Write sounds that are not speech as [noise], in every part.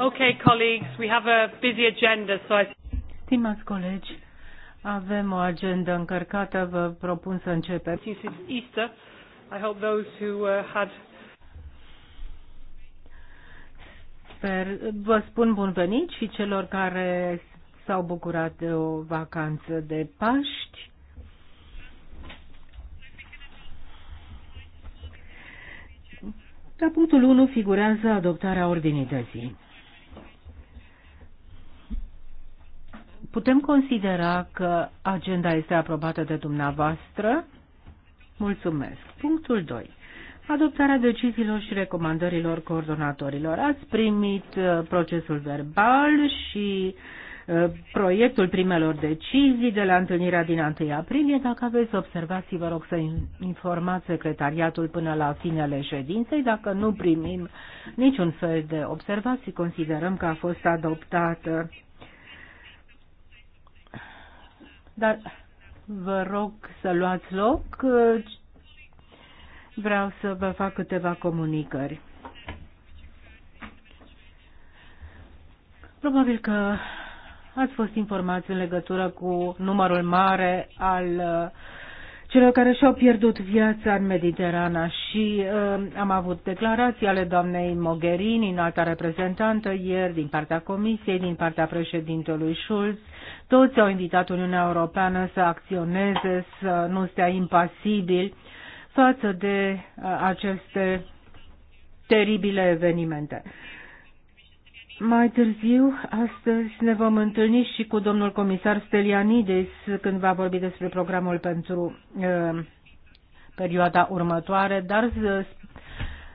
Okay, colleagues, we have a busy agenda, so I... Stimați colegi, avem o agendă încărcată, vă propun să începem. This is Easter. I hope those who uh, had Sper, vă spun bun venit și celor care s-au bucurat de o vacanță de Paști. La punctul 1 figurează adoptarea ordinii de zi. Putem considera că agenda este aprobată de dumneavoastră? Mulțumesc. Punctul 2. Adoptarea deciziilor și recomandărilor coordonatorilor. Ați primit uh, procesul verbal și uh, proiectul primelor decizii de la întâlnirea din 1 aprilie. Dacă aveți observații, vă rog să informați secretariatul până la finele ședinței. Dacă nu primim niciun fel de observații, considerăm că a fost adoptată Dar vă rog să luați loc. Vreau să vă fac câteva comunicări. Probabil că ați fost informați în legătură cu numărul mare al uh, celor care și-au pierdut viața în Mediterana și uh, am avut declarații ale doamnei Mogherini, înalta reprezentantă, ieri din partea Comisiei, din partea președintelui Schulz, toți au invitat Uniunea Europeană să acționeze, să nu stea impasibil față de uh, aceste teribile evenimente. Mai târziu, astăzi, ne vom întâlni și cu domnul comisar Stelianides când va vorbi despre programul pentru uh, perioada următoare, dar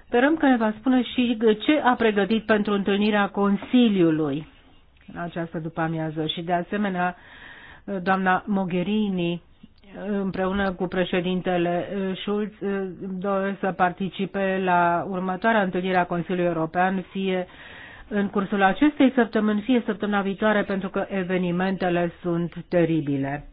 sperăm că ne va spune și ce a pregătit pentru întâlnirea Consiliului în această după-amiază. Și de asemenea, doamna Mogherini, împreună cu președintele eh, Schulz, eh, doresc să participe la următoarea întâlnire a Consiliului European, fie în cursul acestei săptămâni, fie săptămâna viitoare, pentru că evenimentele sunt teribile.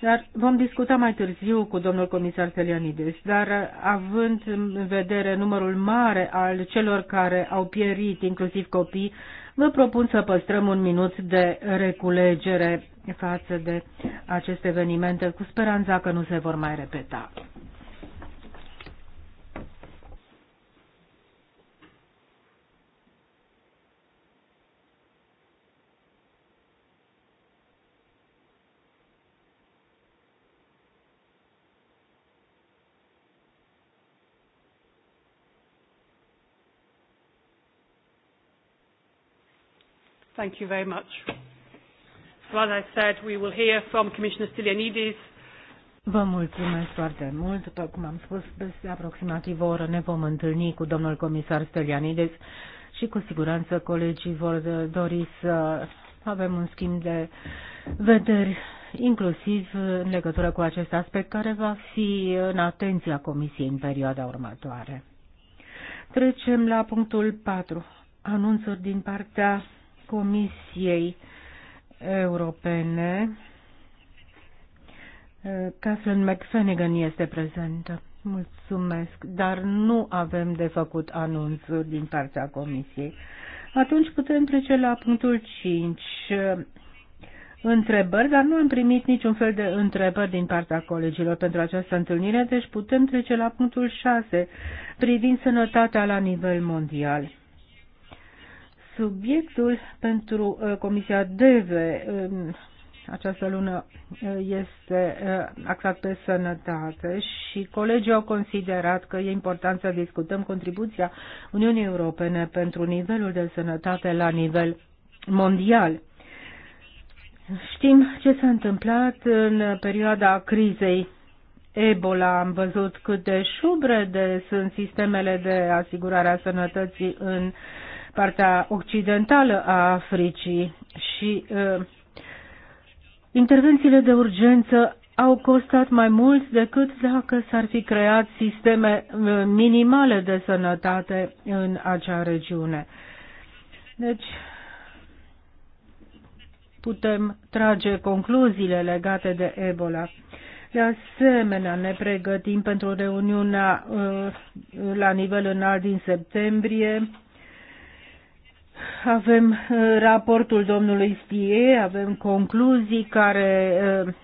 Dar vom discuta mai târziu cu domnul comisar Selianides, dar având în vedere numărul mare al celor care au pierit, inclusiv copii, Vă propun să păstrăm un minut de reculegere față de aceste evenimente, cu speranța că nu se vor mai repeta. Thank you very much. So as I said, we will hear from Commissioner Stylianides. Vă mulțumesc foarte mult. După cum am spus, peste aproximativ o oră ne vom întâlni cu domnul comisar Stelianides și cu siguranță colegii vor dori să avem un schimb de vederi, inclusiv în legătură cu acest aspect care va fi în atenția Comisiei în perioada următoare. Trecem la punctul 4. Anunțuri din partea Comisiei Europene. Uh, Catherine McFenigan este prezentă. Mulțumesc, dar nu avem de făcut anunțuri din partea Comisiei. Atunci putem trece la punctul 5. Uh, întrebări, dar nu am primit niciun fel de întrebări din partea colegilor pentru această întâlnire, deci putem trece la punctul 6, privind sănătatea la nivel mondial. Subiectul pentru uh, Comisia DEVE această lună uh, este uh, axat pe sănătate și colegii au considerat că e important să discutăm contribuția Uniunii Europene pentru nivelul de sănătate la nivel mondial. Știm ce s-a întâmplat în perioada crizei Ebola. Am văzut cât de șubrede sunt sistemele de asigurare a sănătății în uh, partea occidentală a Africii și uh, intervențiile de urgență au costat mai mult decât dacă s-ar fi creat sisteme ă, minimale de sănătate în acea regiune. Deci, putem trage concluziile legate de Ebola. De asemenea, ne pregătim pentru reuniunea ă, la nivel înalt din septembrie avem uh, raportul domnului Stie, avem concluzii care uh,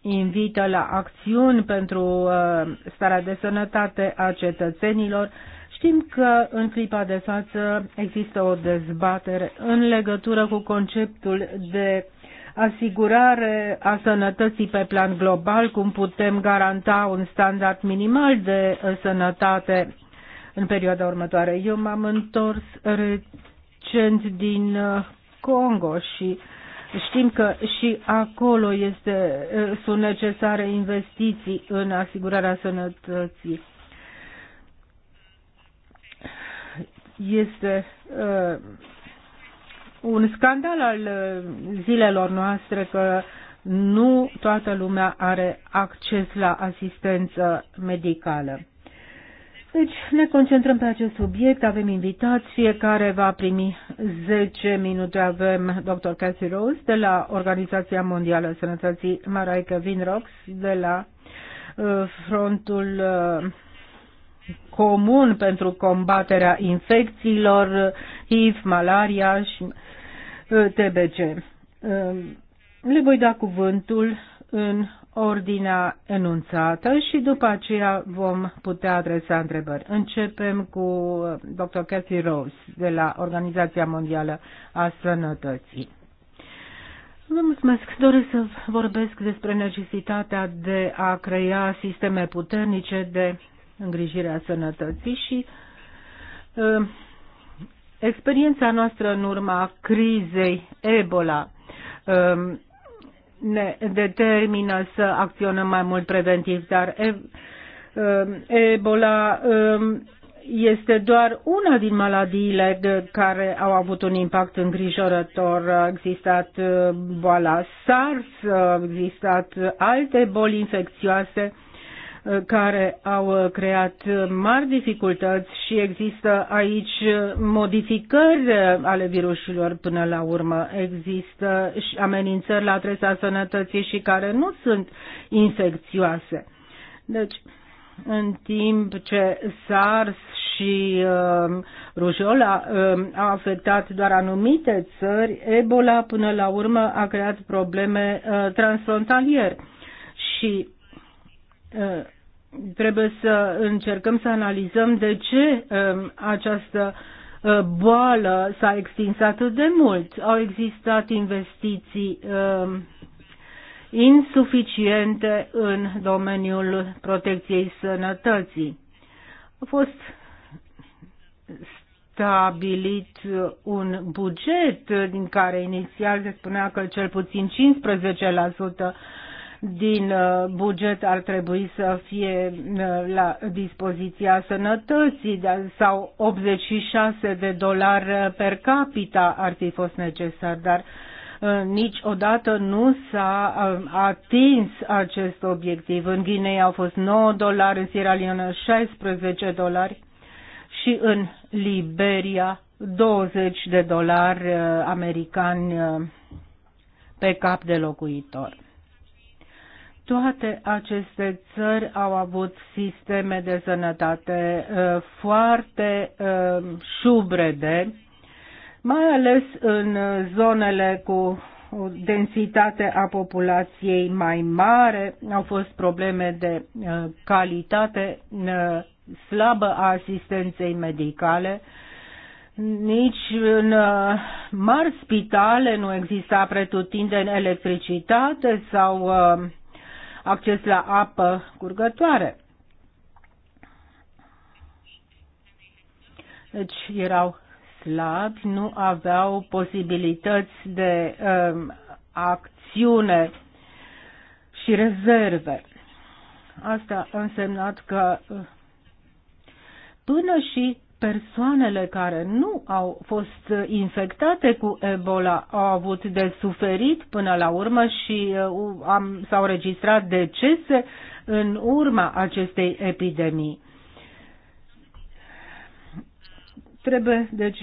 invită la acțiuni pentru uh, starea de sănătate a cetățenilor. Știm că în clipa de față există o dezbatere în legătură cu conceptul de asigurare a sănătății pe plan global, cum putem garanta un standard minimal de sănătate în perioada următoare. Eu m-am întors recent din uh, Congo și știm că și acolo este, uh, sunt necesare investiții în asigurarea sănătății. Este uh, un scandal al uh, zilelor noastre că nu toată lumea are acces la asistență medicală. Deci ne concentrăm pe acest subiect, avem invitați, fiecare va primi 10 minute. Avem dr. Cathy Rose de la Organizația Mondială a Sănătății, Maraica Vinrox de la uh, Frontul uh, Comun pentru combaterea infecțiilor, HIV, malaria și uh, TBC. Uh, le voi da cuvântul în ordinea enunțată și după aceea vom putea adresa întrebări. Începem cu uh, dr. Cathy Rose de la Organizația Mondială a Sănătății. Vă mulțumesc. Doresc să vorbesc despre necesitatea de a crea sisteme puternice de îngrijire a sănătății și uh, experiența noastră în urma crizei Ebola uh, ne determină să acționăm mai mult preventiv, dar um, Ebola um, este doar una din maladiile de care au avut un impact îngrijorător. A existat uh, boala SARS, a existat alte boli infecțioase Uh, care au uh, creat uh, mari dificultăți și există aici modificări ale virusurilor până la urmă. Există amenințări la adresa sănătății și care nu sunt infecțioase. Deci, în timp ce SARS și uh, rujola uh, a afectat doar anumite țări, Ebola până la urmă a creat probleme uh, transfrontaliere. Și Uh, trebuie să încercăm să analizăm de ce um, această uh, boală s-a extins atât de mult. Au existat investiții um, insuficiente în domeniul protecției sănătății. A fost stabilit un buget din care inițial se spunea că cel puțin 15% din uh, buget ar trebui să fie uh, la dispoziția sănătății sau 86 de dolari per capita ar fi fost necesar, dar uh, niciodată nu s-a atins acest obiectiv. În Guinea au fost 9 dolari, în Sierra Leone 16 dolari și în Liberia 20 de dolari americani pe cap de locuitor. Toate aceste țări au avut sisteme de sănătate uh, foarte uh, șubrede, mai ales în zonele cu o densitate a populației mai mare, au fost probleme de uh, calitate slabă a asistenței medicale, nici în mari spitale nu exista pretutindeni electricitate sau uh, acces la apă curgătoare. Deci erau slabi, nu aveau posibilități de um, acțiune și rezerve. Asta a însemnat că uh, până și persoanele care nu au fost infectate cu Ebola au avut de suferit până la urmă și uh, am, s-au registrat decese în urma acestei epidemii. Trebuie, deci,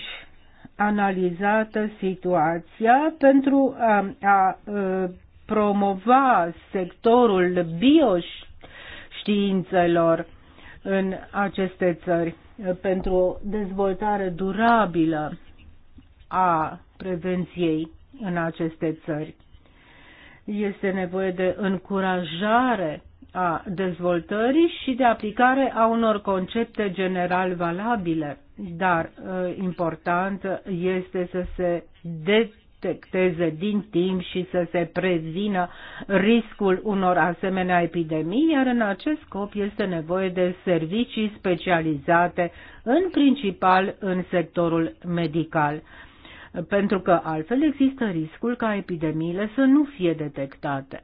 analizată situația pentru a, a, a uh, promova sectorul bioștiințelor în aceste țări pentru o dezvoltare durabilă a prevenției în aceste țări. Este nevoie de încurajare a dezvoltării și de aplicare a unor concepte general valabile, dar uh, important este să se de detecteze din timp și să se prezină riscul unor asemenea epidemii, iar în acest scop este nevoie de servicii specializate, în principal în sectorul medical, pentru că altfel există riscul ca epidemiile să nu fie detectate.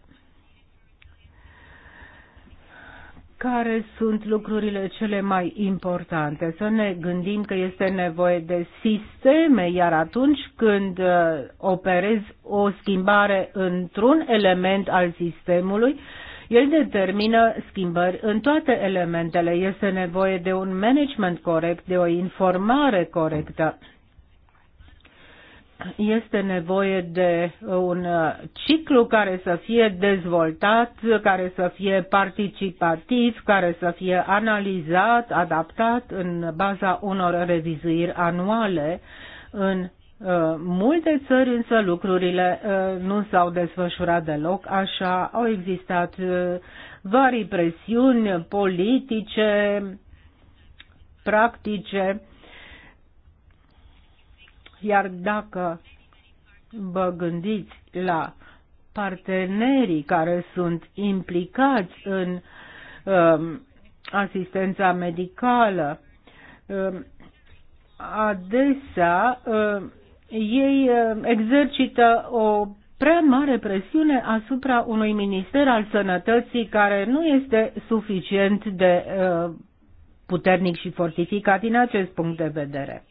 care sunt lucrurile cele mai importante. Să ne gândim că este nevoie de sisteme, iar atunci când uh, operezi o schimbare într-un element al sistemului, el determină schimbări în toate elementele. Este nevoie de un management corect, de o informare corectă este nevoie de un ciclu care să fie dezvoltat, care să fie participativ, care să fie analizat, adaptat în baza unor revizuiri anuale. În uh, multe țări însă lucrurile uh, nu s-au desfășurat deloc, așa au existat uh, vari presiuni politice, practice, iar dacă vă gândiți la partenerii care sunt implicați în um, asistența medicală, um, adesea um, ei um, exercită o prea mare presiune asupra unui minister al sănătății care nu este suficient de uh, puternic și fortificat din acest punct de vedere.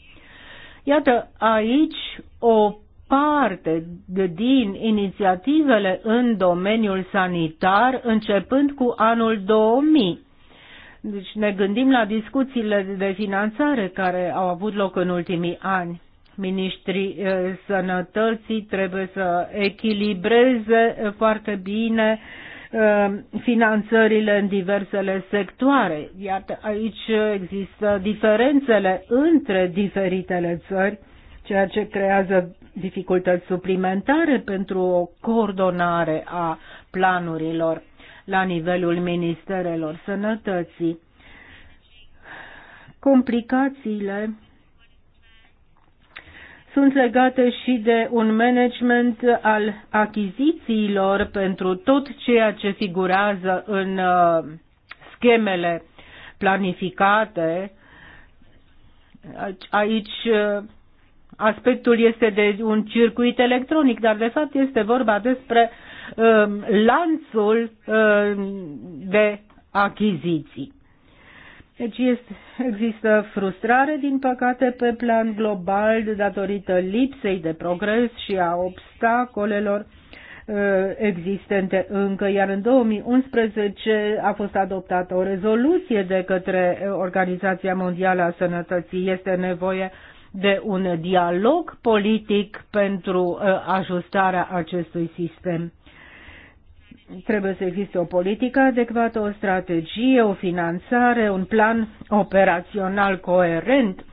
Iată, aici o parte din inițiativele în domeniul sanitar începând cu anul 2000. Deci ne gândim la discuțiile de finanțare care au avut loc în ultimii ani. Ministrii eh, sănătății trebuie să echilibreze foarte bine uh, Uh, finanțările în diversele sectoare. Iată, aici există diferențele între diferitele țări, ceea ce creează dificultăți suplimentare pentru o coordonare a planurilor la nivelul Ministerelor Sănătății. Complicațiile sunt legate și de un management al achizițiilor pentru tot ceea ce figurează în uh, schemele planificate. Aici uh, aspectul este de un circuit electronic, dar de fapt este vorba despre uh, lanțul de achiziții. Deci este, există frustrare, din păcate, pe plan global datorită lipsei de progres și a obstacolelor uh, existente încă, iar în 2011 a fost adoptată o rezoluție de către Organizația Mondială a Sănătății. Este nevoie de un dialog politic pentru uh, ajustarea acestui sistem trebuie să existe o politică adecvată, o strategie, o finanțare, un plan operațional coerent.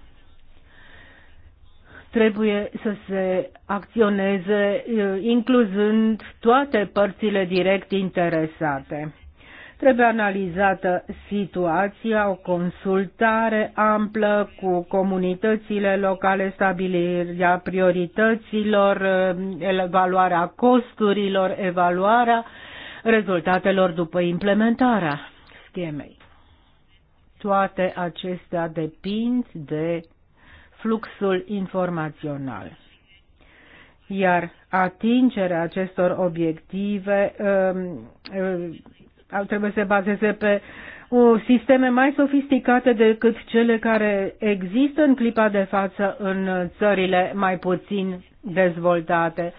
Trebuie să se acționeze eh, incluzând toate părțile direct interesate. Trebuie analizată situația, o consultare amplă cu comunitățile locale, stabilirea priorităților, eh, evaluarea costurilor, evaluarea uh, rezultatelor după implementarea schemei. Toate acestea depind de fluxul informațional. Iar atingerea acestor obiective um, um, trebuie să se bazeze pe o sisteme mai sofisticate decât cele care există în clipa de față în țările mai puțin dezvoltate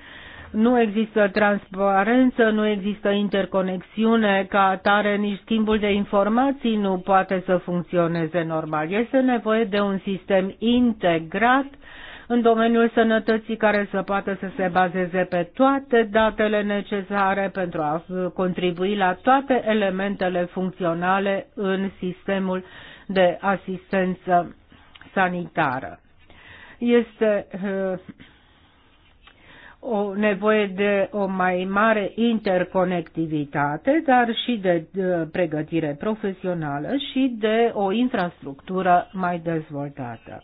nu există transparență, nu există interconexiune ca atare, nici schimbul de informații nu poate să funcționeze normal. Este nevoie de un sistem integrat în domeniul sănătății care să poată să se bazeze pe toate datele necesare pentru a contribui la toate elementele funcționale în sistemul de asistență sanitară. Este uh, o nevoie de o mai mare interconectivitate, dar și de, de pregătire profesională și de o infrastructură mai dezvoltată.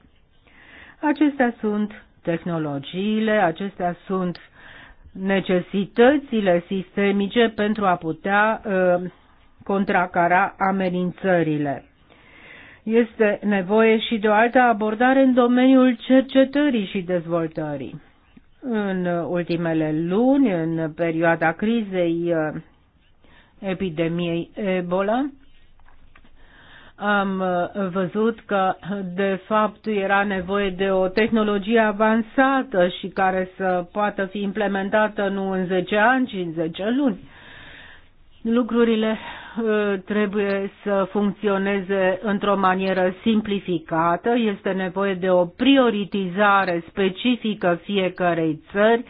Acestea sunt tehnologiile, acestea sunt necesitățile sistemice pentru a putea uh, contracara amenințările. Este nevoie și de o altă abordare în domeniul cercetării și dezvoltării. În ultimele luni, în perioada crizei uh, epidemiei Ebola, am uh, văzut că de fapt era nevoie de o tehnologie avansată și care să poată fi implementată nu în 10 ani, ci în 10 luni. Lucrurile trebuie să funcționeze într-o manieră simplificată, este nevoie de o prioritizare specifică fiecarei țări,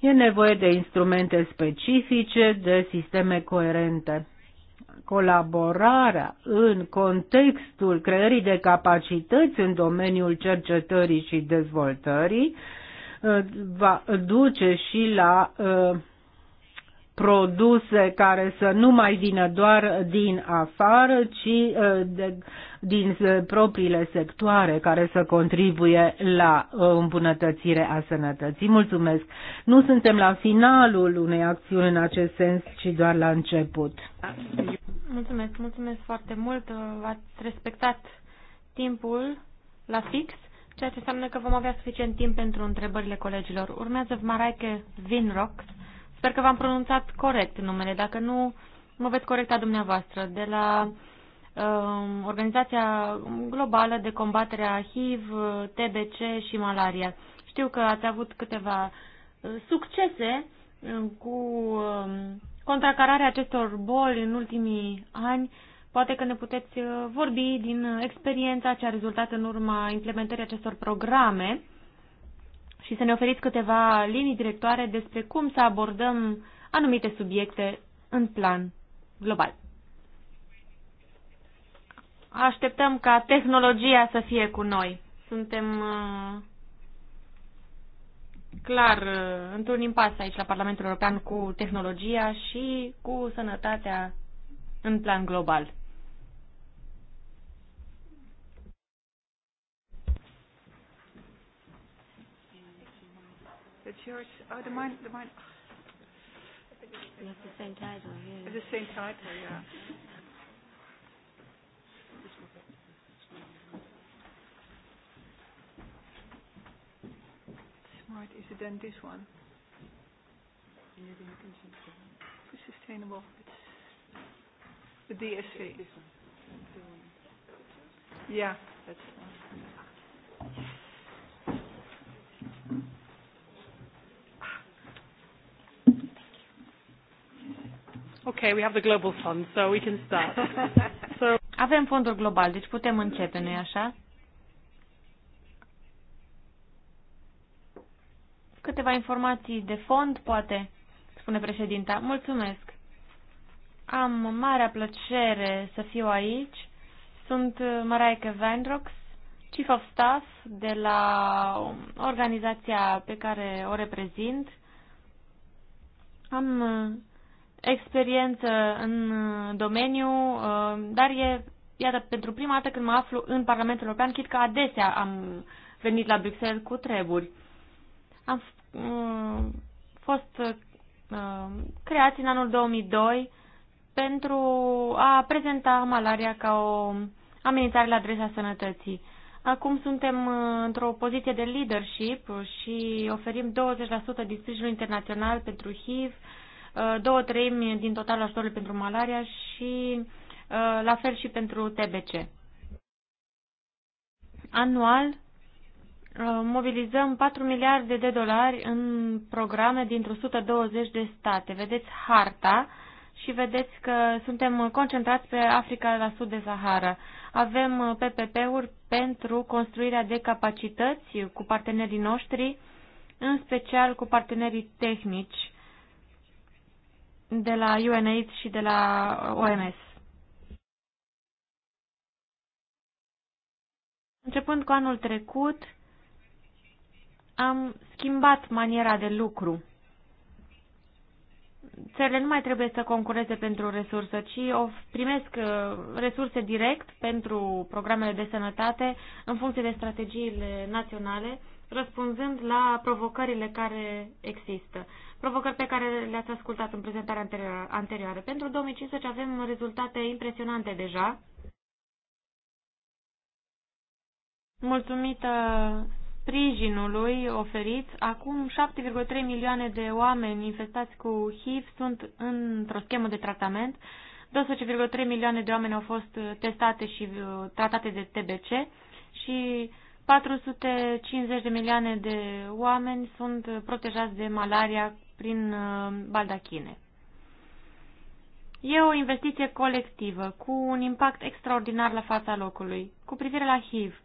e nevoie de instrumente specifice, de sisteme coerente. Colaborarea în contextul creării de capacități în domeniul cercetării și dezvoltării uh, va duce și la uh, produse care să nu mai vină doar din afară, ci uh, de, din propriile sectoare care să contribuie la uh, îmbunătățirea sănătății. Mulțumesc! Nu suntem la finalul unei acțiuni în acest sens, ci doar la început. Mulțumesc, mulțumesc foarte mult! Ați respectat timpul la fix, ceea ce înseamnă că vom avea suficient timp pentru întrebările colegilor. Urmează Maraike Vinrock, Sper că v-am pronunțat corect numele. Dacă nu, mă veți corecta dumneavoastră. De la uh, Organizația Globală de Combatere a HIV, TBC și Malaria. Știu că ați avut câteva uh, succese uh, cu um, contracararea acestor boli în ultimii ani. Poate că ne puteți uh, vorbi din experiența ce a rezultat în urma implementării acestor programe și să ne oferiți câteva linii directoare despre cum să abordăm anumite subiecte în plan global. Așteptăm ca tehnologia să fie cu noi. Suntem uh, clar uh, într-un impas aici la Parlamentul European cu tehnologia și cu sănătatea în plan global. yours. Oh, the mine, the mine. It's the same title, yeah. the same title, yeah. Smart, is it then this one? It's sustainable. It's the DSC. Yeah, that's one. Okay, we have the global fund, so we can start. [laughs] so... Avem fondul global, deci putem începe, nu-i așa? Câteva informații de fond, poate, spune președinta. Mulțumesc. Am marea plăcere să fiu aici. Sunt Maraike Weinrox, Chief of Staff de la organizația pe care o reprezint. Am experiență în domeniu, uh, dar e, iată, pentru prima dată când mă aflu în Parlamentul European, chit că adesea am venit la Bruxelles cu treburi. Am uh, fost uh, creați în anul 2002 pentru a prezenta malaria ca o amenințare la adresa sănătății. Acum suntem într-o poziție de leadership și oferim 20% din sprijinul internațional pentru HIV, Uh, două treimi din totalul ajutorul pentru malaria și uh, la fel și pentru TBC. Anual uh, mobilizăm 4 miliarde de dolari în programe dintr o 120 de state. Vedeți harta și vedeți că suntem concentrați pe Africa la sud de Sahara. Avem PPP-uri pentru construirea de capacități cu partenerii noștri, în special cu partenerii tehnici de la UNAIDS și de la uh, OMS. Începând cu anul trecut, am schimbat maniera de lucru. Țările nu mai trebuie să concureze pentru resursă, ci o primesc uh, resurse direct pentru programele de sănătate în funcție de strategiile naționale răspunzând la provocările care există. Provocări pe care le-ați ascultat în prezentarea anterioară. Pentru 2015 avem rezultate impresionante deja. Mulțumită sprijinului oferit, acum 7,3 milioane de oameni infestați cu HIV sunt într-o schemă de tratament. 12,3 milioane de oameni au fost testate și uh, tratate de TBC și 450 de milioane de oameni sunt protejați de malaria prin uh, baldachine. E o investiție colectivă, cu un impact extraordinar la fața locului, cu privire la HIV.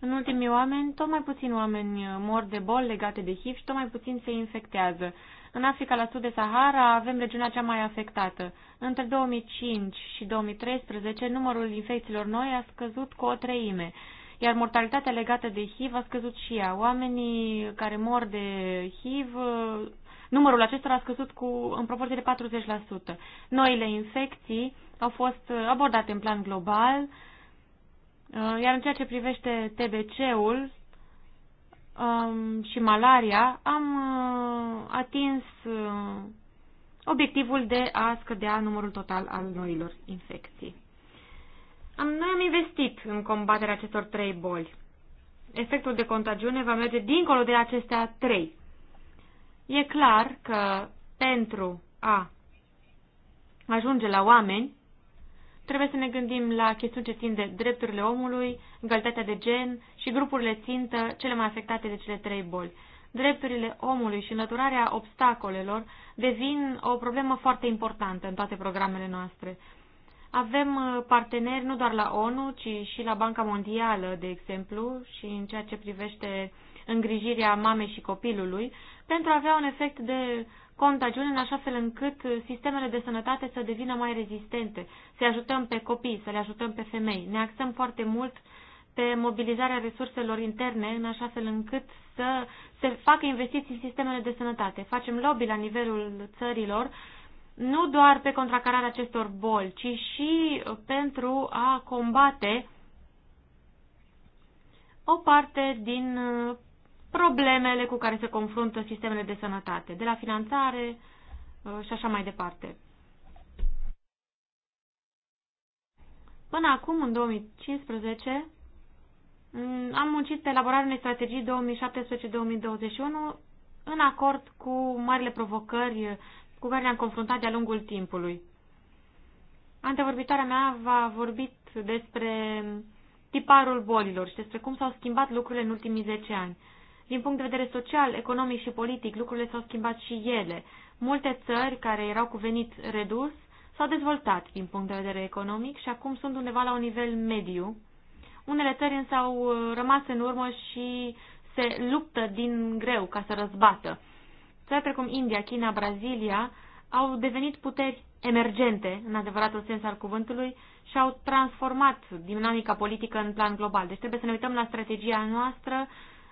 În ultimii oameni, tot mai puțin oameni uh, mor de boli legate de HIV și tot mai puțin se infectează. În Africa, la sud de Sahara, avem regiunea cea mai afectată. Între 2005 și 2013, numărul infecțiilor noi a scăzut cu o treime, iar mortalitatea legată de HIV a scăzut și ea. Oamenii care mor de HIV, numărul acestora a scăzut cu, în proporție de 40%. Noile infecții au fost abordate în plan global, iar în ceea ce privește TBC-ul, um, și malaria, am uh, atins uh, obiectivul de a scădea numărul total al noilor infecții. Am, noi am investit în combaterea acestor trei boli. Efectul de contagiune va merge dincolo de acestea trei. E clar că pentru a ajunge la oameni, Trebuie să ne gândim la chestiuni ce țin de drepturile omului, egalitatea de gen și grupurile țintă cele mai afectate de cele trei boli. Drepturile omului și înlăturarea obstacolelor devin o problemă foarte importantă în toate programele noastre. Avem uh, parteneri nu doar la ONU, ci și la Banca Mondială, de exemplu, și în ceea ce privește îngrijirea mamei și copilului, pentru a avea un efect de contagiune în așa fel încât sistemele de sănătate să devină mai rezistente, să ajutăm pe copii, să le ajutăm pe femei. Ne axăm foarte mult pe mobilizarea resurselor interne în așa fel încât să se facă investiții în sistemele de sănătate. Facem lobby la nivelul țărilor nu doar pe contracararea acestor boli, ci și pentru a combate o parte din problemele cu care se confruntă sistemele de sănătate, de la finanțare uh, și așa mai departe. Până acum, în 2015, mm, am muncit pe elaborarea unei strategii 2017-2021 în acord cu marile provocări cu care ne-am confruntat de-a lungul timpului. Antevorbitoarea mea va vorbit despre tiparul bolilor și despre cum s-au schimbat lucrurile în ultimii 10 ani. Din punct de vedere social, economic și politic, lucrurile s-au schimbat și ele. Multe țări care erau cu venit redus s-au dezvoltat din punct de vedere economic și acum sunt undeva la un nivel mediu. Unele țări însă au uh, rămas în urmă și se luptă din greu ca să răzbată. Țări precum India, China, Brazilia au devenit puteri emergente, în adevăratul sens al cuvântului, și au transformat dinamica politică în plan global. Deci trebuie să ne uităm la strategia noastră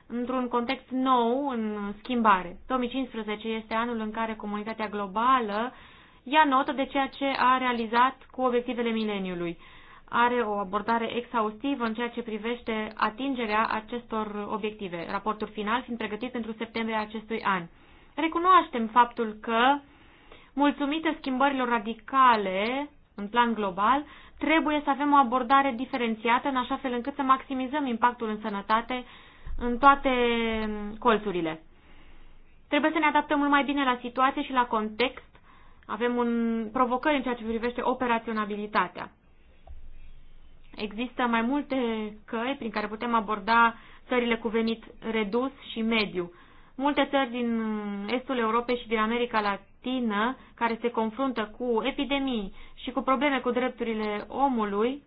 într-un context nou, în schimbare. 2015 este anul în care comunitatea globală ia notă de ceea ce a realizat cu obiectivele mileniului. Are o abordare exhaustivă în ceea ce privește atingerea acestor obiective, raportul final fiind pregătit pentru septembrie acestui an. Recunoaștem faptul că, mulțumită schimbărilor radicale în plan global, trebuie să avem o abordare diferențiată în așa fel încât să maximizăm impactul în sănătate în toate colțurile. Trebuie să ne adaptăm mult mai bine la situație și la context. Avem un provocări în ceea ce privește operaționabilitatea. Există mai multe căi prin care putem aborda țările cu venit redus și mediu. Multe țări din estul Europei și din America Latină, care se confruntă cu epidemii și cu probleme cu drepturile omului,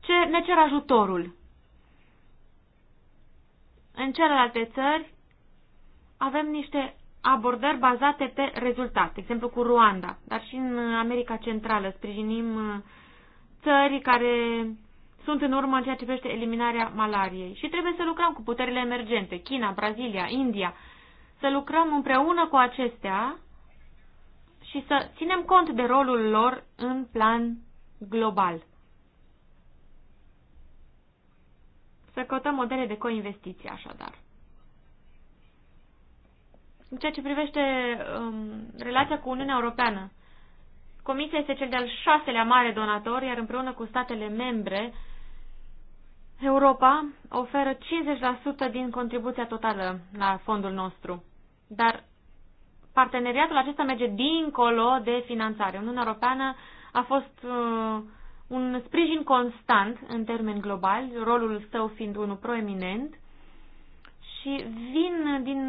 ce ne cer ajutorul în celelalte țări avem niște abordări bazate pe rezultat, exemplu cu Ruanda, dar și în America Centrală sprijinim uh, țări care sunt în urmă în ceea ce privește eliminarea malariei și trebuie să lucrăm cu puterile emergente, China, Brazilia, India, să lucrăm împreună cu acestea și să ținem cont de rolul lor în plan global. Să căutăm modele de coinvestiție, așadar. În ceea ce privește um, relația cu Uniunea Europeană, Comisia este cel de-al șaselea mare donator, iar împreună cu statele membre, Europa oferă 50% din contribuția totală la fondul nostru. Dar parteneriatul acesta merge dincolo de finanțare. Uniunea Europeană a fost uh, un sprijin constant în termeni globali, rolul său fiind unul proeminent, și vin din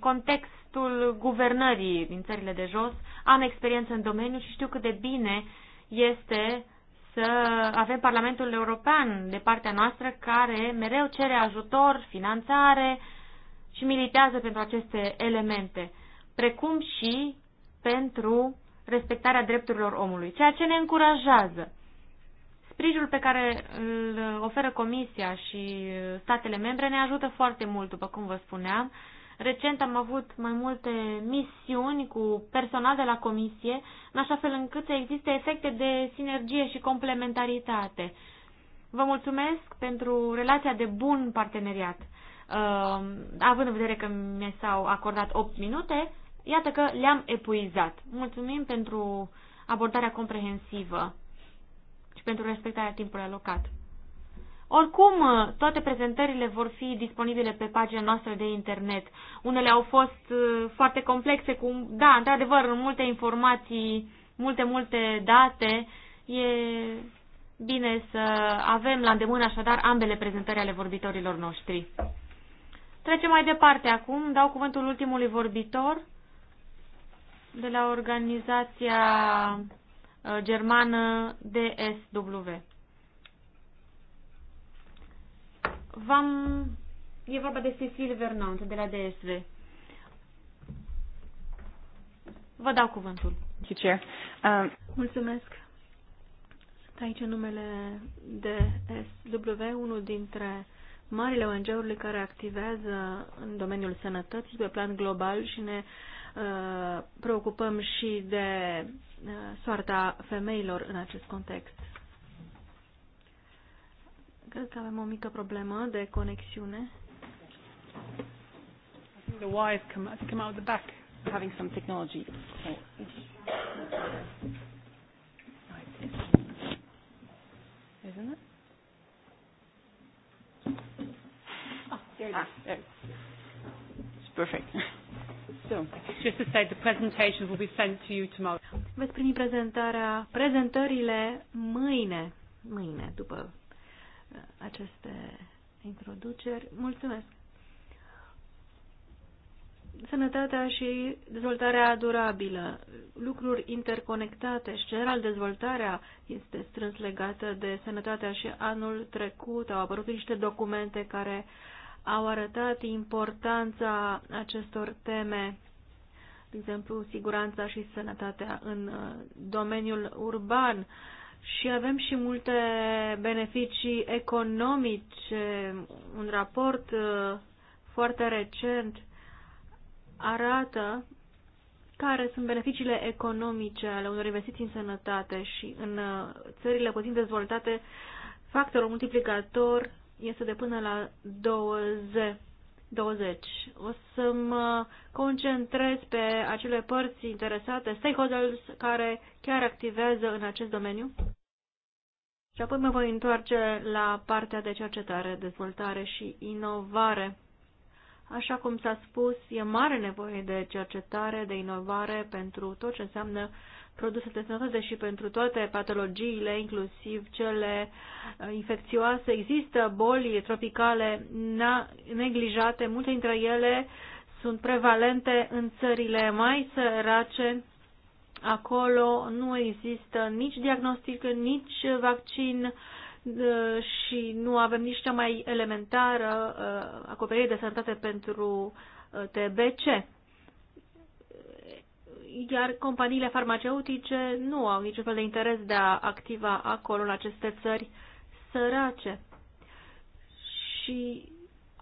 contextul guvernării din țările de jos, am experiență în domeniu și știu cât de bine este să avem Parlamentul European de partea noastră care mereu cere ajutor, finanțare și militează pentru aceste elemente, precum și pentru respectarea drepturilor omului, ceea ce ne încurajează. Sprijinul pe care îl oferă Comisia și statele membre ne ajută foarte mult, după cum vă spuneam. Recent am avut mai multe misiuni cu personal de la Comisie, în așa fel încât să existe efecte de sinergie și complementaritate. Vă mulțumesc pentru relația de bun parteneriat. Uh, având în vedere că mi s-au acordat 8 minute, Iată că le-am epuizat. Mulțumim pentru abordarea comprehensivă și pentru respectarea timpului alocat. Oricum, toate prezentările vor fi disponibile pe pagina noastră de internet. Unele au fost uh, foarte complexe, cu, da, într-adevăr, multe informații, multe, multe date. E bine să avem la îndemână așadar ambele prezentări ale vorbitorilor noștri. Trecem mai departe acum. Dau cuvântul ultimului vorbitor, de la organizația uh, germană DSW. V-am... E vorba de Cecil Vernant, de la DSV. Vă dau cuvântul. Chair. Um... Mulțumesc. Sunt aici în numele DSW, unul dintre marile ONG-urile care activează în domeniul sănătății pe plan global și ne uh, Uh, preocupăm și de uh, soarta femeilor în acest context. Cred că avem o mică problemă de conexiune. The wires come, come out the back, having some technology. Isn't it? Oh, there it is. Ah, there. It's perfect. [laughs] just to say, the presentation will be sent to you tomorrow. Veți primi prezentarea, prezentările mâine, mâine, după uh, aceste introduceri. Mulțumesc! Sănătatea și dezvoltarea durabilă, lucruri interconectate și, general, dezvoltarea este strâns legată de sănătatea și anul trecut au apărut niște documente care uh, au arătat importanța acestor teme, de exemplu, siguranța și sănătatea în uh, domeniul urban și avem și multe beneficii economice. Un raport uh, foarte recent arată care sunt beneficiile economice ale unor investiții în sănătate și în uh, țările puțin dezvoltate, factorul multiplicator este de până la 20. 20. O să mă concentrez pe acele părți interesate, stakeholders, care chiar activează în acest domeniu. Și apoi mă voi întoarce la partea de cercetare, dezvoltare și inovare. Așa cum s-a spus, e mare nevoie de cercetare, de inovare pentru tot ce înseamnă uh, produse de sănătate și pentru toate patologiile, inclusiv cele uh, infecțioase. Există boli tropicale neglijate, multe dintre ele sunt prevalente în țările mai sărace. Acolo nu există nici diagnostic, nici vaccin uh, și nu avem nici cea mai elementară uh, acoperire de sănătate pentru TBC iar companiile farmaceutice nu au niciun fel de interes de a activa acolo, în aceste țări sărace. Și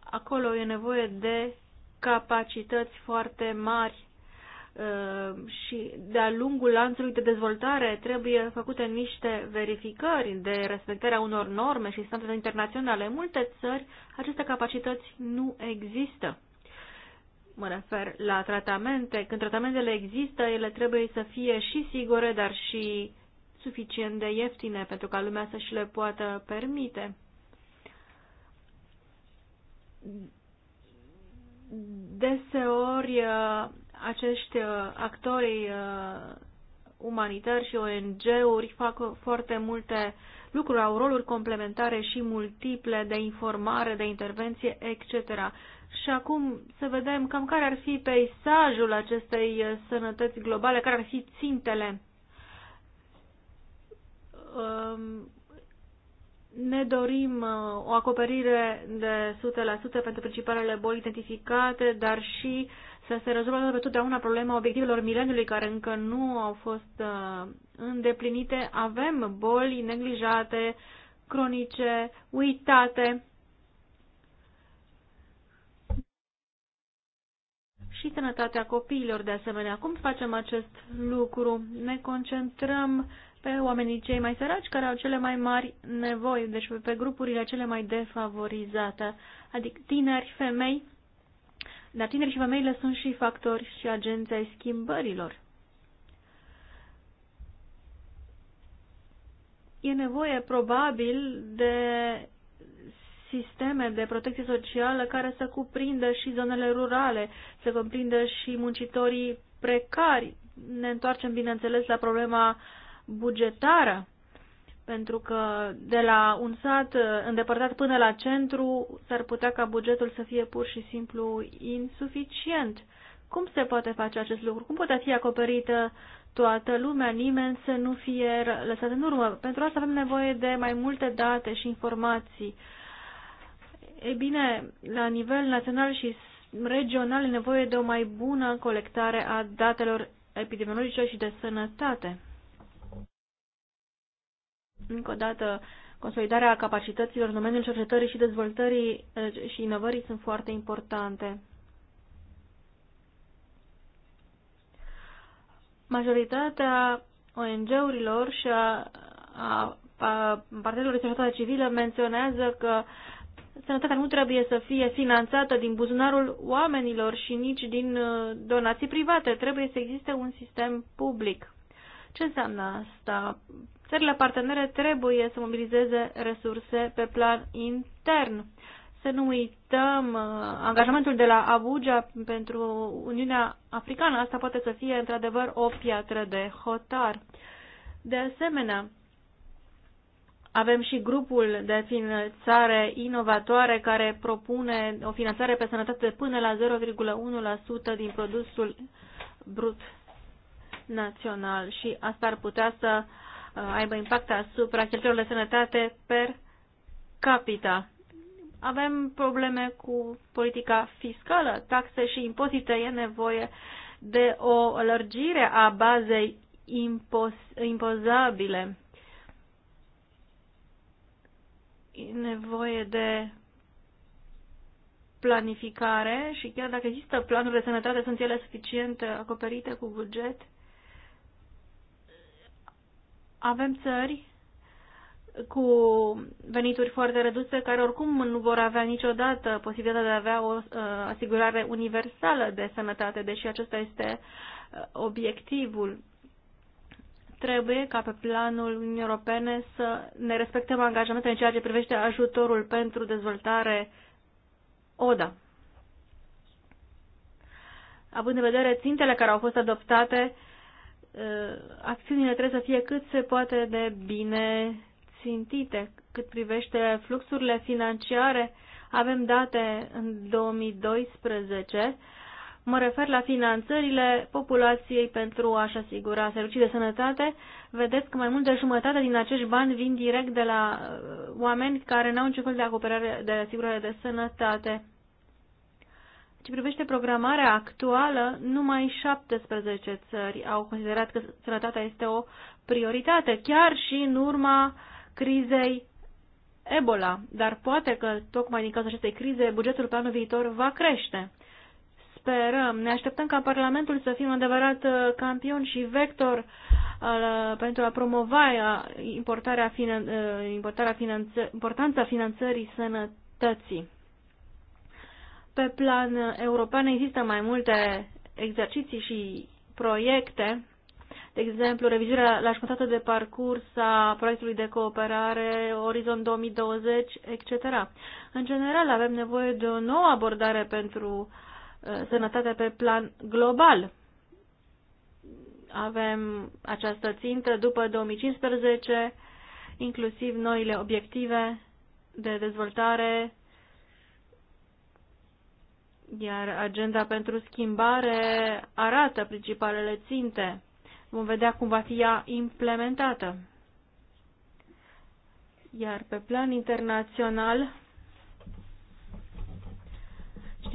acolo e nevoie de capacități foarte mari uh, și de-a lungul lanțului de dezvoltare trebuie făcute niște verificări de respectarea unor norme și standarde internaționale. În multe țări aceste capacități nu există mă refer la tratamente, când tratamentele există, ele trebuie să fie și sigure, dar și suficient de ieftine pentru ca lumea să și le poată permite. Deseori acești actori uh, umanitari și ONG-uri fac foarte multe lucruri, au roluri complementare și multiple de informare, de intervenție, etc. Și acum să vedem cam care ar fi peisajul acestei uh, sănătăți globale, care ar fi țintele. Um, ne dorim uh, o acoperire de 100% pentru principalele boli identificate, dar și să se rezolvă pe totdeauna problema obiectivelor mileniului care încă nu au fost uh, îndeplinite. Avem boli neglijate, cronice, uitate și sănătatea copiilor de asemenea. Cum facem acest lucru? Ne concentrăm pe oamenii cei mai săraci care au cele mai mari nevoi, deci pe grupurile cele mai defavorizate, adică tineri, femei, dar tineri și femeile sunt și factori și agenți ai schimbărilor. E nevoie probabil de sisteme de protecție socială care să cuprindă și zonele rurale, să cuprindă și muncitorii precari. Ne întoarcem, bineînțeles, la problema bugetară, pentru că de la un sat îndepărtat până la centru s-ar putea ca bugetul să fie pur și simplu insuficient. Cum se poate face acest lucru? Cum poate fi acoperită toată lumea, nimeni să nu fie lăsat în urmă. Pentru asta avem nevoie de mai multe date și informații. E bine, la nivel național și regional e nevoie de o mai bună colectare a datelor epidemiologice și de sănătate. Încă o dată, consolidarea capacităților în domeniul cercetării și dezvoltării eh, și inovării sunt foarte importante. Majoritatea ONG-urilor și a, a, a partidului de civilă menționează că uh, Sănătatea nu trebuie să fie finanțată din buzunarul oamenilor și nici din uh, donații private. Trebuie să existe un sistem public. Ce înseamnă asta? Țările partenere trebuie să mobilizeze resurse pe plan intern. Să nu uităm uh, angajamentul de la Abuja pentru Uniunea Africană. Asta poate să fie într-adevăr o piatră de hotar. De asemenea, avem și grupul de finanțare inovatoare care propune o finanțare pe sănătate până la 0,1% din produsul brut național și asta ar putea să uh, aibă impact asupra cheltuielor de sănătate per capita. Avem probleme cu politica fiscală, taxe și impozite. E nevoie de o lărgire a bazei impozabile e nevoie de planificare și chiar dacă există planuri de sănătate, sunt ele suficient acoperite cu buget? Avem țări cu venituri foarte reduse care oricum nu vor avea niciodată posibilitatea de a avea o uh, asigurare universală de sănătate, deși acesta este uh, obiectivul trebuie ca pe planul Uniunii Europene să ne respectăm angajamentele în ceea ce privește ajutorul pentru dezvoltare ODA. Având în vedere țintele care au fost adoptate, ă, acțiunile trebuie să fie cât se poate de bine țintite. Cât privește fluxurile financiare, avem date în 2012 Mă refer la finanțările populației pentru a-și asigura servicii de sănătate. Vedeți că mai mult de jumătate din acești bani vin direct de la uh, oameni care n-au niciun fel de acoperare de asigurare de sănătate. Ce privește programarea actuală, numai 17 țări au considerat că sănătatea este o prioritate, chiar și în urma crizei Ebola, dar poate că tocmai din cauza acestei crize bugetul pe anul viitor va crește sperăm. Ne așteptăm ca Parlamentul să fie un adevărat uh, campion și vector uh, pentru a promova uh, importarea, importarea finanță, importanța finanțării sănătății. Pe plan european există mai multe exerciții și proiecte, de exemplu, revizuirea la jumătate de parcurs a proiectului de cooperare Orizont 2020, etc. În general, avem nevoie de o nouă abordare pentru uh, Uh, sănătatea pe plan global. Avem această țintă după 2015, inclusiv noile obiective de dezvoltare, iar agenda pentru schimbare arată principalele ținte. Vom vedea cum va fi ea implementată. Iar pe plan internațional,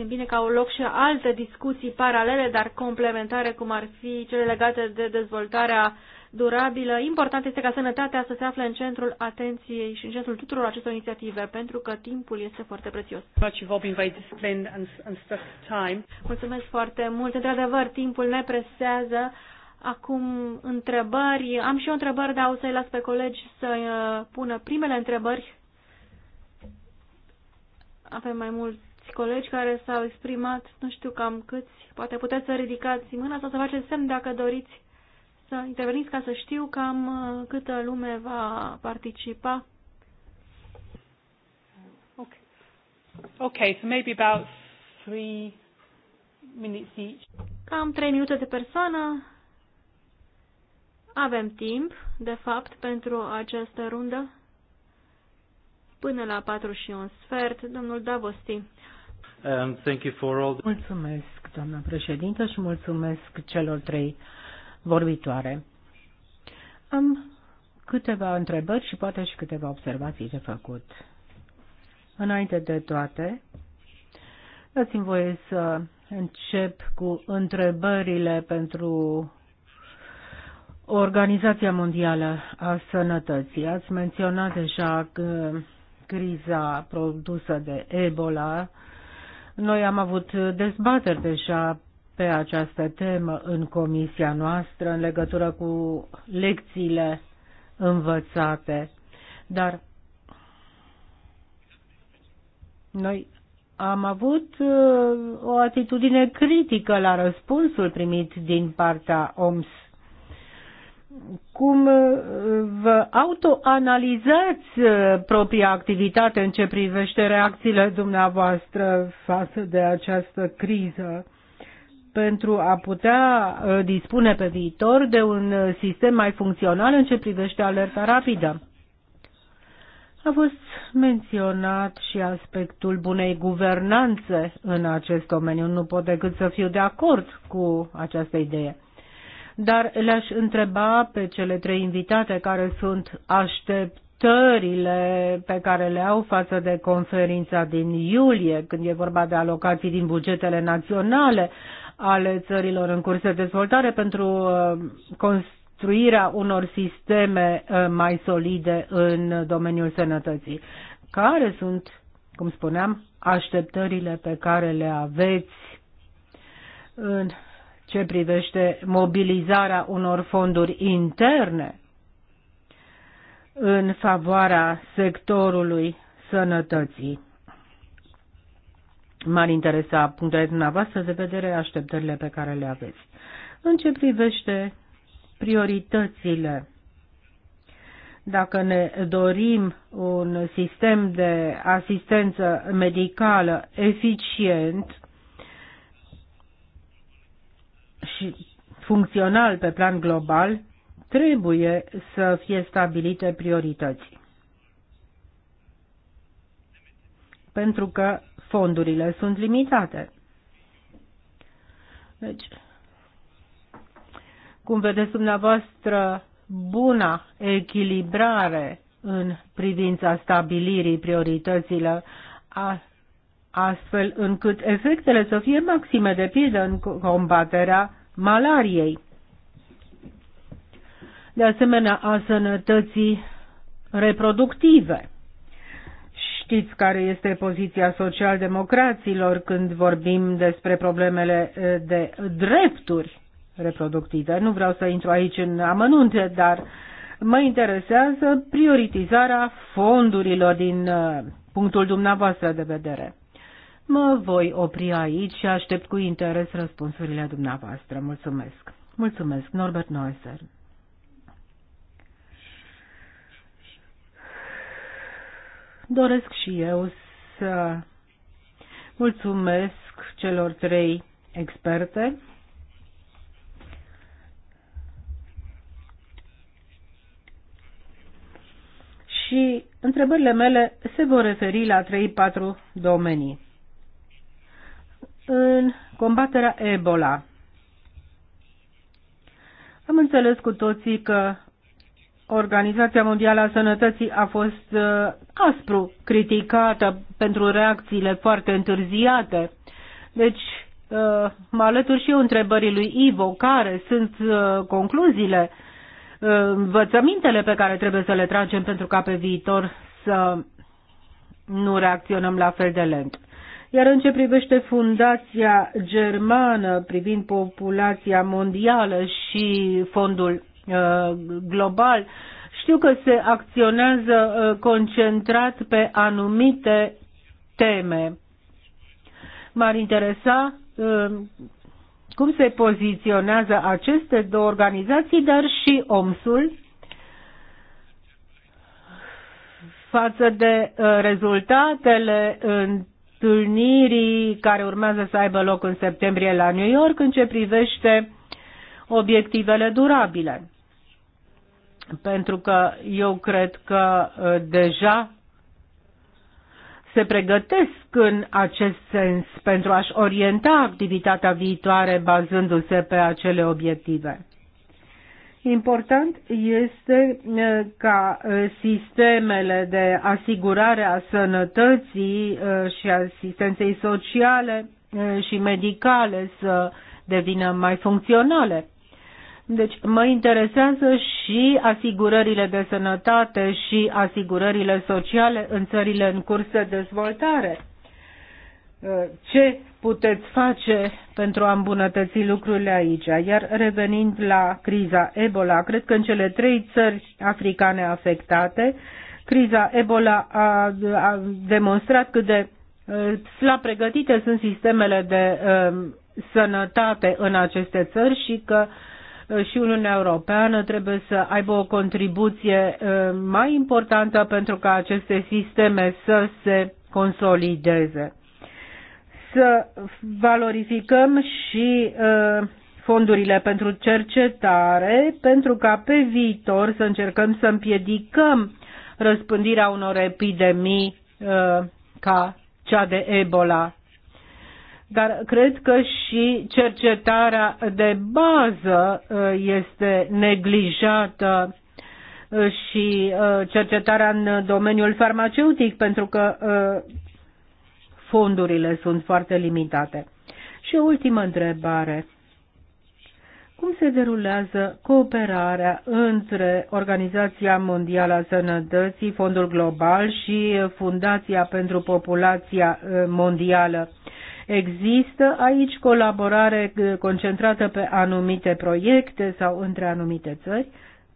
Știm bine că au loc și alte discuții paralele, dar complementare, cum ar fi cele legate de dezvoltarea durabilă. Important este ca sănătatea să se afle în centrul atenției și în centrul tuturor acestor inițiative, pentru că timpul este foarte prețios. Mulțumesc foarte mult. Într-adevăr, timpul ne presează. Acum întrebări. Am și o întrebări, dar o să-i las pe colegi să uh, pună primele întrebări. Avem mai mult colegi care s-au exprimat, nu știu cam câți, poate puteți să ridicați mâna sau să faceți semn dacă doriți să interveniți ca să știu cam uh, câtă lume va participa. Okay, so maybe about three minutes each. Cam trei minute de persoană. Avem timp, de fapt, pentru această rundă până la 4 și un sfert, domnul Davosti. And thank you for all... Mulțumesc, doamna președintă, și mulțumesc celor trei vorbitoare. Am câteva întrebări și poate și câteva observații de făcut. Înainte de toate, dați-mi voie să încep cu întrebările pentru Organizația Mondială a Sănătății. Ați menționat deja că criza produsă de Ebola noi am avut dezbateri deja pe această temă în comisia noastră în legătură cu lecțiile învățate, dar noi am avut uh, o atitudine critică la răspunsul primit din partea OMS cum uh, vă autoanalizați uh, propria activitate în ce privește reacțiile dumneavoastră față de această criză pentru a putea uh, dispune pe viitor de un sistem mai funcțional în ce privește alerta rapidă. A fost menționat și aspectul bunei guvernanțe în acest domeniu. Nu pot decât să fiu de acord cu această idee dar le-aș întreba pe cele trei invitate care sunt așteptările pe care le au față de conferința din iulie, când e vorba de alocații din bugetele naționale ale țărilor în curs de dezvoltare pentru uh, construirea unor sisteme uh, mai solide în domeniul sănătății. Care sunt, cum spuneam, așteptările pe care le aveți în ce privește mobilizarea unor fonduri interne în favoarea sectorului sănătății. M-ar interesa punctele dumneavoastră de vedere, așteptările pe care le aveți. În ce privește prioritățile, dacă ne dorim un sistem de asistență medicală eficient, și funcțional pe plan global, trebuie să fie stabilite priorități. Pentru că fondurile sunt limitate. Deci, cum vedeți dumneavoastră, buna echilibrare în privința stabilirii priorităților a astfel încât efectele să fie maxime de pildă în combaterea malariei. De asemenea, a sănătății reproductive. Știți care este poziția socialdemocraților când vorbim despre problemele de drepturi reproductive. Nu vreau să intru aici în amănunte, dar mă interesează prioritizarea fondurilor din punctul dumneavoastră de vedere. Mă voi opri aici și aștept cu interes răspunsurile dumneavoastră. Mulțumesc. Mulțumesc, Norbert Neusser. Doresc și eu să mulțumesc celor trei experte și întrebările mele se vor referi la 3-4 domenii în combaterea Ebola. Am înțeles cu toții că Organizația Mondială a Sănătății a fost uh, aspru criticată pentru reacțiile foarte întârziate. Deci, uh, mă alătur și eu întrebării lui Ivo, care sunt uh, concluziile, uh, învățămintele pe care trebuie să le tragem pentru ca pe viitor să nu reacționăm la fel de lent. Iar în ce privește fundația germană privind populația mondială și fondul uh, global, știu că se acționează uh, concentrat pe anumite teme. M-ar interesa uh, cum se poziționează aceste două organizații, dar și OMSUL față de uh, rezultatele în uh, întâlnirii care urmează să aibă loc în septembrie la New York în ce privește obiectivele durabile. Pentru că eu cred că uh, deja se pregătesc în acest sens pentru a-și orienta activitatea viitoare bazându-se pe acele obiective. Important este ca sistemele de asigurare a sănătății și asistenței sociale și medicale să devină mai funcționale. Deci mă interesează și asigurările de sănătate și asigurările sociale în țările în curs de dezvoltare. Ce puteți face pentru a îmbunătăți lucrurile aici? Iar revenind la criza Ebola, cred că în cele trei țări africane afectate, criza Ebola a, a demonstrat cât de uh, slab pregătite sunt sistemele de um, sănătate în aceste țări și că uh, și Uniunea Europeană trebuie să aibă o contribuție uh, mai importantă pentru ca aceste sisteme să se consolideze să valorificăm și uh, fondurile pentru cercetare, pentru ca pe viitor să încercăm să împiedicăm răspândirea unor epidemii uh, ca cea de Ebola. Dar cred că și cercetarea de bază uh, este neglijată uh, și uh, cercetarea în domeniul farmaceutic, pentru că fondurile sunt foarte limitate. Și o ultimă întrebare. Cum se derulează cooperarea între Organizația Mondială a Sănătății, Fondul Global și Fundația pentru Populația Mondială? Există aici colaborare concentrată pe anumite proiecte sau între anumite țări?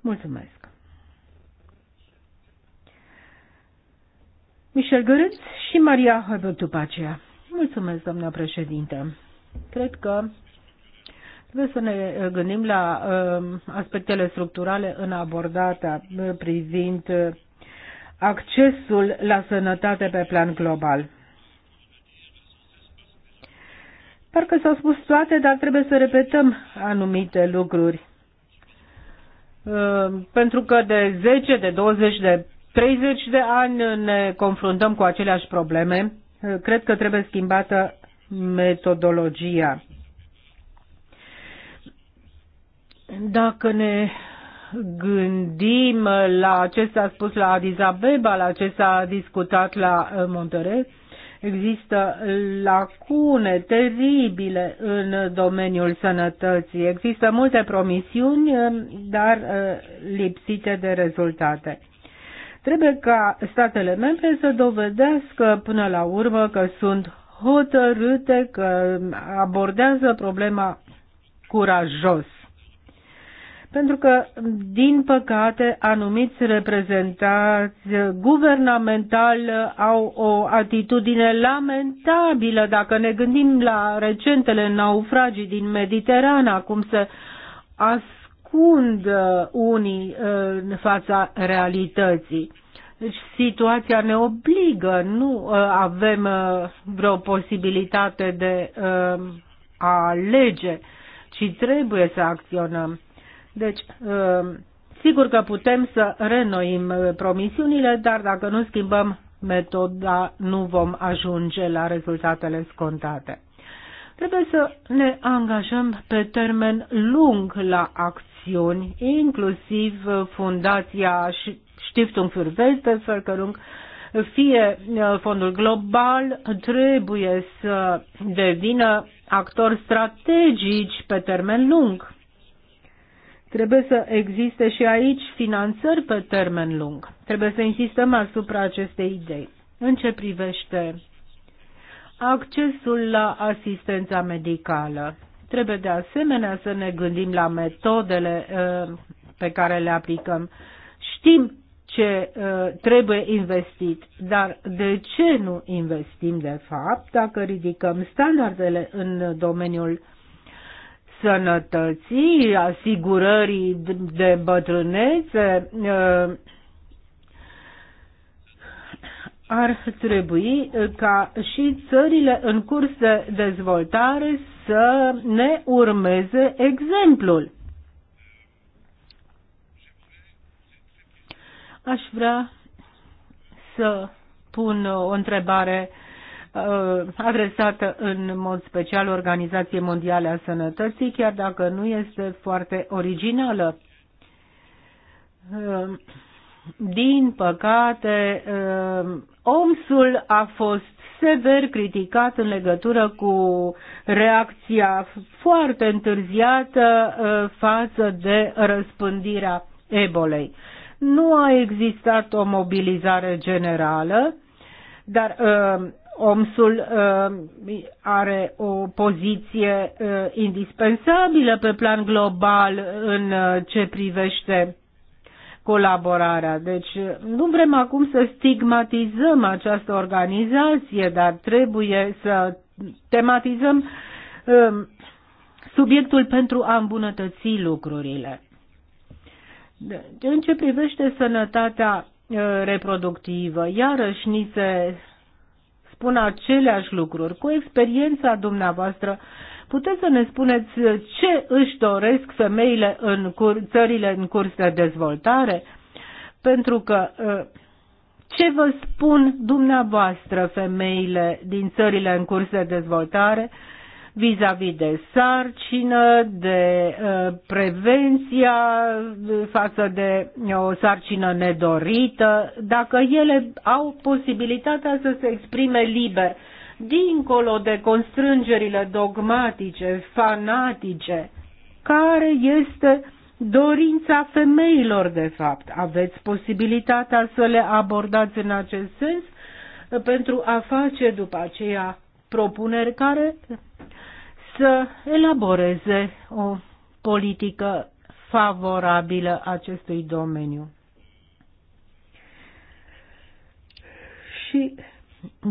Mulțumesc! Michel Gărâț și Maria Hăbăr după aceea. Mulțumesc, doamna președinte. Cred că trebuie să ne uh, gândim la uh, aspectele structurale în abordarea privind uh, accesul la sănătate pe plan global. Parcă s-au spus toate, dar trebuie să repetăm anumite lucruri. Pentru că de 10, de 20, de 30 de ani ne confruntăm cu aceleași probleme. Cred că trebuie schimbată metodologia. Dacă ne gândim la ce s-a spus la Addis Abeba, la ce s-a discutat la uh, Monterey, există lacune teribile în domeniul sănătății. Există multe promisiuni, uh, dar uh, lipsite de rezultate. Trebuie ca statele membre să dovedească până la urmă că sunt hotărâte, că abordează problema curajos. Pentru că, din păcate, anumiți reprezentanți guvernamentali au o atitudine lamentabilă dacă ne gândim la recentele naufragii din Mediterana, cum se ascundă uh, unii uh, în fața realității. Deci situația ne obligă, nu uh, avem vreo posibilitate de a alege, ci trebuie să acționăm. Deci, sigur că putem să renoim promisiunile, dar dacă nu schimbăm metoda, nu vom ajunge la rezultatele scontate trebuie să ne angajăm pe termen lung la acțiune acțiuni, inclusiv uh, Fundația Stiftung für Weltbevölkerung, fie uh, fondul global trebuie să devină actori strategici pe termen lung. Trebuie să existe și aici finanțări pe termen lung. Trebuie să insistăm asupra acestei idei. În ce privește accesul la asistența medicală? Trebuie de asemenea să ne gândim la metodele uh, pe care le aplicăm. Știm ce uh, trebuie investit, dar de ce nu investim de fapt dacă ridicăm standardele în domeniul sănătății, asigurării de bătrânețe, uh, ar trebui ca și țările în curs de dezvoltare să ne urmeze exemplul. Aș vrea să pun o întrebare uh, adresată în mod special Organizației Mondiale a Sănătății, chiar dacă nu este foarte originală. Uh, din păcate, uh, OMS-ul a fost sever criticat în legătură cu reacția foarte întârziată uh, față de răspândirea ebolei. Nu a existat o mobilizare generală, dar uh, OMSul uh, are o poziție uh, indispensabilă pe plan global în uh, ce privește colaborarea. Deci nu vrem acum să stigmatizăm această organizație, dar trebuie să tematizăm um, subiectul pentru a îmbunătăți lucrurile. în ce privește sănătatea uh, reproductivă, iarăși ni se spun aceleași lucruri. Cu experiența dumneavoastră, Puteți să ne spuneți uh, ce își doresc femeile în cur- țările în curs de dezvoltare? Pentru că uh, ce vă spun dumneavoastră femeile din țările în curs de dezvoltare vis-a-vis -vis de sarcină, de uh, prevenția față de o sarcină nedorită, dacă ele au posibilitatea să se exprime liber dincolo de constrângerile dogmatice, fanatice, care este dorința femeilor, de fapt. Aveți posibilitatea să le abordați în acest sens pentru a face după aceea propuneri care să elaboreze o politică favorabilă acestui domeniu. Și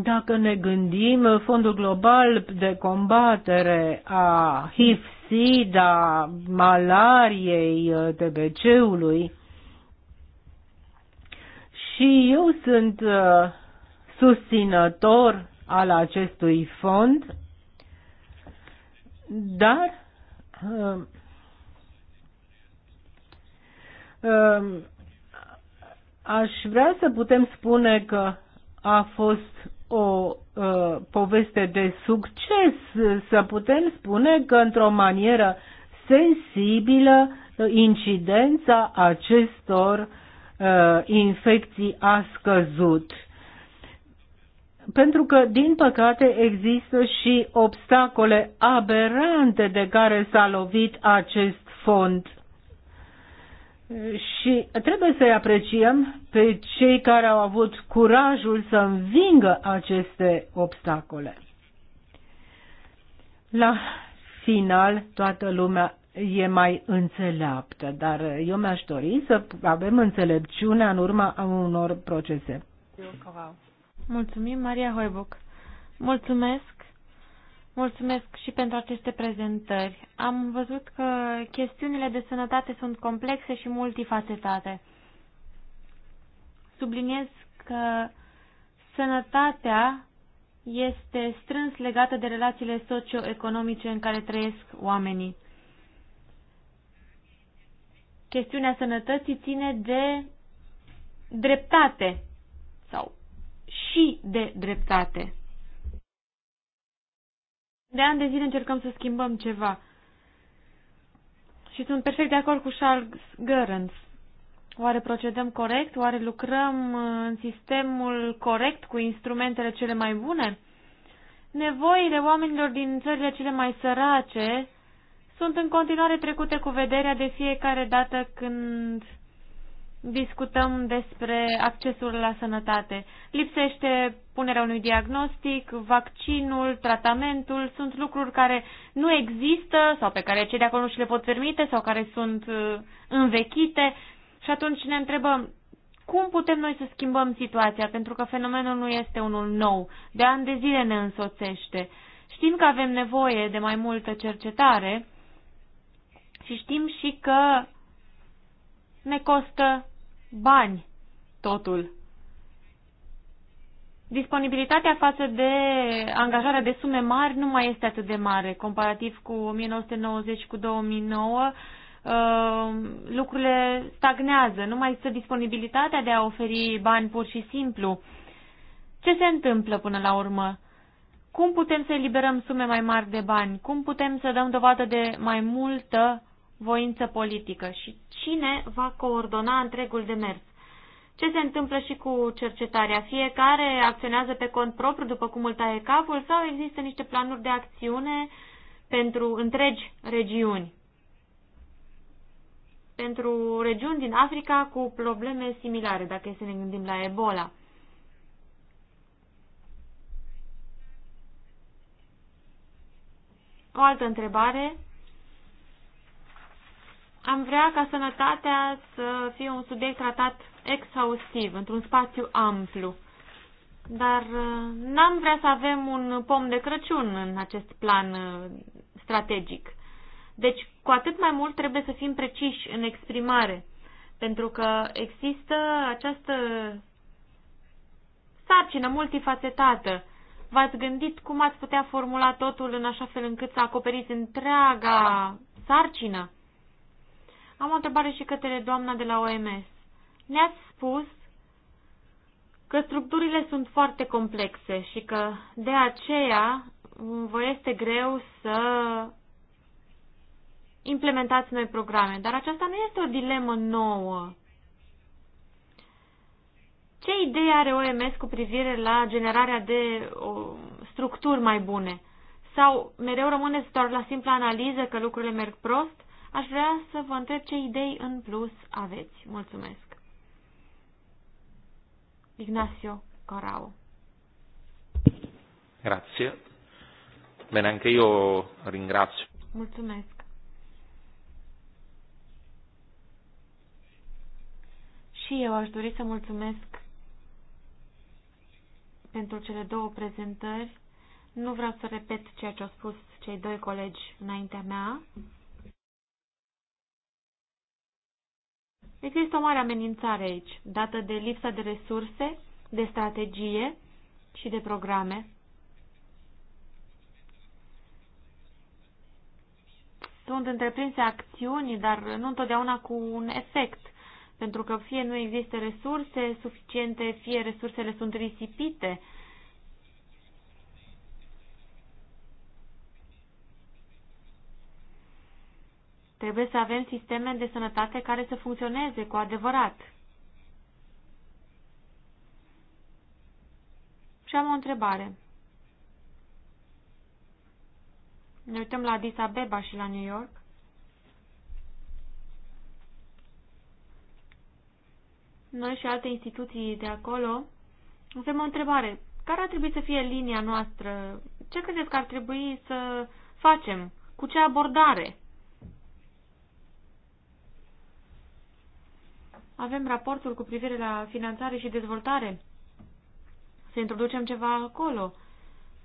dacă ne gândim, Fondul Global de Combatere a HIV-SIDA, malariei, TBC-ului, și eu sunt uh, susținător al acestui fond, dar uh, uh, aș vrea să putem spune că a fost o uh, poveste de succes, să putem spune că într-o manieră sensibilă incidența acestor uh, infecții a scăzut. Pentru că, din păcate, există și obstacole aberante de care s-a lovit acest fond și trebuie să-i apreciem pe cei care au avut curajul să învingă aceste obstacole. La final, toată lumea e mai înțeleaptă, dar eu mi-aș dori să avem înțelepciunea în urma unor procese. Mulțumim, Maria Hoibuc. Mulțumesc. Mulțumesc și pentru aceste prezentări. Am văzut că chestiunile de sănătate sunt complexe și multifacetate. Subliniez că sănătatea este strâns legată de relațiile socioeconomice în care trăiesc oamenii. Chestiunea sănătății ține de dreptate sau și de dreptate. De ani de zile încercăm să schimbăm ceva. Și sunt perfect de acord cu Charles Gerens. Oare procedăm corect? Oare lucrăm uh, în sistemul corect cu instrumentele cele mai bune? Nevoile oamenilor din țările cele mai sărace sunt în continuare trecute cu vederea de fiecare dată când discutăm despre accesul la sănătate. Lipsește punerea unui diagnostic, vaccinul, tratamentul, sunt lucruri care nu există sau pe care cei de acolo nu și le pot permite sau care sunt uh, învechite și atunci ne întrebăm cum putem noi să schimbăm situația, pentru că fenomenul nu este unul nou, de ani de zile ne însoțește. Știm că avem nevoie de mai multă cercetare și știm și că ne costă bani totul. Disponibilitatea față de angajarea de sume mari nu mai este atât de mare. Comparativ cu 1990 și cu 2009, uh, lucrurile stagnează. Nu mai există disponibilitatea de a oferi bani pur și simplu. Ce se întâmplă până la urmă? Cum putem să eliberăm sume mai mari de bani? Cum putem să dăm dovadă de mai multă voință politică și cine va coordona întregul demers. Ce se întâmplă și cu cercetarea? Fiecare acționează pe cont propriu după cum îl taie capul sau există niște planuri de acțiune pentru întregi regiuni? Pentru regiuni din Africa cu probleme similare, dacă e să ne gândim la Ebola. O altă întrebare am vrea ca sănătatea să fie un subiect tratat exhaustiv, într-un spațiu amplu. Dar uh, n-am vrea să avem un pom de Crăciun în acest plan uh, strategic. Deci, cu atât mai mult trebuie să fim preciși în exprimare, pentru că există această sarcină multifacetată. V-ați gândit cum ați putea formula totul în așa fel încât să acoperiți întreaga sarcină? Am o întrebare și către doamna de la OMS. Ne-ați spus că structurile sunt foarte complexe și că de aceea vă este greu să implementați noi programe. Dar aceasta nu este o dilemă nouă. Ce idee are OMS cu privire la generarea de o, structuri mai bune? Sau mereu rămâneți doar la simpla analiză că lucrurile merg prost? Aș vrea să vă întreb ce idei în plus aveți. Mulțumesc. Ignacio Corao. Grazie. Bene, anche io ringrazio. Mulțumesc. Și eu aș dori să mulțumesc pentru cele două prezentări. Nu vreau să repet ceea ce au spus cei doi colegi înaintea mea. Există o mare amenințare aici, dată de lipsa de resurse, de strategie și de programe. Sunt întreprinse acțiuni, dar nu întotdeauna cu un efect, pentru că fie nu există resurse suficiente, fie resursele sunt risipite Trebuie să avem sisteme de sănătate care să funcționeze cu adevărat. Și am o întrebare. Ne uităm la Addis Abeba și la New York. Noi și alte instituții de acolo avem o întrebare. Care ar trebui să fie linia noastră? Ce credeți că ar trebui să facem? Cu ce abordare? Avem raportul cu privire la finanțare și dezvoltare. Să introducem ceva acolo.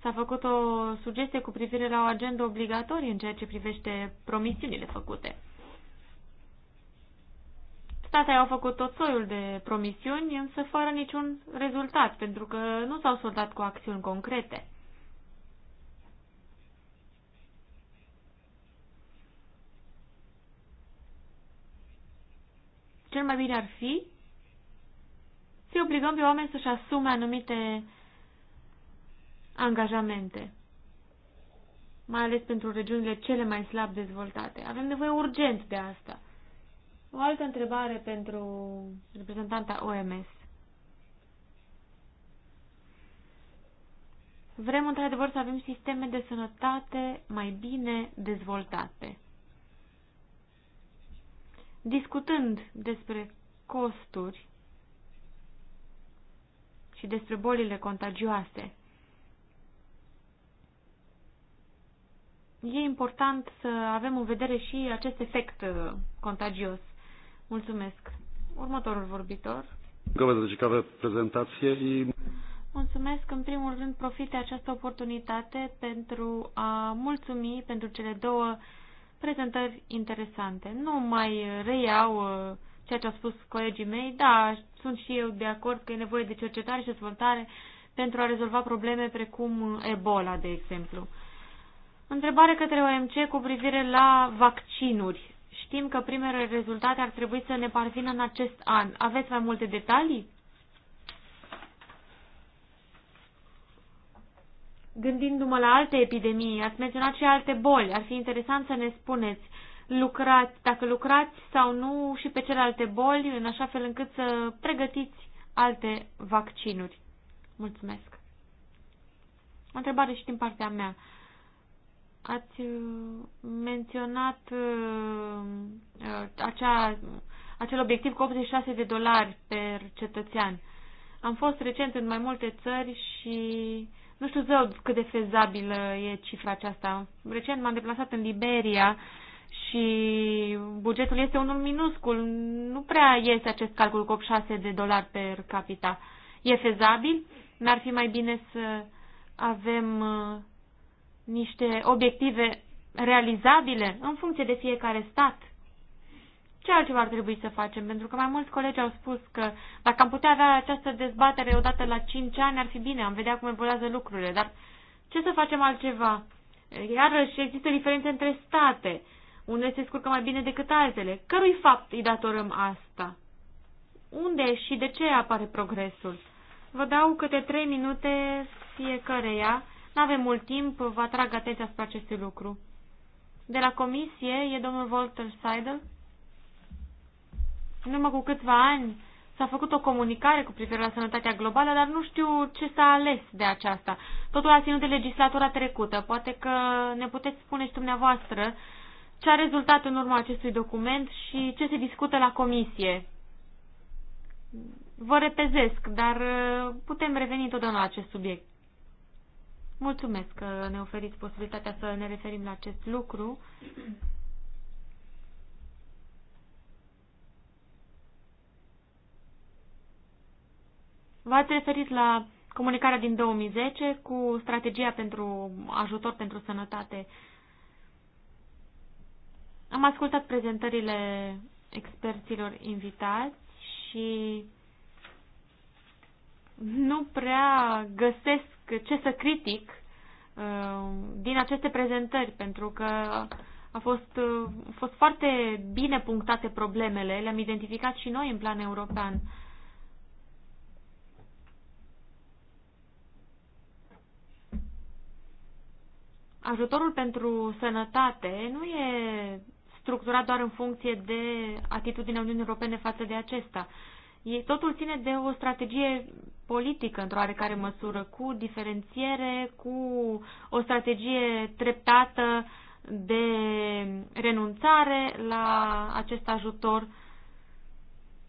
S-a făcut o sugestie cu privire la o agendă obligatorie în ceea ce privește promisiunile făcute. Statele au făcut tot soiul de promisiuni, însă fără niciun rezultat, pentru că nu s-au soldat cu acțiuni concrete. cel mai bine ar fi să obligăm pe oameni să-și asume anumite angajamente, mai ales pentru regiunile cele mai slab dezvoltate. Avem nevoie urgent de asta. O altă întrebare pentru reprezentanta OMS. Vrem într-adevăr să avem sisteme de sănătate mai bine dezvoltate discutând despre costuri și despre bolile contagioase. E important să avem în vedere și acest efect uh, contagios. Mulțumesc. Următorul vorbitor. Deci, Mulțumesc. În primul rând profit de această oportunitate pentru a mulțumi pentru cele două prezentări interesante. Nu mai reiau uh, ceea ce au spus colegii mei. Da, sunt și eu de acord că e nevoie de cercetare și dezvoltare pentru a rezolva probleme precum uh, Ebola, de exemplu. Întrebare către OMC cu privire la vaccinuri. Știm că primele rezultate ar trebui să ne parvină în acest an. Aveți mai multe detalii? gândindu-mă la alte epidemii, ați menționat și alte boli, ar fi interesant să ne spuneți lucrați, dacă lucrați sau nu și pe celelalte boli, în așa fel încât să pregătiți alte vaccinuri. Mulțumesc. O întrebare și din partea mea. Ați uh, menționat uh, uh, acea, acel obiectiv cu 86 de dolari per cetățean. Am fost recent în mai multe țări și nu știu zău cât de fezabilă e cifra aceasta. Recent m-am deplasat în Liberia și bugetul este unul minuscul. Nu prea este acest calcul cu 6 de dolari per capita. E fezabil? N-ar fi mai bine să avem uh, niște obiective realizabile în funcție de fiecare stat? ce altceva ar trebui să facem? Pentru că mai mulți colegi au spus că dacă am putea avea această dezbatere odată la 5 ani, ar fi bine, am vedea cum evoluează lucrurile, dar ce să facem altceva? Iarăși există diferențe între state, unde se scurcă mai bine decât altele. Cărui fapt îi datorăm asta? Unde și de ce apare progresul? Vă dau câte trei minute fiecăreia. Nu avem mult timp, vă atrag atenția asupra acestui lucru. De la comisie e domnul Walter Seidel. În urmă cu câțiva ani s-a făcut o comunicare cu privire la sănătatea globală, dar nu știu ce s-a ales de aceasta. Totul a ținut de legislatura trecută. Poate că ne puteți spune și dumneavoastră ce a rezultat în urma acestui document și ce se discută la comisie. Vă repezesc, dar uh, putem reveni întotdeauna la acest subiect. Mulțumesc că ne oferiți posibilitatea să ne referim la acest lucru. V-ați referit la comunicarea din 2010 cu strategia pentru ajutor pentru sănătate. Am ascultat prezentările experților invitați și nu prea găsesc ce să critic uh, din aceste prezentări, pentru că a fost, uh, a fost foarte bine punctate problemele, le-am identificat și noi în plan european. ajutorul pentru sănătate nu e structurat doar în funcție de atitudinea Uniunii Europene față de acesta. Totul ține de o strategie politică, într-o oarecare măsură, cu diferențiere, cu o strategie treptată de renunțare la acest ajutor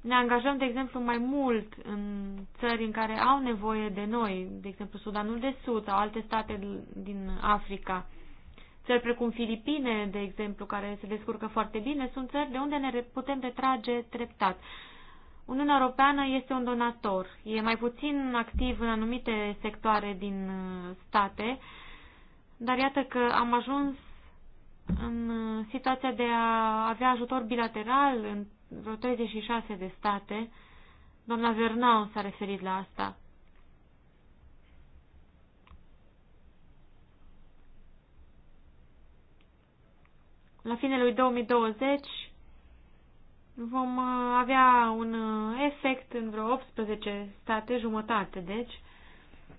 ne angajăm, de exemplu, mai mult în țări în care au nevoie de noi, de exemplu Sudanul de Sud sau alte state din Africa. Țări precum Filipine, de exemplu, care se descurcă foarte bine, sunt țări de unde ne putem retrage treptat. Uniunea Europeană este un donator, e mai puțin activ în anumite sectoare din uh, state, dar iată că am ajuns în uh, situația de a avea ajutor bilateral în vreo 36 de state. Doamna Vernau s-a referit la asta. La finele lui 2020 vom uh, avea un uh, efect în vreo 18 state, jumătate, deci.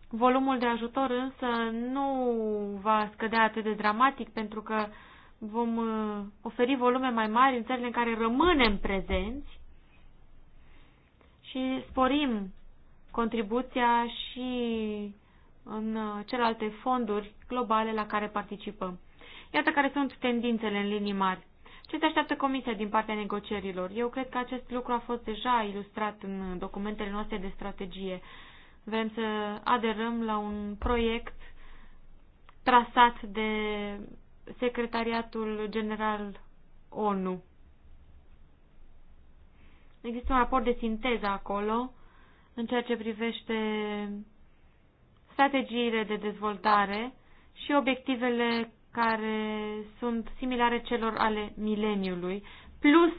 Volumul de ajutor însă nu va scădea atât de dramatic pentru că uh, vom uh, oferi volume mai mari în țările în care rămânem prezenți și sporim contribuția și în uh, celelalte fonduri globale la care participăm. Iată care sunt tendințele în linii mari. Ce se așteaptă Comisia din partea negocierilor? Eu cred că acest lucru a fost deja ilustrat în documentele noastre de strategie. Vrem să aderăm la un proiect trasat de Secretariatul General ONU. Există un raport de sinteză acolo în ceea ce privește strategiile de dezvoltare și obiectivele care sunt similare celor ale mileniului, plus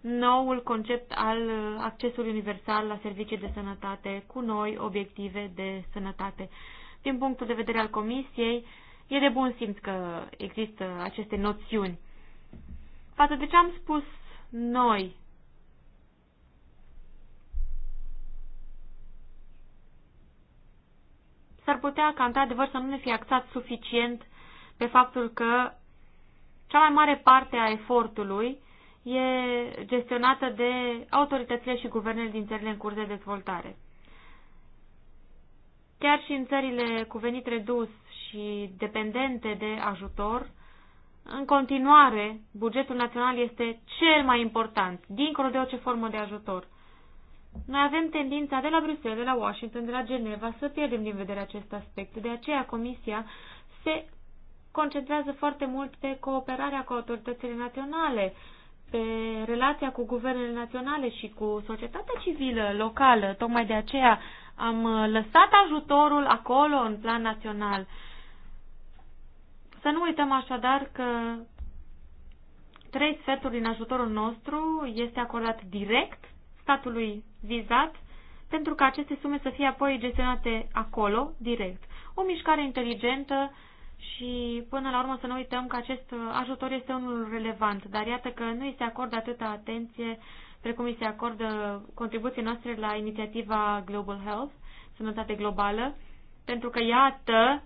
noul concept al accesului universal la servicii de sănătate cu noi obiective de sănătate. Din punctul de vedere al Comisiei, E de bun simț că există aceste noțiuni. Față de ce am spus noi, s-ar putea ca, într-adevăr, să nu ne fie axat suficient pe faptul că cea mai mare parte a efortului e gestionată de autoritățile și guvernele din țările în curs de dezvoltare. Chiar și în țările cu venit redus și dependente de ajutor, în continuare, bugetul național este cel mai important, dincolo de orice formă de ajutor. Noi avem tendința de la Bruxelles, de la Washington, de la Geneva să pierdem din vedere acest aspect. De aceea Comisia se concentrează foarte mult pe cooperarea cu autoritățile naționale, pe relația cu guvernele naționale și cu societatea civilă locală. Tocmai de aceea am lăsat ajutorul acolo în plan național. Să nu uităm așadar că trei sferturi din ajutorul nostru este acordat direct statului vizat pentru ca aceste sume să fie apoi gestionate acolo, direct. O mișcare inteligentă și până la urmă să nu uităm că acest ajutor este unul relevant, dar iată că nu îi se acordă atâta atenție precum îi se acordă contribuții noastre la inițiativa Global Health, Sănătate Globală, pentru că iată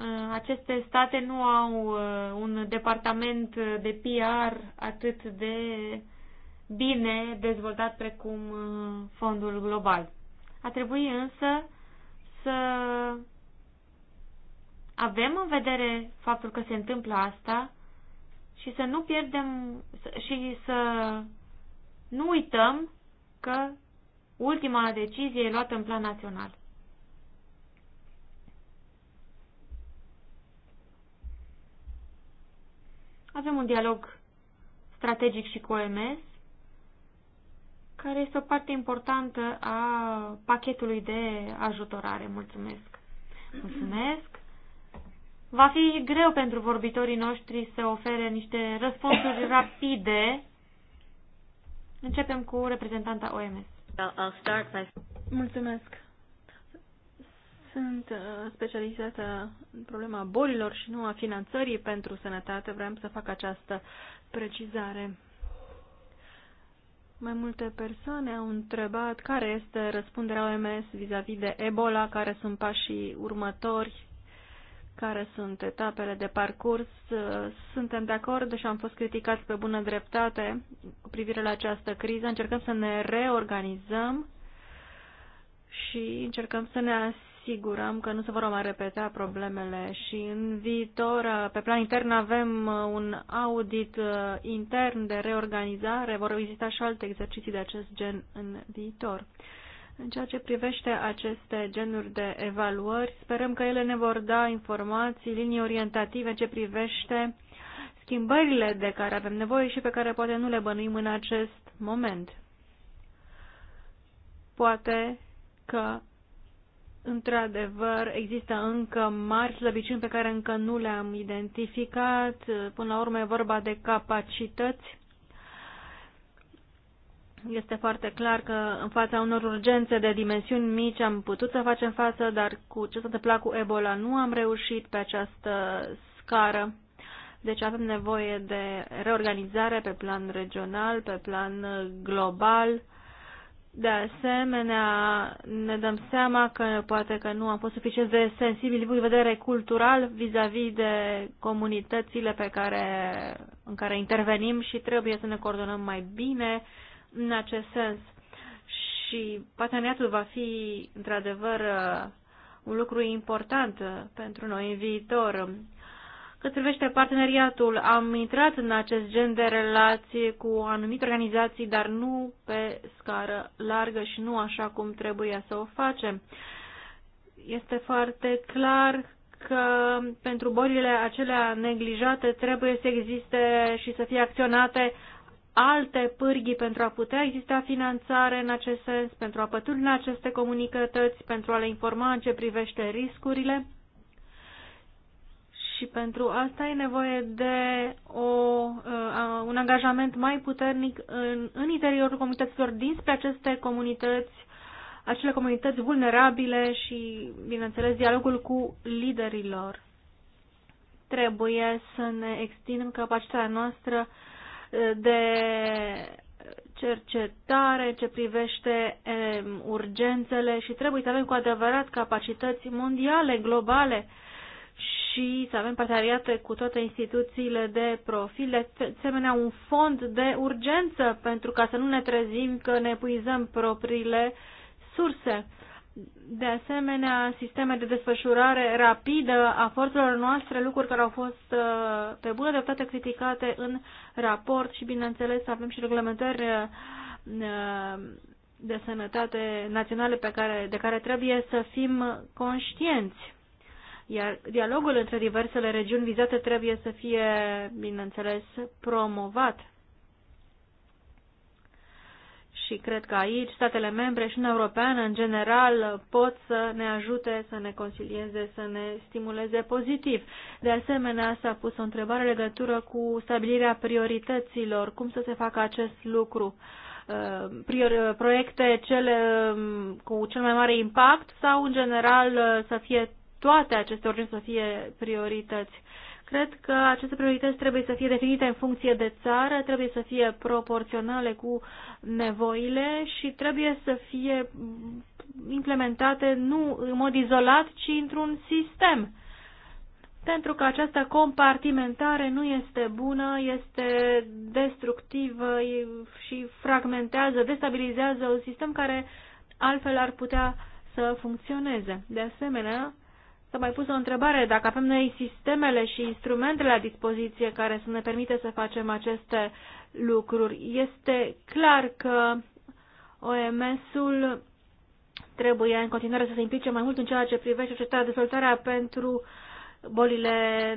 Uh, aceste state nu au uh, un departament de PR atât de bine dezvoltat precum uh, fondul global. A trebui însă să avem în vedere faptul că se întâmplă asta și să nu pierdem și să nu uităm că ultima decizie e luată în plan național. Avem un dialog strategic și cu OMS, care este o parte importantă a pachetului de ajutorare. Mulțumesc! Mulțumesc! Va fi greu pentru vorbitorii noștri să ofere niște răspunsuri [coughs] rapide. Începem cu reprezentanta OMS. Mulțumesc! sunt uh, specializată în problema bolilor și nu a finanțării pentru sănătate. Vreau să fac această precizare. Mai multe persoane au întrebat care este răspunderea OMS vis-a-vis -vis de Ebola, care sunt pașii următori, care sunt etapele de parcurs. Uh, suntem de acord, deși am fost criticați pe bună dreptate cu privire la această criză. Încercăm să ne reorganizăm și încercăm să ne asigurăm asigurăm că nu se vor mai repeta problemele și în viitor, pe plan intern, avem uh, un audit uh, intern de reorganizare. Vor exista și alte exerciții de acest gen în viitor. În ceea ce privește aceste genuri de evaluări, sperăm că ele ne vor da informații, linii orientative ce privește schimbările de care avem nevoie și pe care poate nu le bănuim în acest moment. Poate că Într-adevăr, există încă mari slăbiciuni pe care încă nu le-am identificat. Până la urmă e vorba de capacități. Este foarte clar că în fața unor urgențe de dimensiuni mici am putut să facem față, dar cu ce s-a întâmplat cu Ebola nu am reușit pe această scară. Deci avem nevoie de reorganizare pe plan regional, pe plan global de asemenea, ne dăm seama că poate că nu am fost suficient de sensibili din punct de vedere cultural vis-a-vis -vis de comunitățile pe care, în care intervenim și trebuie să ne coordonăm mai bine în acest sens. Și parteneriatul va fi, într-adevăr, un lucru important pentru noi în viitor. Cât privește parteneriatul, am intrat în acest gen de relații cu anumite organizații, dar nu pe scară largă și nu așa cum trebuia să o facem. Este foarte clar că pentru bolile acelea neglijate trebuie să existe și să fie acționate alte pârghii pentru a putea exista finanțare în acest sens, pentru a pătrunde aceste comunicătăți, pentru a le informa în ce privește riscurile și pentru asta e nevoie de o, uh, un angajament mai puternic în, în interiorul comunităților, dinspre aceste comunități, acele comunități vulnerabile și, bineînțeles, dialogul cu liderilor. Trebuie să ne extindem capacitatea noastră uh, de cercetare ce privește e, um, urgențele și trebuie să avem cu adevărat capacități mondiale, globale, uh, și să avem parteneriate cu toate instituțiile de profil, de asemenea un fond de urgență pentru ca să nu ne trezim că ne epuizăm propriile surse. De asemenea, sisteme de desfășurare rapidă a forțelor noastre, lucruri care au fost uh, pe bună dreptate criticate în raport și, bineînțeles, avem și reglementări uh, uh, de sănătate naționale pe care, de care trebuie să fim conștienți iar dialogul între diversele regiuni vizate trebuie să fie, bineînțeles, promovat. Și cred că aici statele membre și în europeană, în general, pot să ne ajute, să ne concilieze, să ne stimuleze pozitiv. De asemenea, s-a pus o întrebare legătură cu stabilirea priorităților, cum să se facă acest lucru uh, uh, proiecte cele um, cu cel mai mare impact sau, în general, uh, să fie toate aceste ordini să fie priorități. Cred că aceste priorități trebuie să fie definite în funcție de țară, trebuie să fie proporționale cu nevoile și trebuie să fie implementate nu în mod izolat, ci într-un sistem. Pentru că această compartimentare nu este bună, este destructivă și fragmentează, destabilizează un sistem care altfel ar putea să funcționeze. De asemenea, S-a mai pus o întrebare dacă avem noi sistemele și instrumentele la dispoziție care să ne permite să facem aceste lucruri. Este clar că OMS-ul trebuie în continuare să se implice mai mult în ceea ce privește cercetarea dezvoltarea pentru bolile,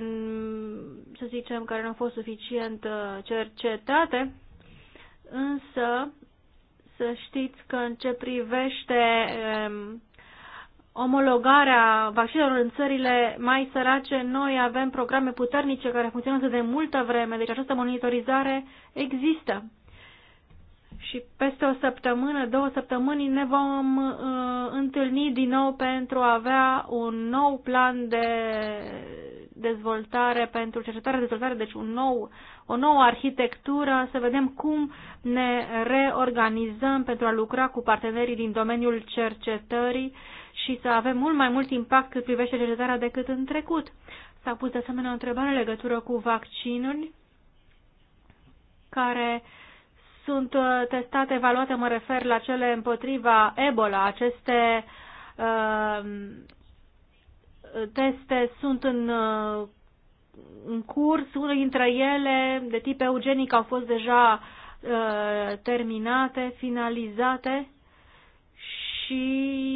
să zicem, care nu au fost suficient uh, cercetate, însă să știți că în ce privește um, omologarea vaccinelor în țările mai sărace, noi avem programe puternice care funcționează de multă vreme, deci această monitorizare există. Și peste o săptămână, două săptămâni ne vom uh, întâlni din nou pentru a avea un nou plan de dezvoltare pentru cercetare, dezvoltare, deci un nou, o nouă arhitectură, să vedem cum ne reorganizăm pentru a lucra cu partenerii din domeniul cercetării uh, și să avem mult mai mult impact cât privește cercetarea decât în trecut. S-a pus de asemenea o întrebare în legătură cu vaccinuri care sunt uh, testate, evaluate, mă refer la cele împotriva Ebola. Aceste uh, teste sunt în, uh, în curs, unele dintre ele de tip eugenic au fost deja uh, terminate, finalizate și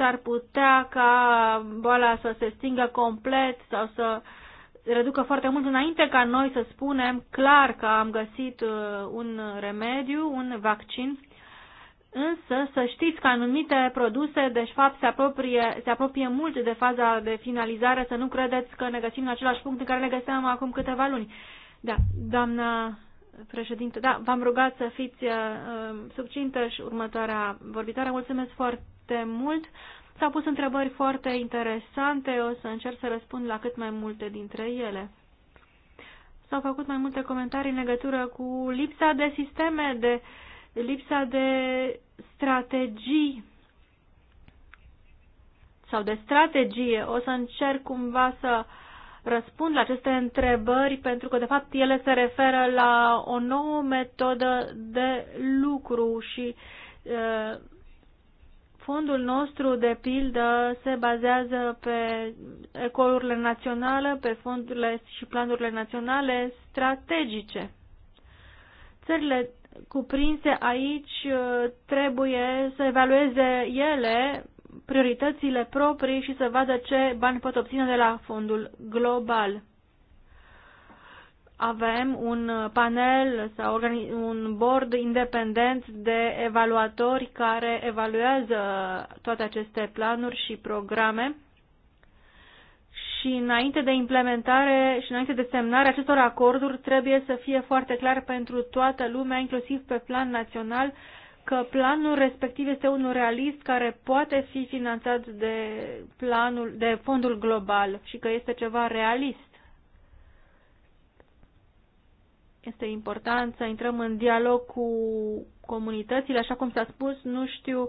s-ar putea ca boala să se stingă complet sau să reducă foarte mult înainte ca noi să spunem clar că am găsit uh, un remediu, un vaccin. Însă să știți că anumite produse, de fapt, se apropie, se apropie mult de faza de finalizare, să nu credeți că ne găsim în același punct în care ne găseam acum câteva luni. Da, doamna președinte. Da, v-am rugat să fiți uh, subcintă și următoarea vorbitoare. Mulțumesc foarte mult. S-au pus întrebări foarte interesante. O să încerc să răspund la cât mai multe dintre ele. S-au făcut mai multe comentarii în legătură cu lipsa de sisteme, de lipsa de strategii sau de strategie. O să încerc cumva să uh, răspund la aceste întrebări pentru că, de fapt, ele se referă la o nouă metodă de lucru și uh, fondul nostru, de pildă, se bazează pe ecolurile naționale, pe fondurile și planurile naționale strategice. Țările cuprinse aici trebuie să evalueze ele prioritățile proprii și să vadă ce bani pot obține de la fondul global. Avem un panel sau un board independent de evaluatori care evaluează toate aceste planuri și programe și înainte de implementare și înainte de semnare acestor acorduri trebuie să fie foarte clar pentru toată lumea, inclusiv pe plan național, uh, că planul respectiv este unul realist care poate fi finanțat de, planul, de fondul global și că este ceva realist. Este important să intrăm în dialog cu comunitățile, așa cum s-a spus, nu știu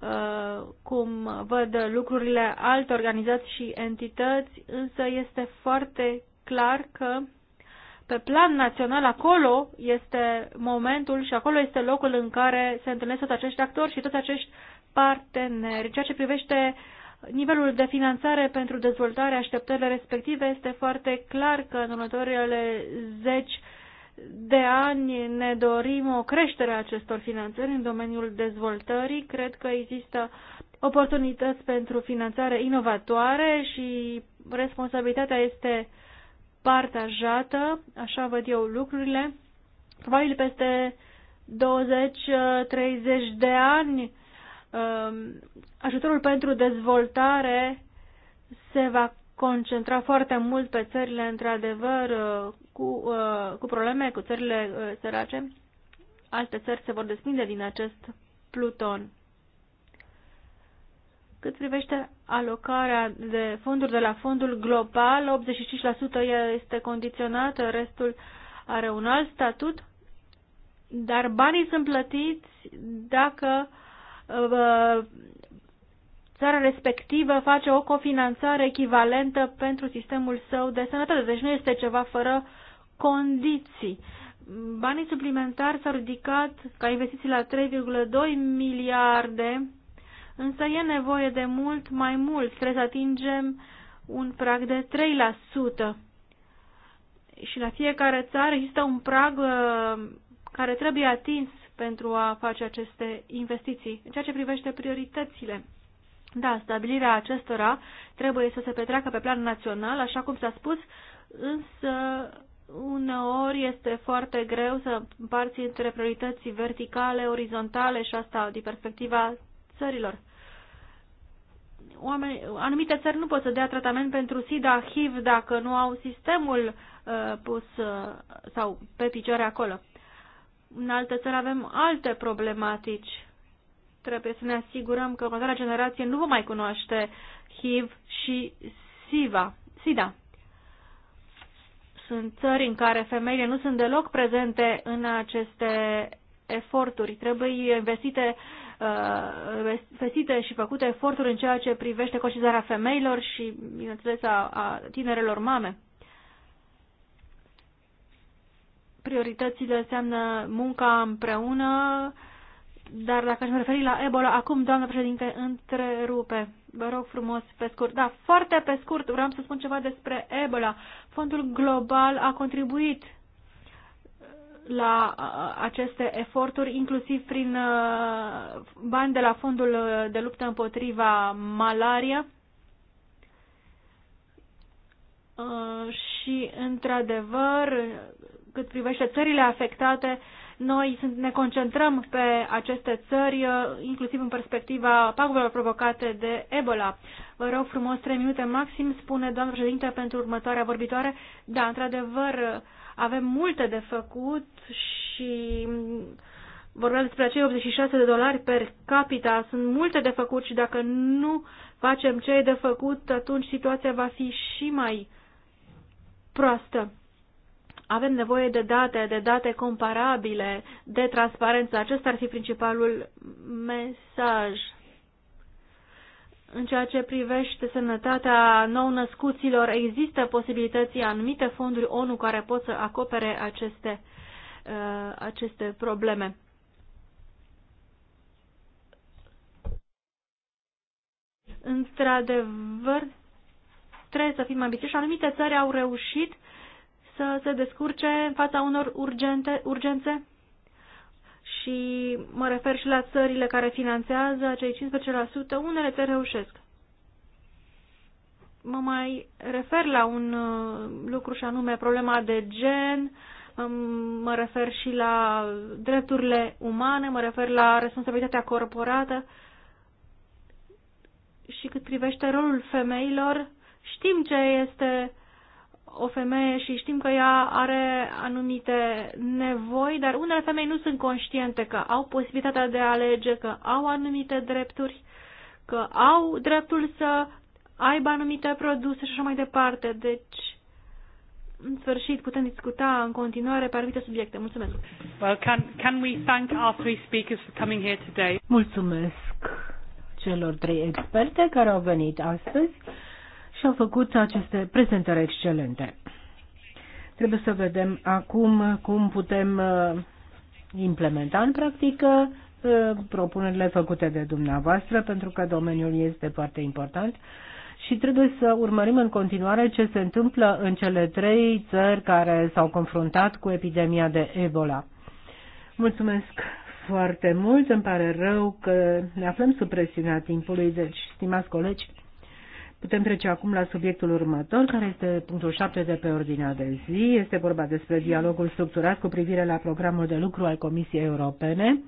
uh, cum văd lucrurile alte organizații și entități, însă este foarte clar că pe plan național, acolo este momentul și acolo este locul în care se întâlnesc toți acești actori și toți acești parteneri. Ceea ce privește nivelul de finanțare pentru dezvoltare, așteptările respective, este foarte clar că în următoarele zeci de ani ne dorim o creștere a acestor finanțări în domeniul dezvoltării. Cred că există oportunități pentru finanțare inovatoare și responsabilitatea este uh, partajată, așa văd eu lucrurile, probabil peste 20-30 de ani, um, ajutorul pentru dezvoltare se va concentra foarte mult pe țările, într-adevăr, uh, cu, uh, cu probleme, cu țările uh, sărace. Alte țări se vor desprinde din acest pluton. Cât privește alocarea de fonduri de la fondul global, 85% este condiționată, restul are un alt statut, dar banii sunt plătiți dacă uh, țara respectivă face o cofinanțare echivalentă pentru sistemul său de sănătate. Deci nu este ceva fără condiții. Banii suplimentari s-au ridicat ca investiții la 3,2 miliarde însă e nevoie de mult mai mult. Trebuie să atingem un prag de 3%. Și la fiecare țară există un prag uh, care trebuie atins pentru a face aceste investiții. În ceea ce privește prioritățile, da, stabilirea acestora trebuie să se petreacă pe plan național, așa cum s-a spus, însă uneori este foarte greu să împarți între priorități verticale, orizontale și asta din perspectiva țărilor oameni, anumite țări nu pot să dea tratament pentru SIDA, HIV, dacă nu au sistemul uh, pus uh, sau pe picioare acolo. În alte țări avem alte problematici. Trebuie să ne asigurăm că următoarea generație nu va mai cunoaște HIV și SIVA, SIDA. Sunt țări în care femeile nu sunt deloc prezente în aceste eforturi. Trebuie investite uh, Uh, vestite și făcute eforturi în ceea ce privește conștientizarea femeilor și, bineînțeles, a, a tinerelor mame. Prioritățile înseamnă munca împreună, dar dacă aș referi la Ebola, acum, doamnă președinte, întrerupe. Vă rog frumos, pe scurt. Da, foarte pe scurt, vreau să spun ceva despre Ebola. Fondul global a contribuit la aceste eforturi, inclusiv prin bani de la Fondul de luptă împotriva malaria. Și, într-adevăr, cât privește țările afectate, noi ne concentrăm pe aceste țări, inclusiv în perspectiva pagubelor provocate de Ebola. Vă rog frumos, trei minute maxim, spune doamna președinte pentru următoarea vorbitoare. Da, într-adevăr, avem multe de făcut și vorbeam despre acei 86 de dolari per capita. Sunt multe de făcut și dacă nu facem ce e de făcut, atunci situația va fi și mai proastă. Avem nevoie de date, de date comparabile, de transparență. Acesta ar fi principalul mesaj. În ceea ce privește sănătatea nou-născuților, există posibilității anumite fonduri ONU care pot să acopere aceste, uh, aceste probleme. Într-adevăr, trebuie să fim ambițioși. Anumite țări au reușit să se descurce în fața unor urgente, urgențe și mă refer și la țările care finanțează acei 15%, unele țări reușesc. Mă mai refer la un uh, lucru și anume problema de gen, um, mă refer și la drepturile umane, mă refer la responsabilitatea corporată și cât privește rolul femeilor, știm ce este o femeie și știm că ea are anumite nevoi, dar unele femei nu sunt conștiente că au posibilitatea de a alege, că au anumite drepturi, că au dreptul să aibă anumite produse și așa mai departe. Deci, în sfârșit, putem discuta în continuare pe anumite subiecte. Mulțumesc! Well, can, can we thank our three speakers for coming here today? Mulțumesc celor trei experte care au venit astăzi și au făcut aceste prezentări excelente. Trebuie să vedem acum cum putem uh, implementa în practică uh, propunerile făcute de dumneavoastră, pentru că domeniul este foarte important și trebuie să urmărim în continuare ce se întâmplă în cele trei țări care s-au confruntat cu epidemia de Ebola. Mulțumesc foarte mult, îmi pare rău că ne aflăm sub presiunea timpului, deci, stimați colegi, Putem trece acum la subiectul următor, care este punctul 7 de pe ordinea de zi. Este vorba despre dialogul structurat cu privire la programul de lucru al Comisiei Europene.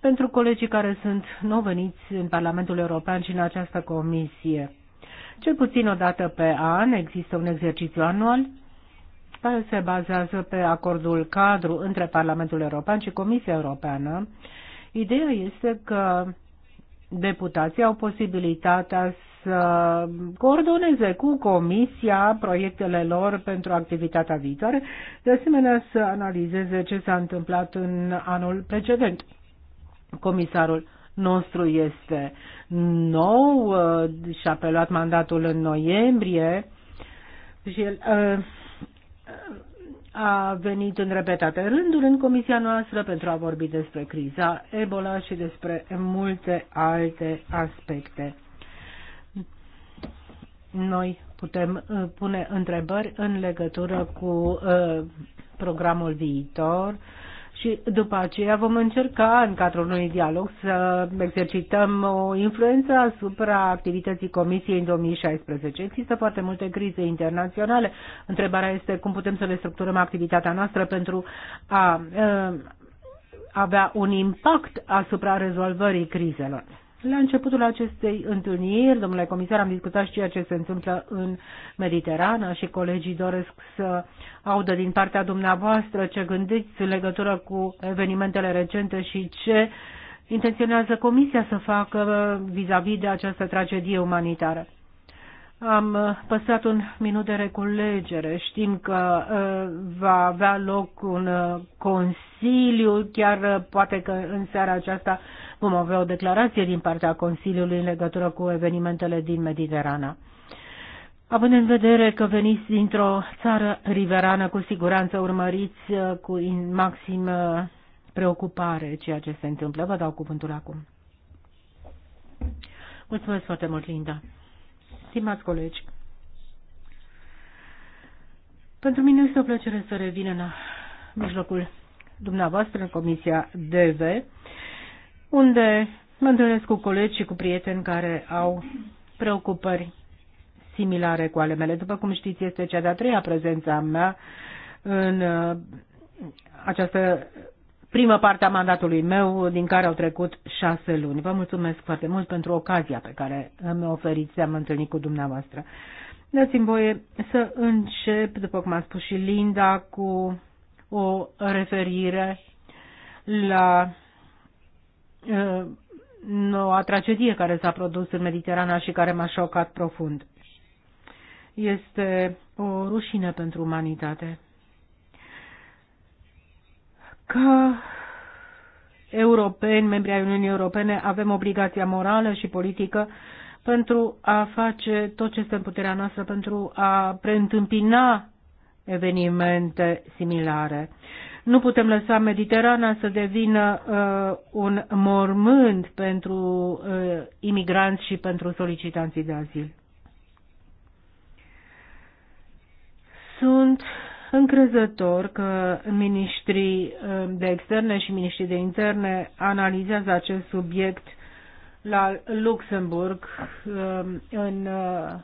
Pentru colegii care sunt nou veniți în Parlamentul European și în această comisie, cel puțin o dată pe an există un exercițiu anual care se bazează pe acordul cadru între Parlamentul European și Comisia Europeană. Ideea este că deputații au posibilitatea să coordoneze cu comisia proiectele lor pentru activitatea viitoare, de asemenea să analizeze ce s-a întâmplat în anul precedent. Comisarul nostru este nou uh, și-a preluat mandatul în noiembrie și el uh, a venit în repetate rânduri în comisia noastră pentru a vorbi despre criza Ebola și despre multe alte aspecte. Noi putem uh, pune întrebări în legătură cu uh, programul viitor și după aceea vom încerca în cadrul unui dialog să exercităm o influență asupra activității Comisiei în 2016. Există foarte multe crize internaționale. Întrebarea este cum putem să le structurăm activitatea noastră pentru a, a avea un impact asupra rezolvării crizelor. La începutul acestei întâlniri, domnule comisar, am discutat și ceea ce se întâmplă în Mediterana și colegii doresc să audă din partea dumneavoastră ce gândiți în legătură cu evenimentele recente și ce intenționează Comisia să facă vis-a-vis -vis de această tragedie umanitară. Am păstrat un minut de reculegere. Știm că uh, va avea loc un uh, consiliu, chiar uh, poate că în seara aceasta Vom avea o declarație din partea Consiliului în legătură cu evenimentele din Mediterana. Având în vedere că veniți dintr-o țară riverană, cu siguranță urmăriți uh, cu maxim uh, preocupare ceea ce se întâmplă. Vă dau cuvântul acum. Mulțumesc foarte mult, Linda. Stimați colegi, pentru mine este o plăcere să revin în mijlocul dumneavoastră în Comisia DV unde mă întâlnesc cu colegi și cu prieteni care au preocupări similare cu ale mele. După cum știți, este cea de-a treia prezența mea în uh, această primă parte a mandatului meu, din care au trecut șase luni. Vă mulțumesc foarte mult pentru ocazia pe care mi a oferiți să mă întâlni cu dumneavoastră. Dați-mi voie să încep, după cum a spus și Linda, cu o referire la noua uh, tragedie care s-a produs în Mediterana și care m-a șocat profund. Este o rușine pentru umanitate. Ca europeni, membri ai Uniunii Europene, avem obligația morală și politică pentru a face tot ce este în puterea noastră pentru a preîntâmpina evenimente similare. Nu putem lăsa Mediterana să devină uh, un mormânt pentru uh, imigranți și pentru solicitanții de azil. Sunt încrezător că ministrii uh, de externe și ministrii de interne analizează acest subiect la Luxemburg uh, în uh,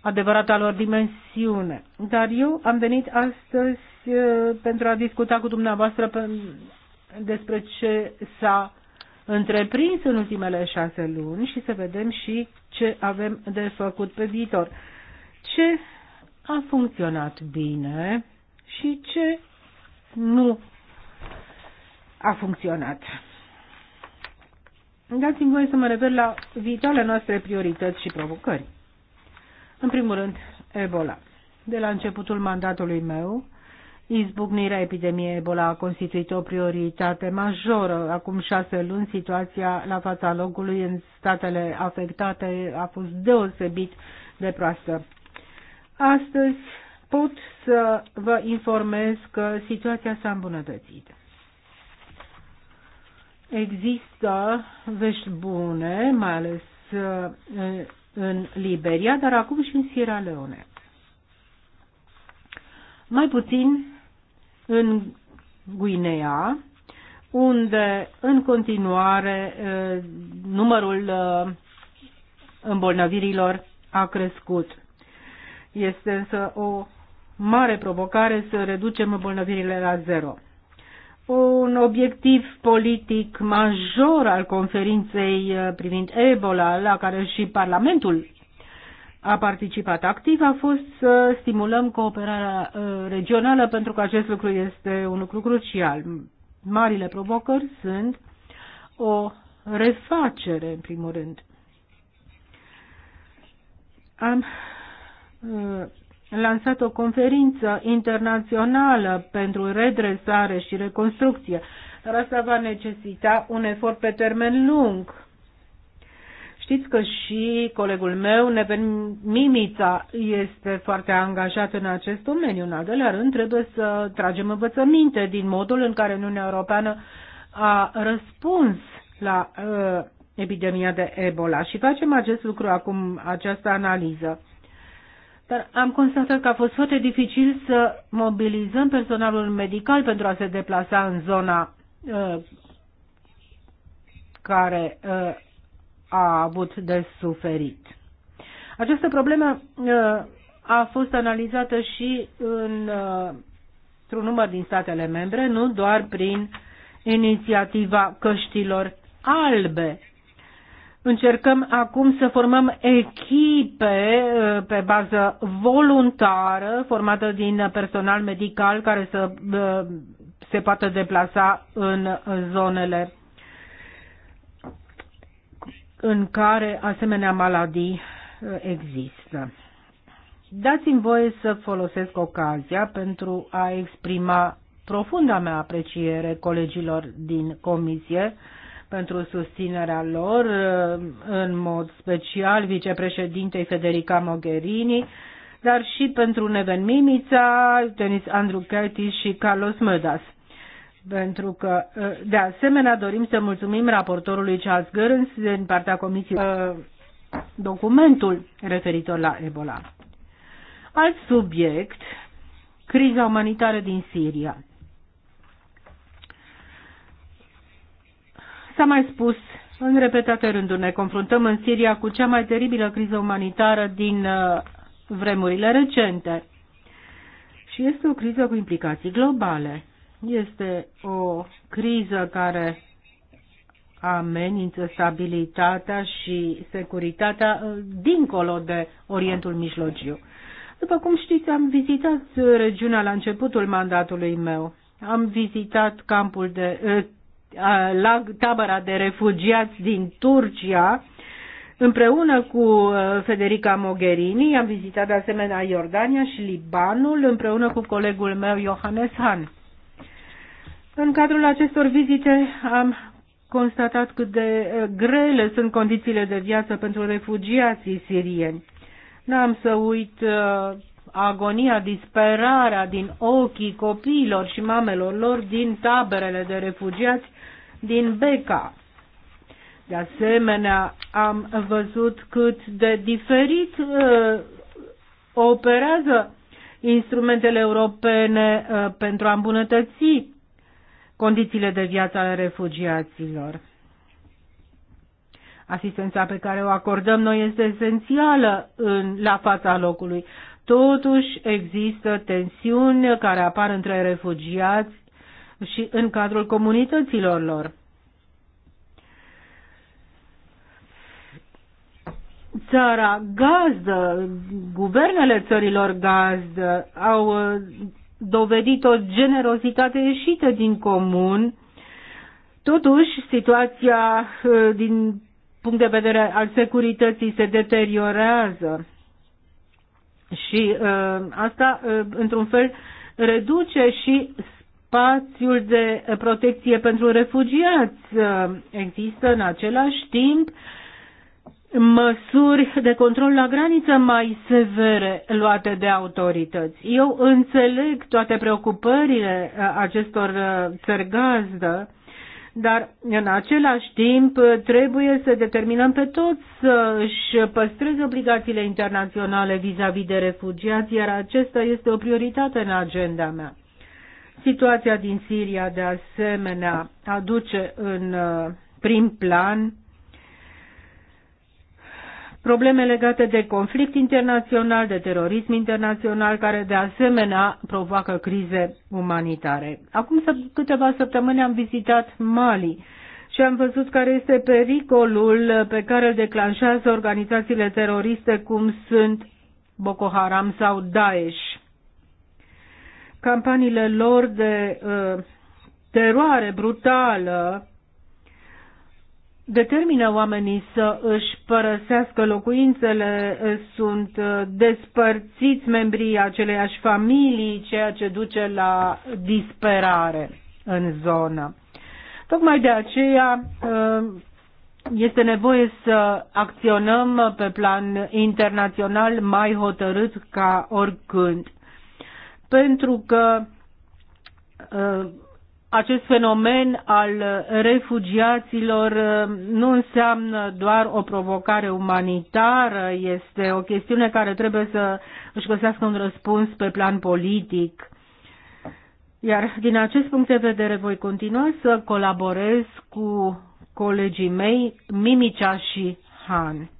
adevărata lor dimensiune. Dar eu am venit astăzi uh, pentru a discuta cu dumneavoastră pe, despre ce s-a întreprins în ultimele șase luni și să vedem și ce avem de făcut pe viitor. Ce a funcționat bine și ce nu a funcționat. Dați-mi voie să mă refer la viitoarele noastre priorități și provocări. În primul rând, Ebola. De la începutul mandatului meu, Izbucnirea epidemiei Ebola a constituit o prioritate majoră. Acum șase luni, situația la fața locului în statele afectate a fost deosebit de proastă. Astăzi pot să vă informez că situația s-a îmbunătățit. Există vești bune, mai ales uh, în Liberia, dar acum și în Sierra Leone. Mai puțin în Guinea, unde în continuare numărul îmbolnăvirilor a crescut. Este însă o mare provocare să reducem îmbolnăvirile la zero un obiectiv politic major al conferinței uh, privind Ebola, la care și Parlamentul a participat activ, a fost să stimulăm cooperarea uh, regională, pentru că acest lucru este un lucru crucial. Marile provocări sunt o refacere, în primul rând. Am uh, lansat o conferință internațională pentru redresare și reconstrucție, dar asta va necesita un efort pe termen lung. Știți că și colegul meu, Neven Mimița, este foarte angajat în acest domeniu. În al doilea rând, trebuie să tragem învățăminte din modul în care Uniunea Europeană a răspuns la uh, epidemia de Ebola și facem acest lucru acum, această analiză. Dar am constatat că a fost foarte dificil să mobilizăm personalul medical pentru a se deplasa în zona uh, care uh, a avut de suferit. Această problemă uh, a fost analizată și în, într-un număr din statele membre, nu doar prin inițiativa căștilor albe, Încercăm acum să formăm echipe uh, pe bază voluntară, formată din personal medical care să uh, se poată deplasa în zonele în care asemenea maladii uh, există. Dați-mi voie să folosesc ocazia pentru a exprima profunda mea apreciere colegilor din comisie pentru susținerea lor, uh, în mod special vicepreședintei Federica Mogherini, dar și pentru Neven Mimița, Denis Andrew Curtis și Carlos Mădas. Pentru că, uh, de asemenea, dorim să mulțumim raportorului Charles Gărâns din partea Comisiei uh, documentul referitor la Ebola. Alt subiect, criza umanitară din Siria. S-a mai spus în repetate rânduri ne confruntăm în Siria cu cea mai teribilă criză umanitară din uh, vremurile recente. Și este o criză cu implicații globale. Este o criză care amenință stabilitatea și securitatea uh, dincolo de Orientul Mijlociu. După cum știți, am vizitat regiunea la începutul mandatului meu. Am vizitat campul de, uh, la tabăra de refugiați din Turcia. Împreună cu Federica Mogherini am vizitat de asemenea Iordania și Libanul împreună cu colegul meu Johannes Han. În cadrul acestor vizite am constatat cât de grele sunt condițiile de viață pentru refugiații sirieni. N-am să uit uh, agonia, disperarea din ochii copiilor și mamelor lor din taberele de refugiați din Beca. De asemenea, am văzut cât de diferit uh, operează instrumentele europene uh, pentru a îmbunătăți condițiile de viață ale refugiaților. Asistența pe care o acordăm noi este esențială în, la fața locului. Totuși există tensiuni care apar între refugiați și în cadrul comunităților lor. Țara gazdă, guvernele țărilor gazdă au uh, dovedit o generozitate ieșită din comun. Totuși, situația uh, din punct de vedere al securității se deteriorează și uh, asta, într-un fel, reduce și spațiul de protecție pentru refugiați. Există în același timp măsuri de control la graniță mai severe luate de autorități. Eu înțeleg toate preocupările uh, acestor uh, țări gazdă, dar în același timp trebuie să determinăm pe toți să își păstreze obligațiile internaționale vis-a-vis -vis de refugiați, iar acesta este o prioritate în agenda mea. Situația din Siria, de asemenea, aduce în uh, prim plan probleme legate de conflict internațional, de terorism internațional, care de asemenea provoacă crize umanitare. Acum câteva săptămâni am vizitat Mali și am văzut care este pericolul pe care îl declanșează organizațiile teroriste cum sunt Boko Haram sau Daesh campaniile lor de uh, teroare brutală determină oamenii să își părăsească locuințele, uh, sunt uh, despărțiți membrii aceleiași familii, ceea ce duce la disperare în zonă. Tocmai de aceea uh, este nevoie să acționăm pe plan internațional mai hotărât ca oricând pentru că uh, acest fenomen al refugiaților uh, nu înseamnă doar o provocare umanitară, este o chestiune care trebuie să își găsească un răspuns pe plan politic. Iar din acest punct de vedere voi continua să colaborez cu colegii mei, Mimicea și Han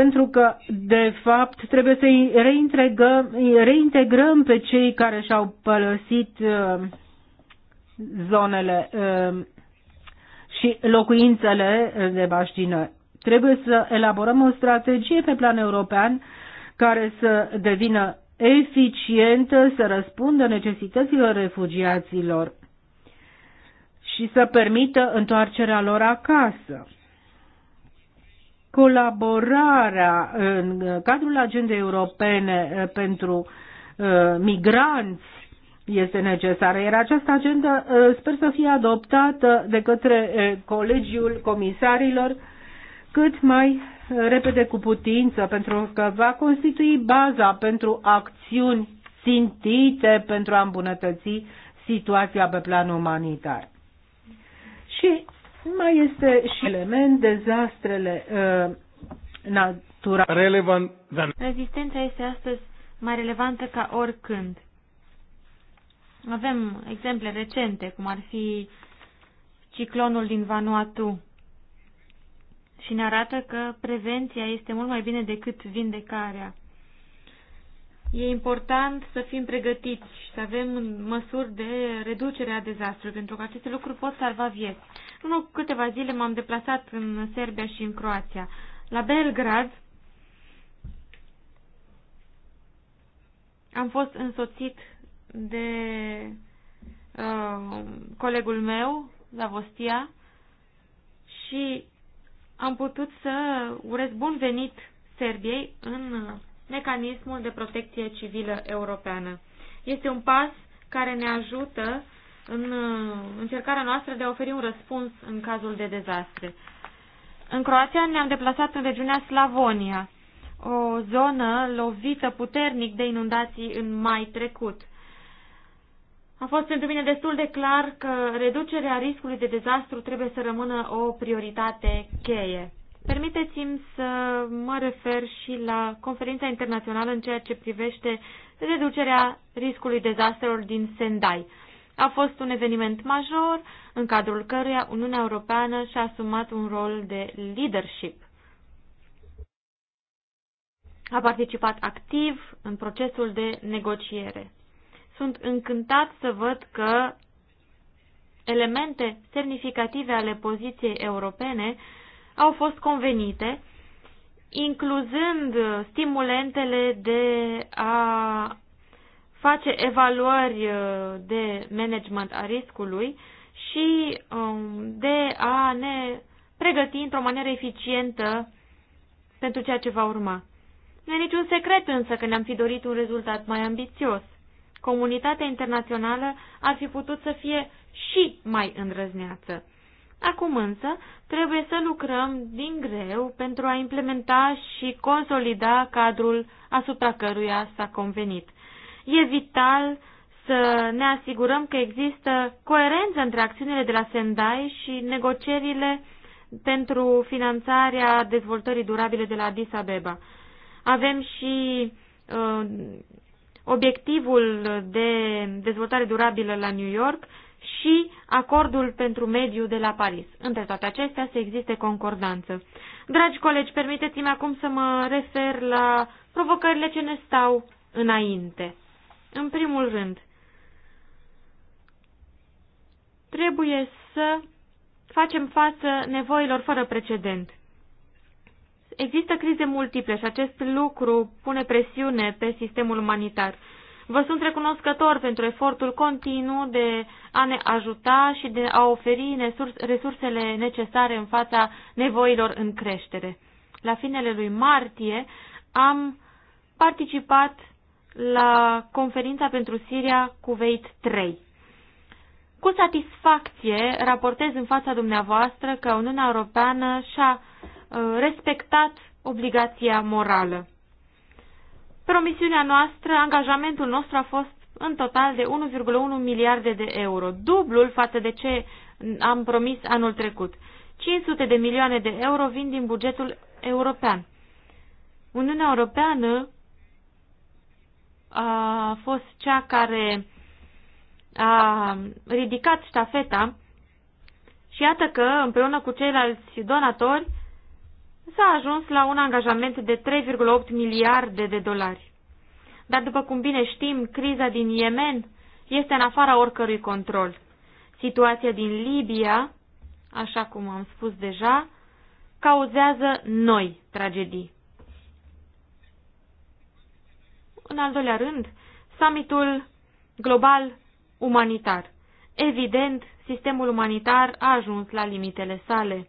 pentru că, de fapt, trebuie să-i reintegrăm, reintegrăm pe cei care și-au părăsit uh, zonele uh, și locuințele uh, de baștină. Trebuie să elaborăm o strategie pe plan european care să devină eficientă, să răspundă necesităților refugiaților și să permită întoarcerea lor acasă colaborarea în cadrul agendei europene eh, pentru eh, migranți este necesară, iar această agendă eh, sper să fie adoptată de către Colegiul Comisarilor cât mai repede cu putință, pentru că va constitui baza pentru acțiuni țintite pentru a îmbunătăți situația pe plan umanitar. Și mai este și element dezastrele uh, naturale. Relevant. Rezistența este astăzi mai relevantă ca oricând. Avem exemple recente, cum ar fi ciclonul din Vanuatu, și ne arată că prevenția este mult mai bine decât vindecarea. E important să fim pregătiți și să avem măsuri de reducere a dezastrului, pentru că aceste lucruri pot salva vieți. Acum câteva zile m-am deplasat în Serbia și în Croația. La Belgrad am fost însoțit de uh, colegul meu, Zavostia, și am putut să urez bun venit Serbiei în mecanismul de protecție civilă europeană. Este un pas care ne ajută în uh, încercarea noastră de a oferi un răspuns în cazul de dezastre. În Croația ne-am deplasat în regiunea Slavonia, o zonă lovită puternic de inundații în mai trecut. A fost pentru mine destul de clar că reducerea riscului de dezastru trebuie să rămână o prioritate cheie. Permiteți-mi să mă refer și la conferința internațională în ceea ce privește reducerea riscului dezastrelor din Sendai. A fost un eveniment major în cadrul căruia Uniunea Europeană și-a asumat un rol de leadership. A participat activ în procesul de negociere. Sunt încântat să văd că elemente semnificative ale poziției europene au fost convenite, incluzând stimulentele de a face evaluări uh, de management a riscului și um, de a ne pregăti într-o manieră eficientă pentru ceea ce va urma. Nu e niciun secret însă că ne-am fi dorit un rezultat mai ambițios. Comunitatea internațională ar fi putut să fie și mai îndrăzneață. Acum însă trebuie să lucrăm din greu pentru a implementa și consolida cadrul asupra căruia s-a convenit e vital să ne asigurăm că există coerență între acțiunile de la Sendai și negocierile pentru finanțarea dezvoltării durabile de la Addis Abeba. Avem și uh, obiectivul de dezvoltare durabilă la New York și acordul pentru mediu de la Paris. Între toate acestea se existe concordanță. Dragi colegi, permiteți-mi acum să mă refer la provocările ce ne stau înainte. În primul rând, trebuie să facem față nevoilor fără precedent. Există crize multiple și acest lucru pune presiune pe sistemul umanitar. Vă sunt recunoscător pentru efortul continuu de a ne ajuta și de a oferi resursele necesare în fața nevoilor în creștere. La finele lui martie am participat la conferința pentru Siria Cuveit 3. Cu satisfacție raportez în fața dumneavoastră că Uniunea Europeană și-a uh, respectat obligația morală. Promisiunea noastră, angajamentul nostru a fost în total de 1,1 miliarde de euro, dublul față de ce am promis anul trecut. 500 de milioane de euro vin din bugetul european. Uniunea Europeană a fost cea care a ridicat ștafeta și iată că, împreună cu ceilalți donatori, s-a ajuns la un angajament de 3,8 miliarde de dolari. Dar, după cum bine știm, criza din Yemen este în afara oricărui control. Situația din Libia, așa cum am spus deja, cauzează noi tragedii. În al doilea rând, summitul global umanitar. Evident, sistemul umanitar a ajuns la limitele sale.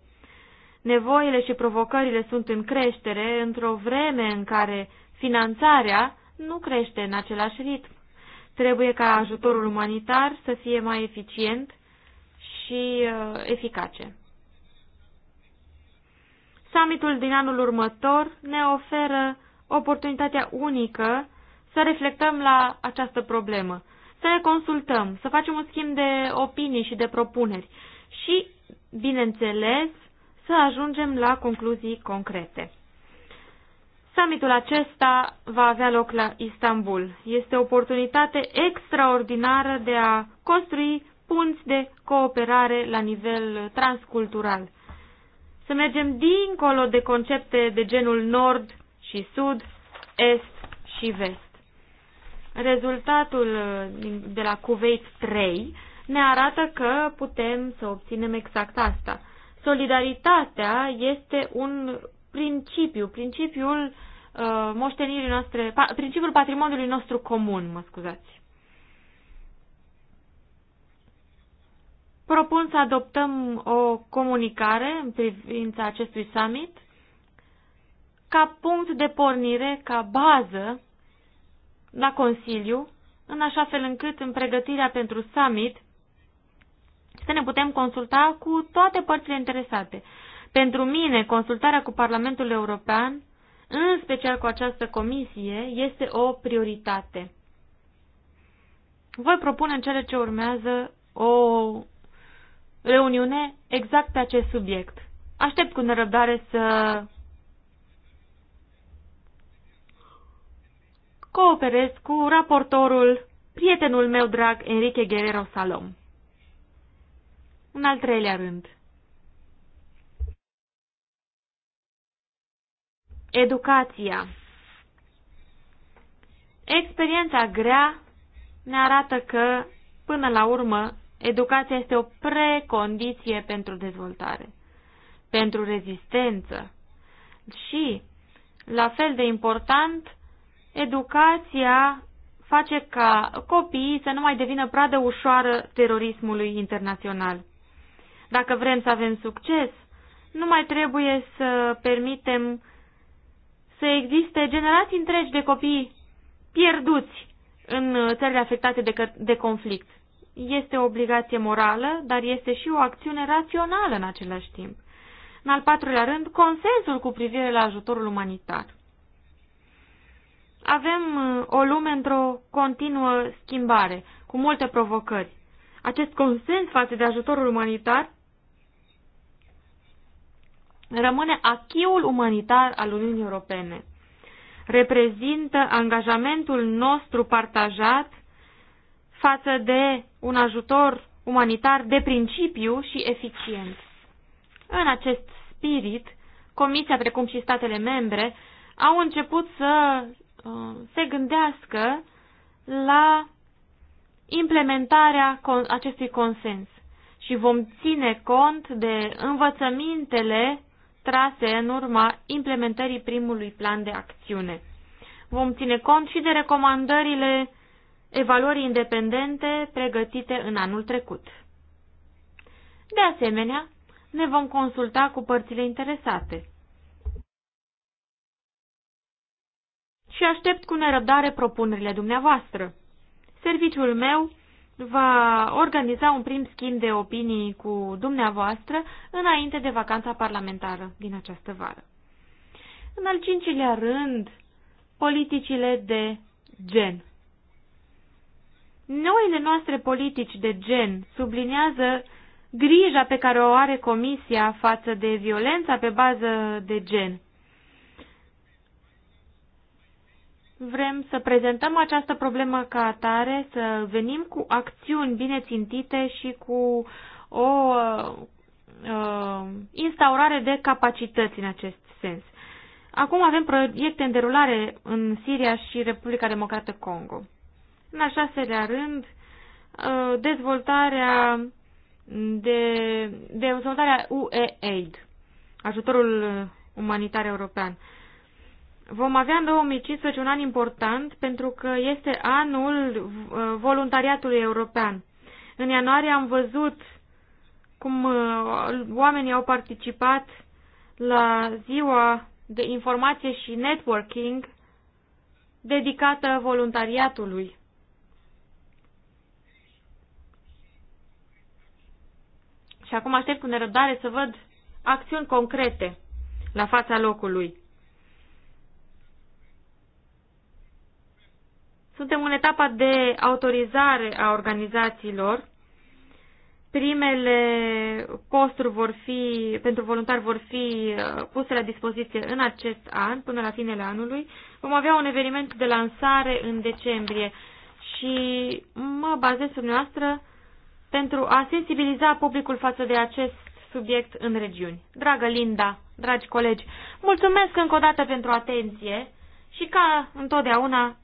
Nevoile și provocările sunt în creștere într-o vreme în care finanțarea nu crește în același ritm. Trebuie ca ajutorul umanitar să fie mai eficient și uh, eficace. Summitul din anul următor ne oferă oportunitatea unică să reflectăm la această problemă, să ne consultăm, să facem un schimb de opinii și de propuneri și, bineînțeles, să ajungem la concluzii concrete. Summitul acesta va avea loc la Istanbul. Este o oportunitate extraordinară de a construi punți de cooperare la nivel transcultural. Să mergem dincolo de concepte de genul nord și sud, est și vest. Rezultatul uh, de la Kuwait 3 ne arată că putem să obținem exact asta. Solidaritatea este un principiu, principiul uh, moștenirii noastre, principiul patrimoniului nostru comun, mă scuzați. Propun să adoptăm o comunicare în privința acestui summit ca punct de pornire, ca bază la Consiliu, în așa fel încât în pregătirea pentru summit să ne putem consulta cu toate părțile interesate. Pentru mine, consultarea cu Parlamentul European, în special cu această comisie, este o prioritate. Voi propune în cele ce urmează o reuniune exact pe acest subiect. Aștept cu nerăbdare să cooperez cu raportorul, prietenul meu drag, Enrique Guerrero Salom. În al treilea rând. Educația Experiența grea ne arată că, până la urmă, educația este o precondiție pentru dezvoltare, pentru rezistență și, la fel de important, educația face ca copiii să nu mai devină pradă ușoară terorismului internațional. Dacă vrem să avem succes, nu mai trebuie să permitem să existe generații întregi de copii pierduți în țările afectate de, de conflict. Este o obligație morală, dar este și o acțiune rațională în același timp. În al patrulea rând, consensul cu privire la ajutorul umanitar avem uh, o lume într-o continuă schimbare, cu multe provocări. Acest consens față de ajutorul umanitar rămâne achiul umanitar al Uniunii Europene. Reprezintă angajamentul nostru partajat față de un ajutor umanitar de principiu și eficient. În acest spirit, Comisia, precum și statele membre, au început să Uh, se gândească la implementarea acestui consens și vom ține cont de învățămintele trase în urma implementării primului plan de acțiune. Vom ține cont și de recomandările evaluării independente pregătite în anul trecut. De asemenea, ne vom consulta cu părțile interesate. și aștept cu nerăbdare propunerile dumneavoastră. Serviciul meu va organiza un prim schimb de opinii cu dumneavoastră înainte de vacanța parlamentară din această vară. În al cincilea rând, politicile de gen. Noile noastre politici de gen subliniază grija pe care o are Comisia față de violența pe bază de gen. Vrem să prezentăm această problemă ca atare, să venim cu acțiuni bine țintite și cu o uh, instaurare de capacități în acest sens. Acum avem proiecte în derulare în Siria și Republica Democrată Congo. În al șaselea rând, uh, dezvoltarea de, de dezvoltarea UE-AID, ajutorul umanitar european. Uh, Vom avea în 2015 un an important pentru că este anul uh, voluntariatului european. În ianuarie am văzut cum uh, oamenii au participat la ziua de informație și networking dedicată voluntariatului. Și acum aștept cu nerăbdare să văd acțiuni concrete la fața locului. Suntem în etapa de autorizare a organizațiilor. Primele posturi vor fi, pentru voluntari vor fi uh, puse la dispoziție în acest an, până la finele anului. Vom avea un eveniment de lansare în decembrie și mă bazez pe noastră pentru a sensibiliza publicul față de acest subiect în regiuni. Dragă Linda, dragi colegi, mulțumesc încă o dată pentru atenție și ca întotdeauna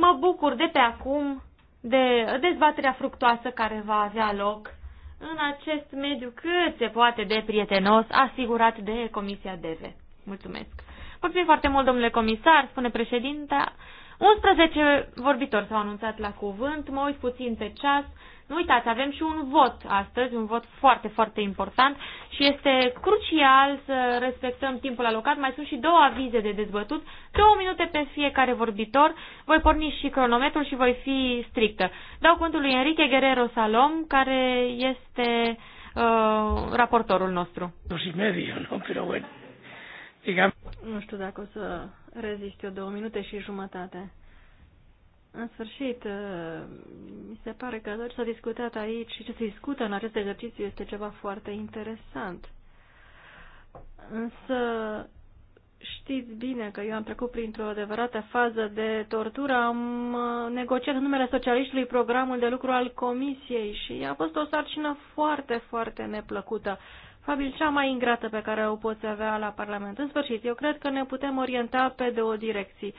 Mă bucur de pe acum de dezbaterea fructoasă care va avea loc în acest mediu cât se poate de prietenos asigurat de Comisia DEVE. Mulțumesc. Mulțumim foarte mult, domnule comisar, spune președinta. 11 vorbitori s-au anunțat la cuvânt, mă uit puțin pe ceas. Nu uitați, avem și un vot astăzi, un vot foarte, foarte important și este crucial să respectăm timpul alocat. Mai sunt și două avize de dezbătut, două minute pe fiecare vorbitor. Voi porni și cronometrul și voi fi strictă. Dau cuvântul lui Enrique Guerrero Salom, care este uh, raportorul nostru. Nu știu dacă o să rezist eu două minute și jumătate. În sfârșit, uh, mi se pare că tot ce s-a discutat aici și ce se discută în acest exercițiu este ceva foarte interesant. Însă știți bine că eu am trecut printr-o adevărată fază de tortură. Am uh, negociat în numele socialiștului programul de lucru al comisiei și a fost o sarcină foarte, foarte neplăcută. Probabil cea mai ingrată pe care o poți avea la Parlament. În sfârșit, eu cred că ne putem orienta pe două direcții.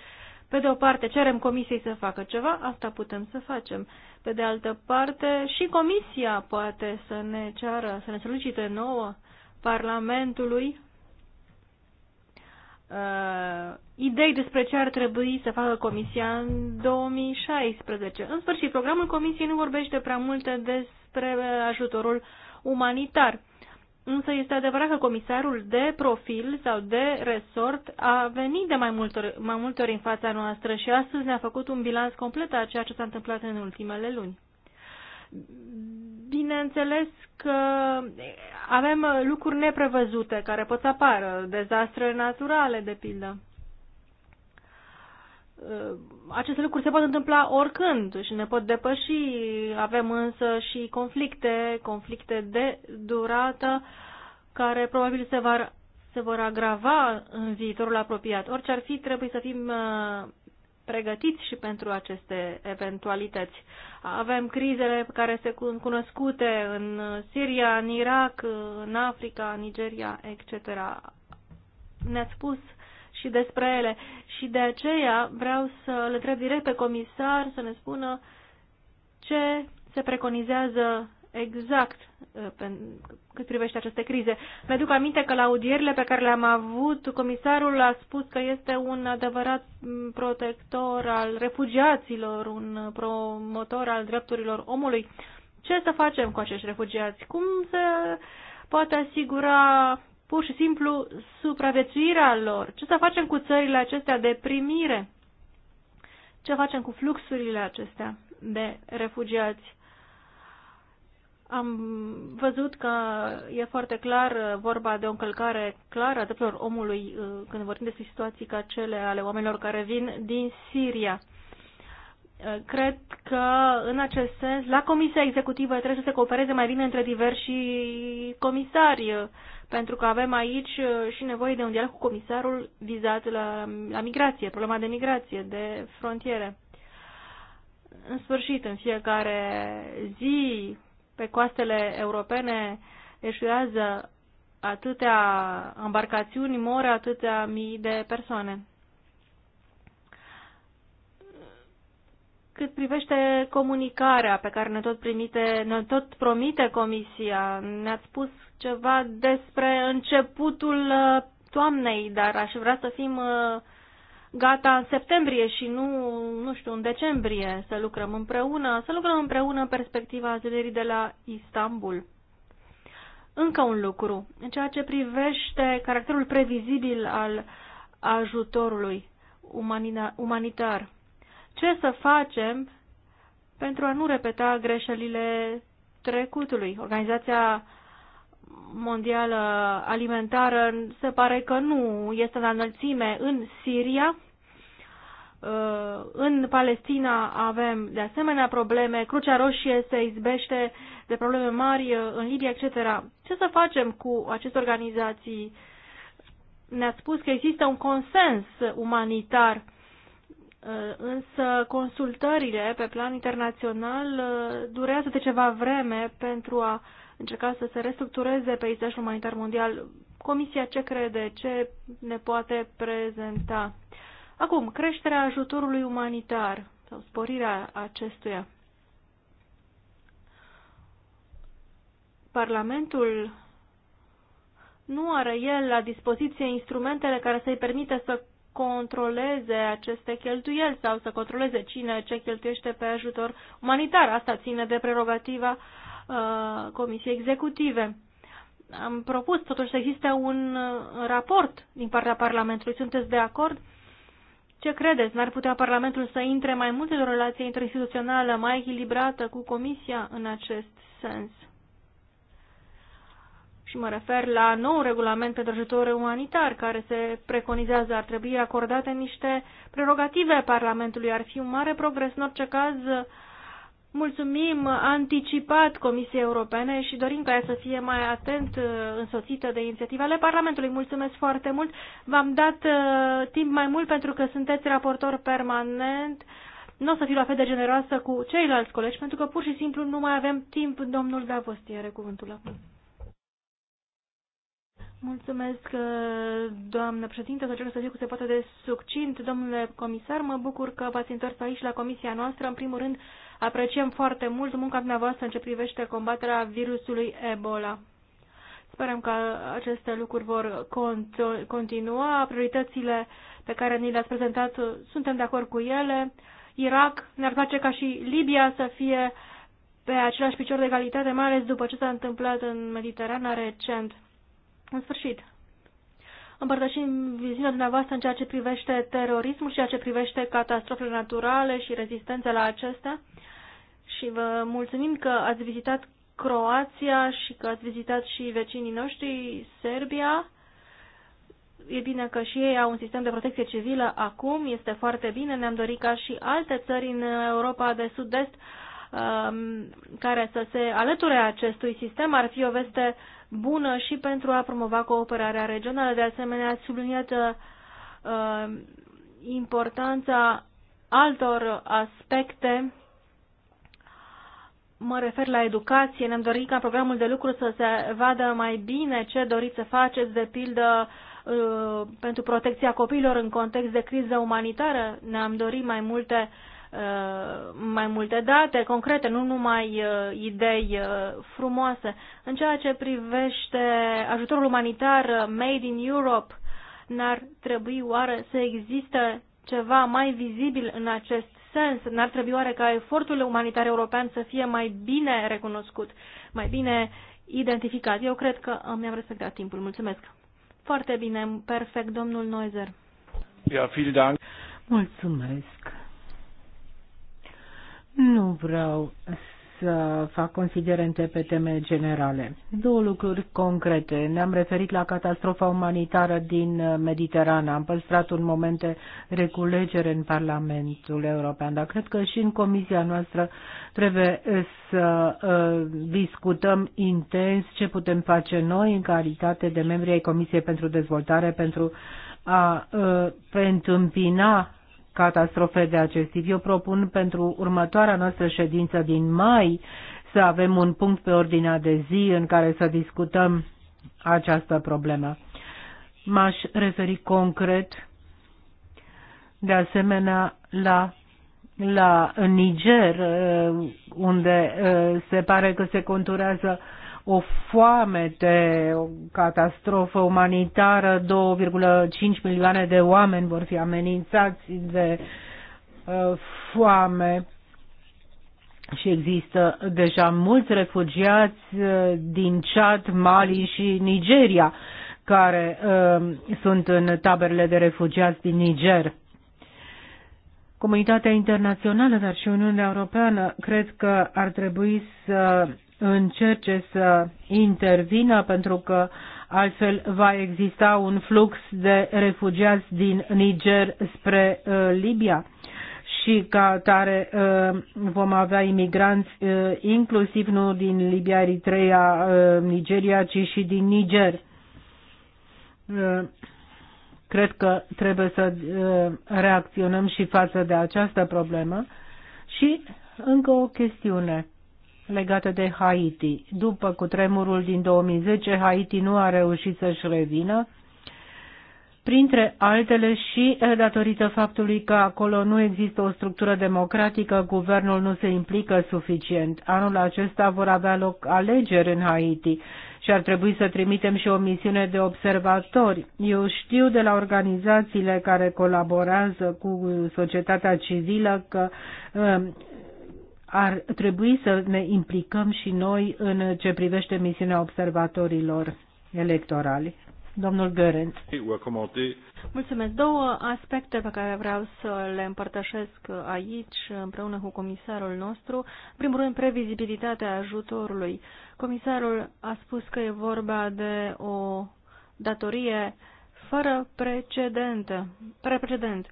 Pe de o parte cerem comisiei să facă ceva, asta putem să facem. Pe de altă parte și comisia poate să ne ceară, să ne solicite nouă Parlamentului uh, idei despre ce ar trebui să facă Comisia în 2016. În sfârșit, programul Comisiei nu vorbește prea multe despre ajutorul umanitar. Însă este adevărat că comisarul de profil sau de resort a venit de mai multe, ori, mai multe ori în fața noastră și astăzi ne-a făcut un bilanț complet a ceea ce s-a întâmplat în ultimele luni. Bineînțeles că avem lucruri neprevăzute care pot apară, dezastre naturale, de pildă. Uh, aceste lucruri se pot întâmpla oricând și ne pot depăși. Avem însă și conflicte, conflicte de durată, care probabil se, vor se vor agrava în viitorul apropiat. Orice ar fi, trebuie să fim uh, pregătiți și pentru aceste eventualități. Avem crizele care se cunoscute în Siria, în Irak, în Africa, Nigeria, etc. Ne-ați spus și despre ele. Și de aceea vreau să le întreb direct pe comisar să ne spună ce se preconizează exact uh, cât privește aceste crize. Mi-aduc aminte că la audierile pe care le-am avut, comisarul a spus că este un adevărat mm, protector al refugiaților, un promotor al drepturilor omului. Ce să facem cu acești refugiați? Cum să poate asigura pur și simplu supraviețuirea lor. Ce să facem cu țările acestea de primire? Ce facem cu fluxurile acestea de refugiați? Am văzut că e foarte clar uh, vorba de o încălcare clară a drepturilor omului uh, când vorbim despre situații ca cele ale oamenilor care vin din Siria. Uh, cred că, în acest sens, la Comisia Executivă trebuie să se coopereze mai bine între diversi comisari, uh, pentru că avem aici uh, și nevoie de un dialog cu comisarul vizat la, la migrație, problema de migrație, de frontiere. În sfârșit, în fiecare zi, pe coastele europene eșuează atâtea embarcațiuni, mor atâtea mii de persoane. Cât privește comunicarea pe care ne tot, primite, ne tot promite Comisia, ne-ați spus ceva despre începutul uh, toamnei, dar aș vrea să fim uh, gata în septembrie și nu, nu știu, în decembrie să lucrăm împreună, să lucrăm împreună în perspectiva zilei de la Istanbul. Încă un lucru, în ceea ce privește caracterul previzibil al ajutorului umanitar ce să facem pentru a nu repeta greșelile trecutului. Organizația Mondială Alimentară se pare că nu este la în înălțime în Siria. Uh, în Palestina avem de asemenea probleme, Crucea Roșie se izbește de probleme mari uh, în Libia, etc. Ce să facem cu aceste organizații? Ne-ați spus că există un consens umanitar uh, Uh, însă consultările pe plan internațional uh, durează de ceva vreme pentru a încerca să se restructureze peisajul umanitar mondial. Comisia ce crede? Ce ne poate prezenta? Acum, creșterea ajutorului umanitar sau sporirea acestuia. Parlamentul nu are el la dispoziție instrumentele care să-i permită să controleze aceste cheltuieli sau să controleze cine ce cheltuiește pe ajutor umanitar. Asta ține de prerogativa uh, Comisiei Executive. Am propus totuși să existe un uh, raport din partea Parlamentului. Sunteți de acord? Ce credeți? N-ar putea Parlamentul să intre mai mult în o relație interinstituțională mai echilibrată cu Comisia în acest sens? și mă refer la nou regulament pentru ajutor umanitar, care se preconizează ar trebui acordate niște prerogative Parlamentului. Ar fi un mare progres în orice caz. Mulțumim anticipat Comisiei Europene și dorim ca ea să fie mai atent însoțită de inițiativele Parlamentului. Mulțumesc foarte mult. V-am dat uh, timp mai mult pentru că sunteți raportor permanent. Nu o să fiu la fel de generoasă cu ceilalți colegi pentru că pur și simplu nu mai avem timp. Domnul Davosti are cuvântul acum. Mulțumesc, uh, doamnă președinte, să cerc să fiu cât se poate de succint. Domnule comisar, mă bucur că v-ați întors aici la comisia noastră. În primul rând, apreciem foarte mult munca dumneavoastră în ce privește combaterea virusului Ebola. Sperăm că aceste lucruri vor continua. Prioritățile pe care ni le-ați prezentat, uh, suntem de acord cu ele. Irak ne-ar place ca și Libia să fie pe același picior de egalitate, mai ales după ce s-a întâmplat în Mediterana recent. În sfârșit, împărtășim viziunea dumneavoastră în ceea ce privește terorismul și ceea ce privește catastrofele naturale și rezistența la acestea și vă mulțumim că ați vizitat Croația și că ați vizitat și vecinii noștri, Serbia. E bine că și ei au un sistem de protecție civilă acum, este foarte bine, ne-am dorit ca și alte țări în Europa de Sud-Est Um, care să se alăture acestui sistem ar fi o veste bună și pentru a promova cooperarea regională. De asemenea, ați subliniat um, importanța altor aspecte. Mă refer la educație. Ne-am dorit ca programul de lucru să se vadă mai bine ce doriți să faceți, de pildă uh, pentru protecția copiilor în context de criză umanitară. Ne-am dorit mai multe mai multe date concrete, nu numai uh, idei uh, frumoase. În ceea ce privește ajutorul umanitar uh, Made in Europe, n-ar trebui oare să existe ceva mai vizibil în acest sens? N-ar trebui oare ca efortul umanitar european să fie mai bine recunoscut, mai bine identificat? Eu cred că mi-am respectat timpul. Mulțumesc! Foarte bine, perfect, domnul Noizer. Ja, vielen Dank. Mulțumesc. Nu vreau să fac considerente pe teme generale. Două lucruri concrete. Ne-am referit la catastrofa umanitară din Mediterana. Am păstrat un moment de reculegere în Parlamentul European, dar cred că și în comisia noastră trebuie să ă, discutăm intens ce putem face noi în calitate de membri ai Comisiei pentru Dezvoltare pentru a ă, întâmpina catastrofe de acest tip. Eu propun pentru următoarea noastră ședință din mai să avem un punct pe ordinea de zi în care să discutăm această problemă. M-aș referi concret de asemenea la la Niger, unde uh, se pare că se conturează o de o catastrofă umanitară, 2,5 milioane de oameni vor fi amenințați de uh, foame și există deja mulți refugiați uh, din Chad, Mali și Nigeria care uh, sunt în taberele de refugiați din Niger. Comunitatea internațională, dar și Uniunea Europeană, cred că ar trebui să încerce să intervină pentru că altfel va exista un flux de refugiați din Niger spre uh, Libia și ca tare uh, vom avea imigranți uh, inclusiv nu din Libia, Eritrea, Nigeria, ci și din Niger. cred că trebuie să reacționăm și față de această problemă. Și încă o chestiune legată de Haiti. După cutremurul din 2010, Haiti nu a reușit să-și revină, printre altele și eh, datorită faptului că acolo nu există o structură democratică, guvernul nu se implică suficient. Anul acesta vor avea loc alegeri în Haiti și ar trebui să trimitem și o misiune de observatori. Eu știu de la organizațiile care colaborează cu societatea civilă că eh, ar trebui să ne implicăm și noi în ce privește misiunea observatorilor electorali. Domnul Gărenț. Mulțumesc. Două aspecte pe care vreau să le împărtășesc aici împreună cu comisarul nostru. În primul rând, previzibilitatea ajutorului. Comisarul a spus că e vorba de o datorie fără precedent, fără precedent,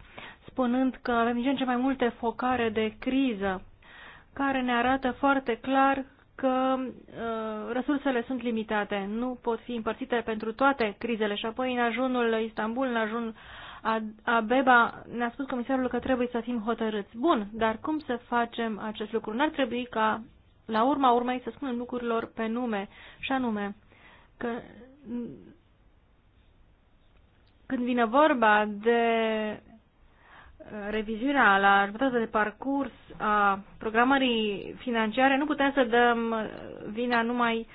spunând că avem din ce în ce mai multe focare de criză care ne arată foarte clar că uh, resursele sunt limitate, nu pot fi împărțite pentru toate crizele. Și apoi, în ajunul Istanbul, în ajunul Abeba, ne-a spus comisarul că trebuie să fim hotărâți. Bun, dar cum să facem acest lucru? N-ar trebui ca, la urma urmei, să spunem lucrurilor pe nume, și anume că când vine vorba de revizuirea la jumătate de parcurs a programării financiare, nu putem să dăm vina numai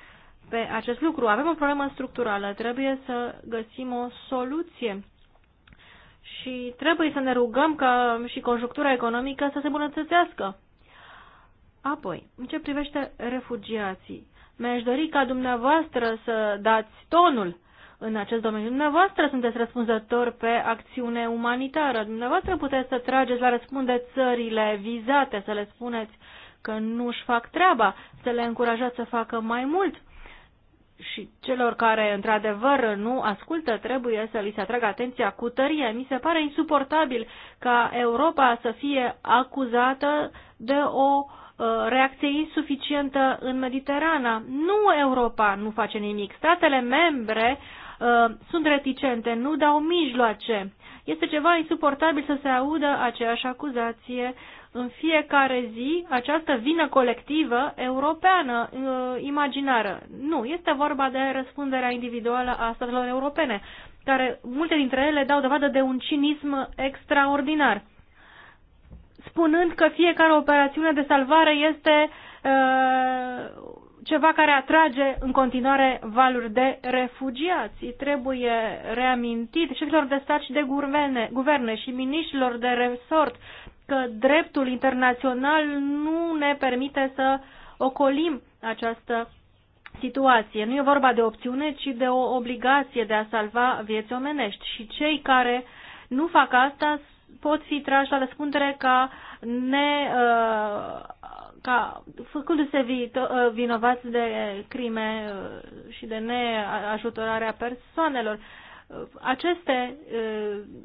pe acest lucru. Avem o problemă structurală, trebuie să găsim o soluție și trebuie să ne rugăm ca și conjunctura economică să se bunătățească. Apoi, în ce privește refugiații, mi-aș dori ca dumneavoastră să dați tonul în acest domeniu. Dumneavoastră sunteți răspunzători pe acțiune umanitară. Dumneavoastră puteți să trageți la răspunde țările vizate, să le spuneți că nu își fac treaba, să le încurajați să facă mai mult. Și celor care, într-adevăr, nu ascultă, trebuie să li se atragă atenția cu tărie. Mi se pare insuportabil ca Europa să fie acuzată de o uh, reacție insuficientă în Mediterana. Nu Europa nu face nimic. Statele membre Uh, sunt reticente, nu dau mijloace. Este ceva insuportabil să se audă aceeași acuzație în fiecare zi, această vină colectivă europeană, uh, imaginară. Nu, este vorba de răspunderea individuală a statelor europene, care multe dintre ele dau dovadă de un cinism extraordinar spunând că fiecare operațiune de salvare este uh, ceva care atrage în continuare valuri de refugiați. trebuie reamintit șefilor de stat și de guverne, guverne și miniștilor de resort că dreptul internațional nu ne permite să ocolim această situație. Nu e vorba de opțiune, ci de o obligație de a salva vieți omenești și cei care nu fac asta pot fi trași la răspundere ca ne uh, ca făcându-se ă, vinovați de crime ă, și de neajutorarea persoanelor. Ă, aceste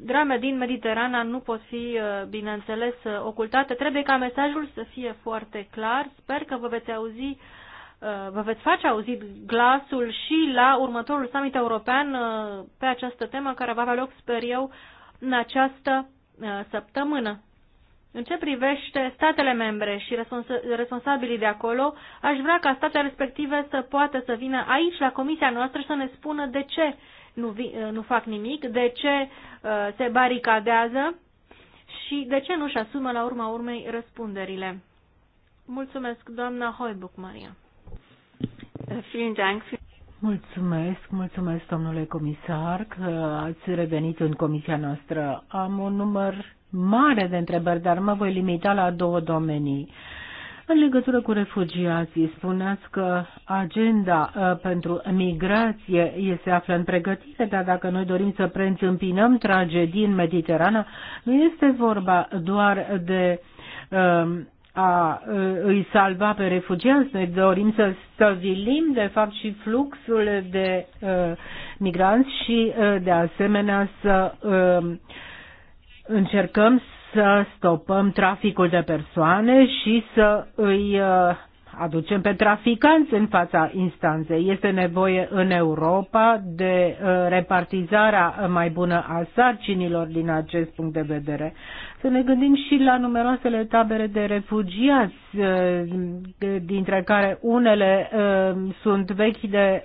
drame din Mediterana nu pot fi, bineînțeles, ocultate. Trebuie ca mesajul să fie foarte clar. Sper că vă veți auzi vă veți face auzit glasul și la următorul summit european pe această temă care va avea loc, sper eu, în această săptămână. În ce privește statele membre și responsabilii de acolo, aș vrea ca statele respective să poată să vină aici, la comisia noastră, să ne spună de ce nu, vi, nu fac nimic, de ce uh, se baricadează și de ce nu-și asumă la urma urmei răspunderile. Mulțumesc, doamna Hoibuc, Maria. Mulțumesc, mulțumesc, domnule comisar, că ați revenit în comisia noastră. Am un număr mare de întrebări, dar mă voi limita la două domenii. În legătură cu refugiații, spuneați că agenda uh, pentru migrație se află în pregătire, dar dacă noi dorim să preîntâmpinăm tragedii în Mediterana, nu este vorba doar de um, a uh, îi salva pe refugiați, noi dorim să stăvilim, de fapt, și fluxul de uh, migranți și, de asemenea, să um, încercăm să stopăm traficul de persoane și să îi uh, aducem pe traficanți în fața instanței. Este nevoie în Europa de uh, repartizarea mai bună a sarcinilor din acest punct de vedere. Să ne gândim și la numeroasele tabere de refugiați, uh, dintre care unele sunt vechi de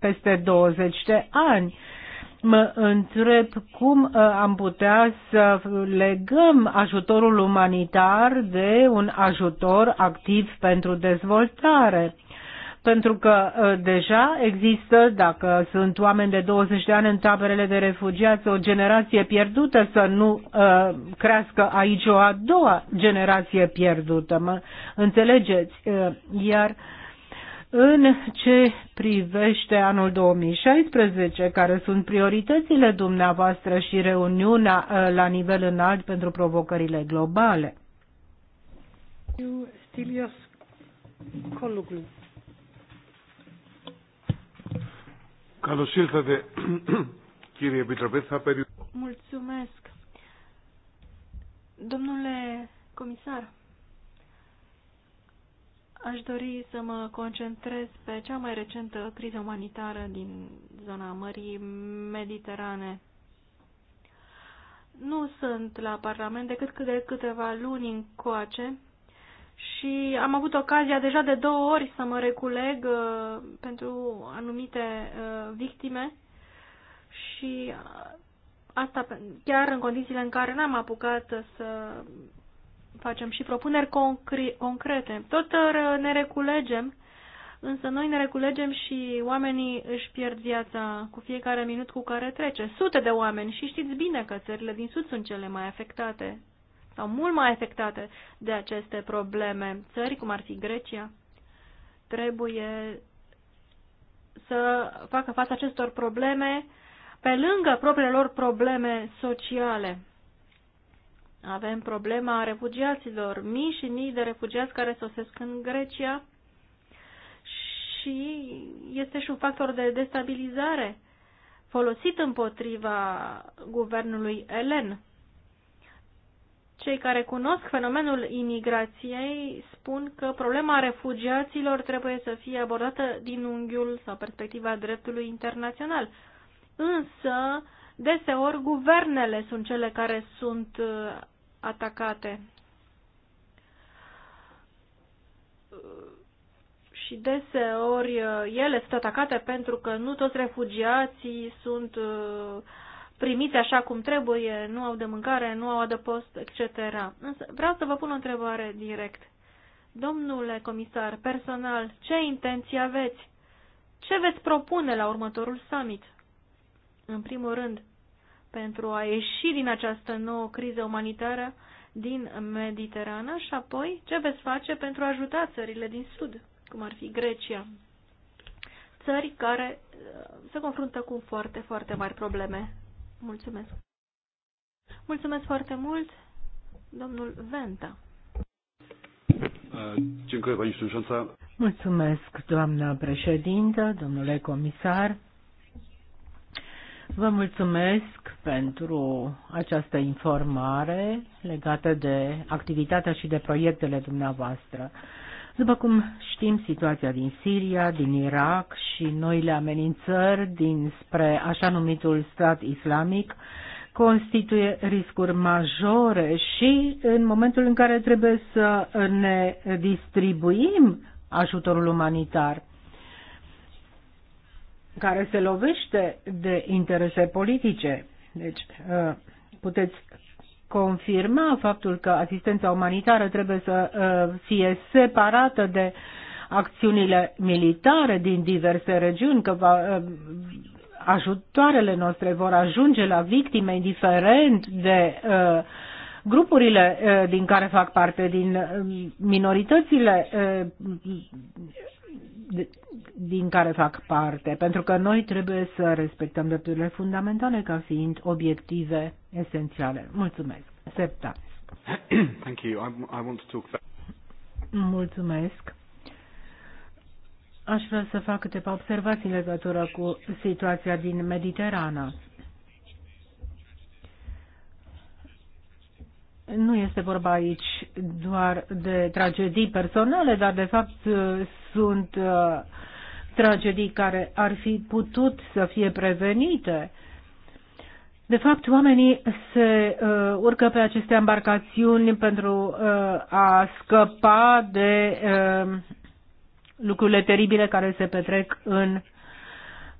peste 20 de ani mă întreb cum ă, am putea să legăm ajutorul umanitar de un ajutor activ pentru dezvoltare. Pentru că ă, deja există, dacă sunt oameni de 20 de ani în taberele de refugiați, o generație pierdută să nu uh, crească aici o a doua generație pierdută, mă înțelegeți? Uh, iar uh, în ce privește anul 2016, care sunt prioritățile dumneavoastră și reuniunea uh, la nivel înalt pentru provocările globale? Mulțumesc. Domnule comisar, Aș dori să mă concentrez pe cea mai recentă criză umanitară din zona Mării Mediterane. Nu sunt la Parlament decât de câteva luni încoace și am avut ocazia deja de două ori să mă reculeg uh, pentru anumite uh, victime și uh, asta chiar în condițiile în care n-am apucat să facem și propuneri concrete. Tot uh, ne reculegem, însă noi ne reculegem și oamenii își pierd viața cu fiecare minut cu care trece. Sute de oameni și știți bine că țările din Sud sunt cele mai afectate sau mult mai afectate de aceste probleme. Țări cum ar fi Grecia trebuie să facă față acestor probleme pe lângă propriile lor probleme sociale. Avem problema refugiaților, mii și mii de refugiați care sosesc în Grecia și este și un factor de destabilizare folosit împotriva guvernului Elen. Cei care cunosc fenomenul imigrației spun că problema refugiaților trebuie să fie abordată din unghiul sau perspectiva dreptului internațional. Însă, Deseori, guvernele sunt cele care sunt uh, atacate. Uh, și deseori uh, ele sunt atacate pentru că nu toți refugiații sunt primiți așa cum trebuie, nu au de mâncare, nu au adăpost, etc. Însă vreau să vă pun o întrebare direct. Domnule comisar, personal, ce intenții aveți? Ce veți propune la următorul summit? În primul rând, pentru a ieși din această nouă criză umanitară din Mediterană și apoi ce veți face pentru a ajuta țările din Sud, cum ar fi Grecia, țări care uh, se confruntă cu foarte, foarte mari probleme. Mulțumesc! Mulțumesc foarte mult, domnul Venta. Uh, Mulțumesc, doamna președintă, domnule comisar. Vă mulțumesc pentru această informare legată de activitatea și de proiectele dumneavoastră. După cum știm, situația din Siria, din Irak și noile amenințări dinspre așa numitul stat islamic constituie riscuri majore și în momentul în care trebuie să ne distribuim ajutorul umanitar care se lovește de interese politice. Deci, uh, puteți confirma faptul că asistența umanitară trebuie să uh, fie separată de acțiunile militare din diverse regiuni, că va, uh, ajutoarele noastre vor ajunge la victime, indiferent de grupurile din care fac parte, din minoritățile din care fac parte, pentru că noi trebuie să respectăm drepturile fundamentale ca fiind obiective esențiale. Mulțumesc. Septa. [clears throat] Thank you. I, I want to talk about... Mulțumesc. Aș vrea să fac câteva observații în legătură cu situația din Mediterana. Nu este vorba aici doar de tragedii personale, dar de fapt sunt uh, tragedii care ar fi putut să fie prevenite. De fapt, oamenii se uh, urcă pe aceste embarcațiuni pentru uh, a scăpa de uh, lucrurile teribile care se petrec în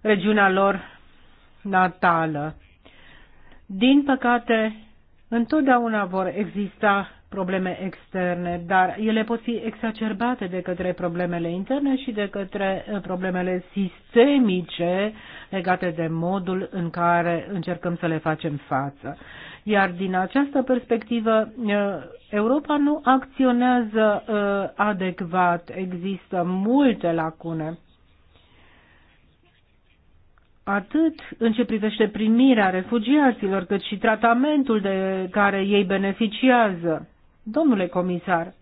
regiunea lor natală. Din păcate, întotdeauna vor exista probleme externe, dar ele pot fi exacerbate de către problemele interne și de către eh, problemele sistemice legate de modul în care încercăm să le facem față. Iar din această perspectivă, eh, Europa nu acționează eh, adecvat, există multe lacune atât în ce privește primirea refugiaților, cât și tratamentul de care ei beneficiază. Domnule comisar,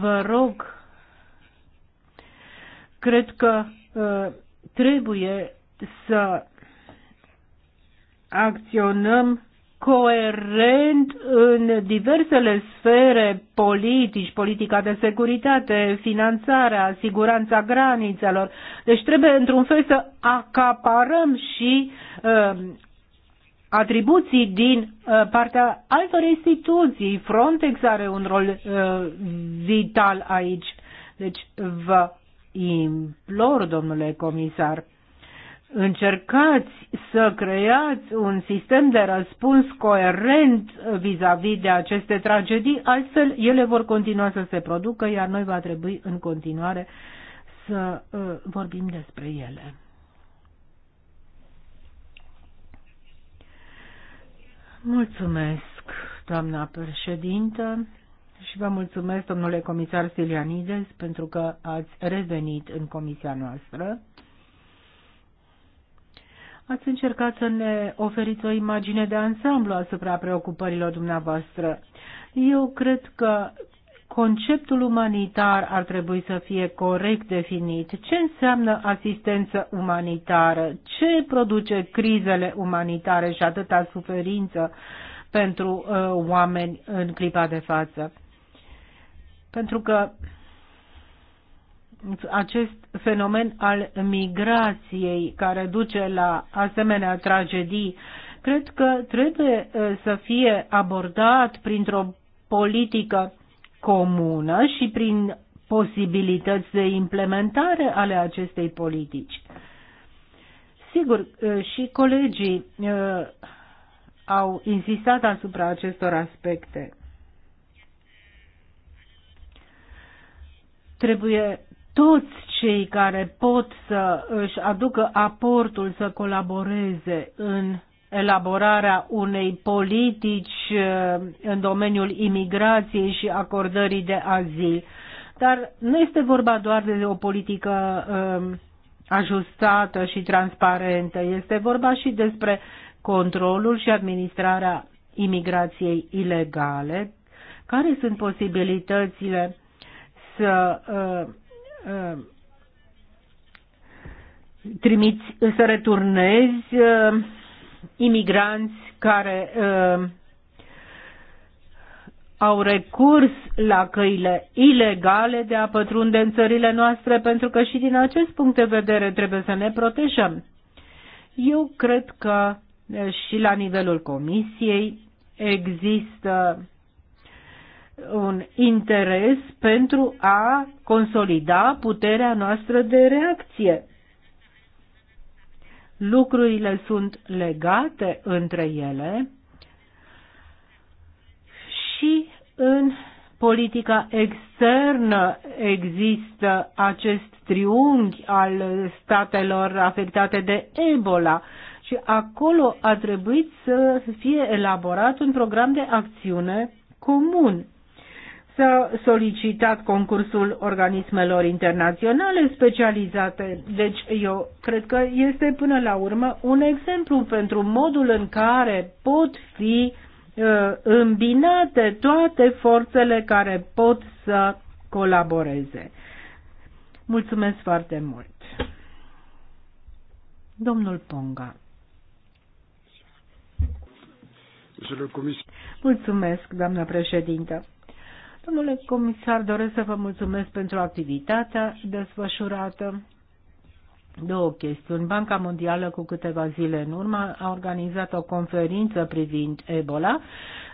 vă rog, cred că uh, trebuie să acționăm coerent în diversele sfere politici, politica de securitate, finanțarea, siguranța granițelor. Deci trebuie într-un fel să acaparăm și uh, atribuții din uh, partea altor instituții. Frontex are un rol uh, vital aici. Deci vă implor, domnule comisar, încercați să creați un sistem de răspuns coerent vis-a-vis -vis de aceste tragedii, altfel ele vor continua să se producă, iar noi va trebui în continuare să uh, vorbim despre ele. Mulțumesc, doamna președintă, și vă mulțumesc, domnule comisar Silianides, pentru că ați revenit în comisia noastră. Ați încercat să ne oferiți o imagine de ansamblu asupra preocupărilor dumneavoastră. Eu cred că conceptul umanitar ar trebui să fie corect definit. Ce înseamnă asistență umanitară? Ce produce crizele umanitare și atâta suferință pentru uh, oameni în clipa de față? Pentru că acest fenomen al migrației care duce la asemenea tragedii, cred că trebuie uh, să fie abordat printr-o politică comună și prin posibilități de implementare ale acestei politici. Sigur, și colegii au insistat asupra acestor aspecte. Trebuie toți cei care pot să își aducă aportul să colaboreze în elaborarea unei politici eh, în domeniul imigrației și acordării de azil. Dar nu este vorba doar de o politică eh, ajustată și transparentă, este vorba și despre controlul și administrarea imigrației ilegale, care sunt posibilitățile să uh, uh, trimiți, să returnezi uh, imigranți care uh, au recurs la căile ilegale de a pătrunde în țările noastre, pentru că și din acest punct de vedere trebuie să ne protejăm. Eu cred că uh, și la nivelul Comisiei există un interes pentru a consolida puterea noastră de reacție lucrurile sunt legate între ele și în politica externă există acest triunghi al statelor afectate de Ebola și acolo a trebuit să fie elaborat un program de acțiune comun s-a solicitat concursul organismelor internaționale specializate. Deci eu cred că este până la urmă un exemplu pentru modul în care pot fi uh, îmbinate toate forțele care pot să colaboreze. Mulțumesc foarte mult. Domnul Ponga. Mulțumesc, doamnă președintă. Domnule comisar, doresc să vă mulțumesc pentru activitatea desfășurată. Două chestiuni. Banca Mondială cu câteva zile în urmă a organizat o conferință privind Ebola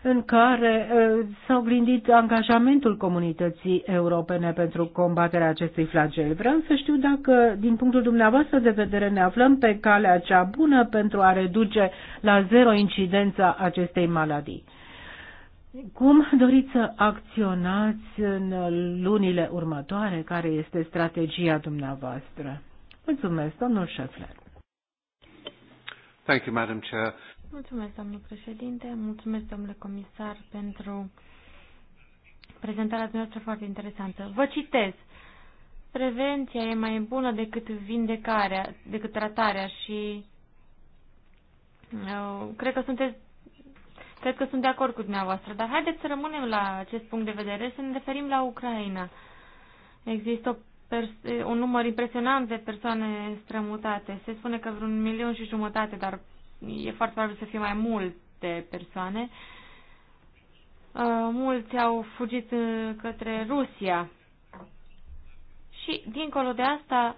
în care uh, s-a oglindit angajamentul comunității europene pentru combaterea acestui flagel. Vreau să știu dacă, din punctul dumneavoastră de vedere, ne aflăm pe calea cea bună pentru a reduce la zero incidența acestei maladii. Cum doriți să acționați în lunile următoare? Care este strategia dumneavoastră? Mulțumesc, domnul Șefler. Thank you, Madam Chair. Mulțumesc, domnul președinte. Mulțumesc, domnule comisar, pentru prezentarea dumneavoastră foarte interesantă. Vă citez. Prevenția e mai bună decât vindecarea, decât tratarea și uh, cred că sunteți Cred că sunt de acord cu dumneavoastră, dar haideți să rămânem la acest punct de vedere, să ne referim la Ucraina. Există o un număr impresionant de persoane strămutate. Se spune că vreun milion și jumătate, dar e foarte probabil să fie mai multe persoane. Uh, mulți au fugit uh, către Rusia. Și, dincolo de asta,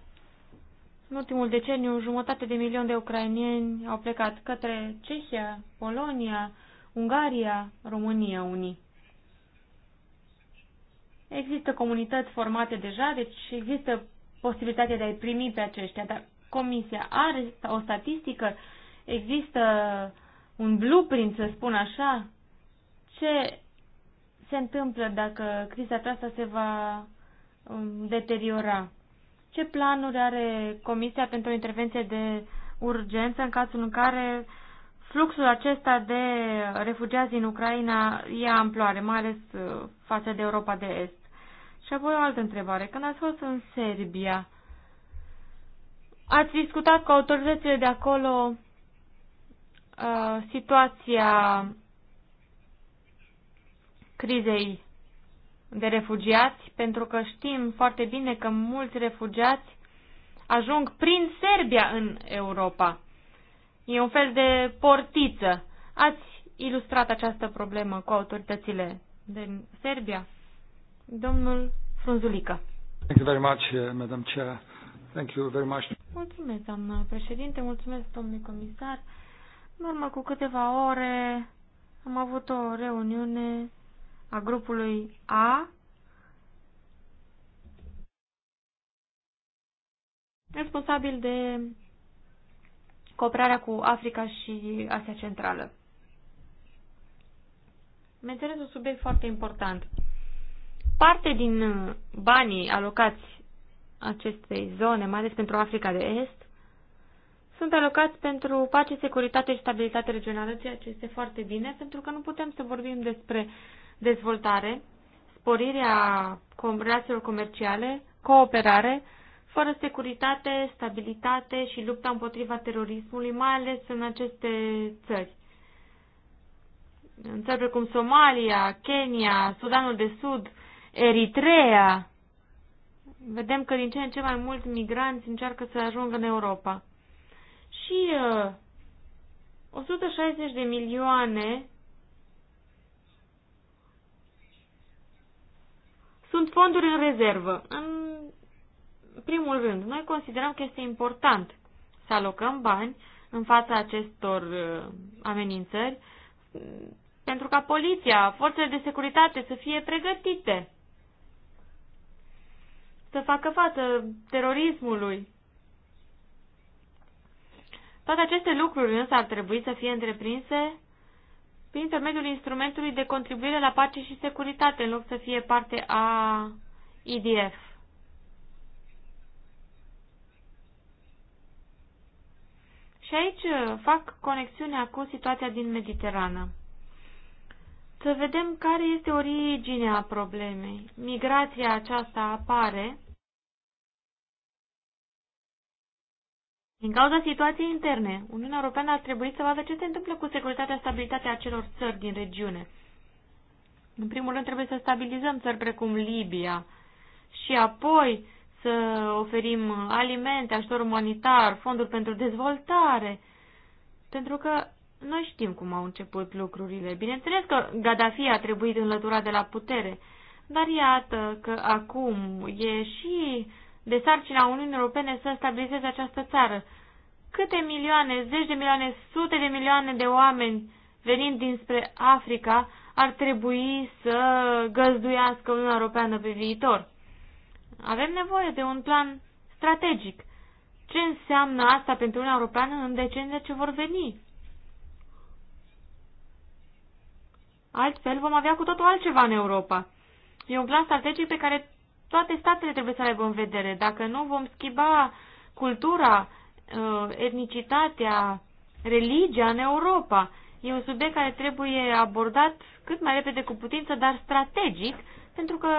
în ultimul deceniu, jumătate de milion de ucrainieni au plecat către Cehia, Polonia, Ungaria, România unii. Există comunități formate deja, deci există posibilitatea de a-i primi pe aceștia, dar comisia are o statistică, există un blueprint, să spun așa, ce se întâmplă dacă criza aceasta se va um, deteriora. Ce planuri are Comisia pentru o intervenție de urgență în cazul în care Fluxul acesta de refugiați din Ucraina ia amploare, mai ales uh, față de Europa de Est. Și apoi o altă întrebare. Când ați fost în Serbia, ați discutat cu autoritățile de acolo uh, situația crizei de refugiați, pentru că știm foarte bine că mulți refugiați ajung prin Serbia în Europa. E un fel de portiță. Ați ilustrat această problemă cu autoritățile din Serbia? Domnul Frunzulică. Thank you very much, uh, Madam Chair. Thank you very much. Mulțumesc, doamnă președinte, mulțumesc, domnule comisar. În urmă cu câteva ore am avut o reuniune a grupului A. Responsabil de cooperarea cu Africa și Asia Centrală. Menționez un subiect foarte important. Parte din banii alocați acestei zone, mai ales pentru Africa de Est, sunt alocați pentru pace, securitate și stabilitate regională, ceea ce este foarte bine, pentru că nu putem să vorbim despre dezvoltare, sporirea relațiilor comerciale, cooperare, fără securitate, stabilitate și lupta împotriva terorismului, mai ales în aceste țări. În țări precum Somalia, Kenya, Sudanul de Sud, Eritrea, vedem că din ce în ce mai mulți migranți încearcă să ajungă în Europa. Și uh, 160 de milioane sunt fonduri în rezervă. În primul rând, noi considerăm că este important să alocăm bani în fața acestor uh, amenințări pentru ca poliția, forțele de securitate să fie pregătite să facă față terorismului. Toate aceste lucruri însă ar trebui să fie întreprinse prin intermediul instrumentului de contribuire la pace și securitate, în loc să fie parte a IDF. Și aici uh, fac conexiunea cu situația din Mediterană. Să vedem care este originea problemei. Migrația aceasta apare din cauza situației interne. Uniunea Europeană ar trebui să vadă ce se întâmplă cu securitatea și stabilitatea acelor țări din regiune. În primul rând trebuie să stabilizăm țări precum Libia și apoi să oferim alimente, ajutor umanitar, fonduri pentru dezvoltare, pentru că noi știm cum au început lucrurile. Bineînțeles că Gaddafi a trebuit înlăturat de la putere, dar iată că acum e și de sarcina Uniunii Europene să stabilizeze această țară. Câte milioane, zeci de milioane, sute de milioane de oameni venind dinspre Africa ar trebui să găzduiască Uniunea Europeană pe viitor. Avem nevoie de un plan strategic. Ce înseamnă asta pentru Uniunea Europeană în deceniile ce vor veni? Altfel vom avea cu totul altceva în Europa. E un plan strategic pe care toate statele trebuie să le aibă în vedere. Dacă nu, vom schimba cultura, uh, etnicitatea, religia în Europa. E un subiect care trebuie abordat cât mai repede cu putință, dar strategic, pentru că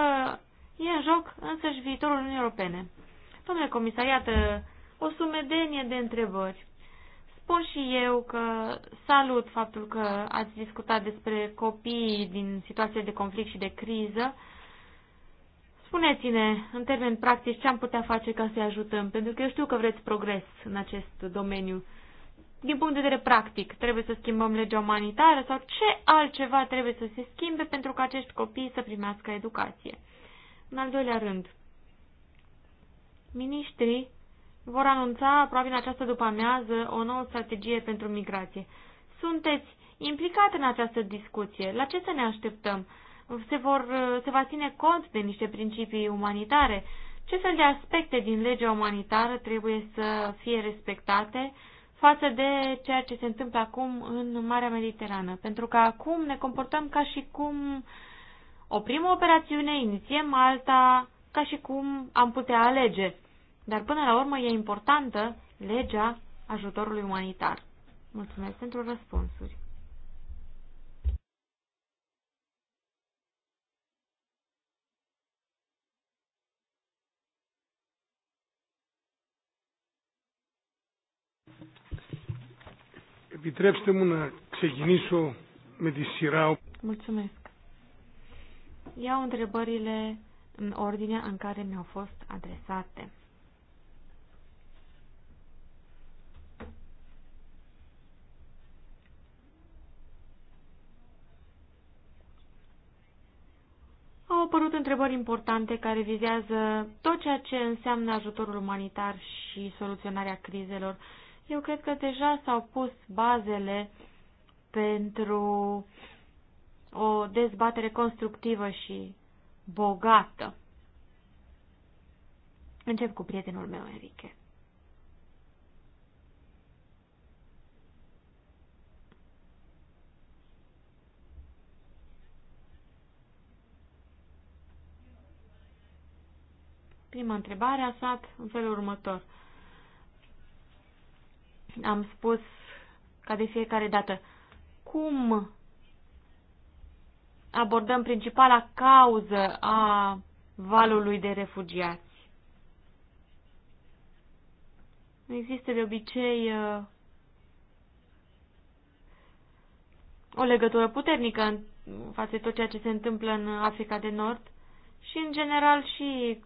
E în joc însăși viitorul Uniunii Europene. Domnule comisar, iată o sumedenie de întrebări. Spun și eu că salut faptul că ați discutat despre copiii din situații de conflict și de criză. Spuneți-ne, în termeni practici, ce am putea face ca să-i ajutăm, pentru că eu știu că vreți progres în acest domeniu. Din punct de vedere practic, trebuie să schimbăm legea umanitară sau ce altceva trebuie să se schimbe pentru ca acești copii să primească educație. În al doilea rând, miniștrii vor anunța, aproape în această după-amiază, o nouă strategie pentru migrație. Sunteți implicat în această discuție. La ce să ne așteptăm? Se, vor, se va ține cont de niște principii umanitare? Ce fel de aspecte din legea umanitară trebuie să fie respectate față de ceea ce se întâmplă acum în Marea Mediterană? Pentru că acum ne comportăm ca și cum uh, o primă operațiune, inițiem alta, ca și cum am putea alege. Dar până la urmă e importantă legea ajutorului umanitar. Mulțumesc pentru răspunsuri. Επιτρέψτε μου να ξεκινήσω με τη σειρά. Μουλτσομέσκ iau întrebările în ordinea în care mi-au fost adresate. Au apărut întrebări importante care vizează tot ceea ce înseamnă ajutorul umanitar și soluționarea crizelor. Eu cred că deja s-au pus bazele pentru uh, o dezbatere constructivă și bogată. Încep cu prietenul meu, Enrique. Prima întrebare a stat în felul următor. Am spus ca de fiecare dată, cum abordăm principala cauză a valului de refugiați. Nu Există de obicei uh, o legătură puternică în față de tot ceea ce se întâmplă în Africa de Nord și, în general, și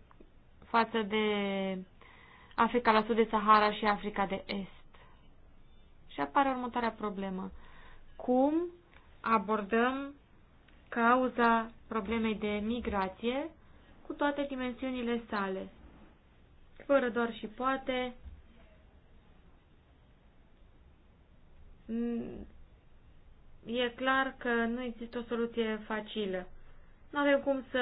față de Africa la sud de Sahara și Africa de Est. Și apare următoarea problemă. Cum abordăm cauza problemei de migrație cu toate dimensiunile sale. Fără doar și poate, e clar că nu există o soluție facilă. Nu avem cum să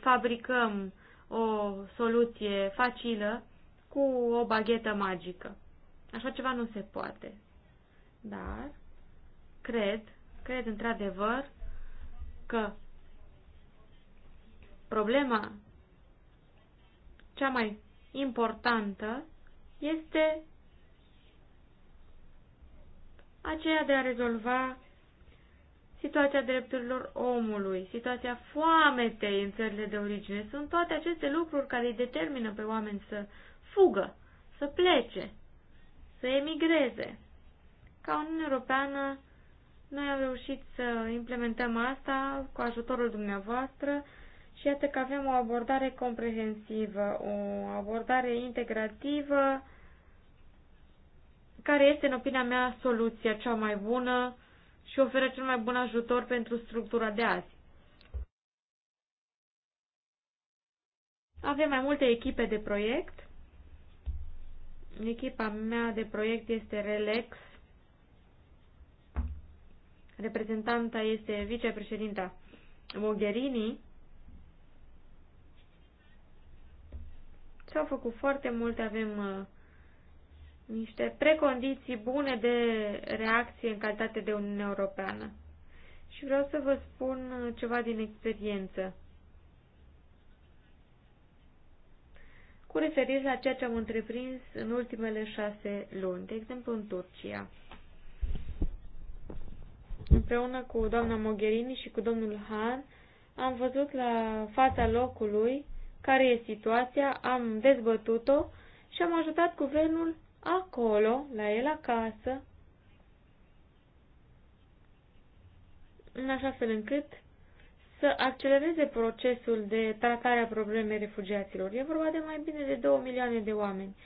fabricăm o soluție facilă cu o baghetă magică. Așa ceva nu se poate. Dar cred, cred într-adevăr că problema cea mai importantă este aceea de a rezolva situația drepturilor omului, situația foametei în țările de origine. Sunt toate aceste lucruri care îi determină pe oameni să fugă, să plece, să emigreze. Ca Uniunea Europeană noi am reușit să implementăm asta cu ajutorul dumneavoastră și iată că avem o abordare comprehensivă, o abordare integrativă, care este, în opinia mea, soluția cea mai bună și oferă cel mai bun ajutor pentru structura de azi. Avem mai multe echipe de proiect. Echipa mea de proiect este Relex Reprezentanta este vicepreședinta Mogherini. S-au făcut foarte multe, avem uh, niște precondiții bune de reacție în calitate de Uniune Europeană. Și vreau să vă spun uh, ceva din experiență. Cu referire la ceea ce am întreprins în ultimele șase luni, de exemplu în Turcia împreună cu doamna Mogherini și cu domnul Han, am văzut la fața locului care e situația, am dezbătut-o și am ajutat guvernul acolo, la el acasă, în așa fel încât să accelereze procesul de tratare a problemei refugiaților. E vorba de mai bine de 2 milioane de oameni.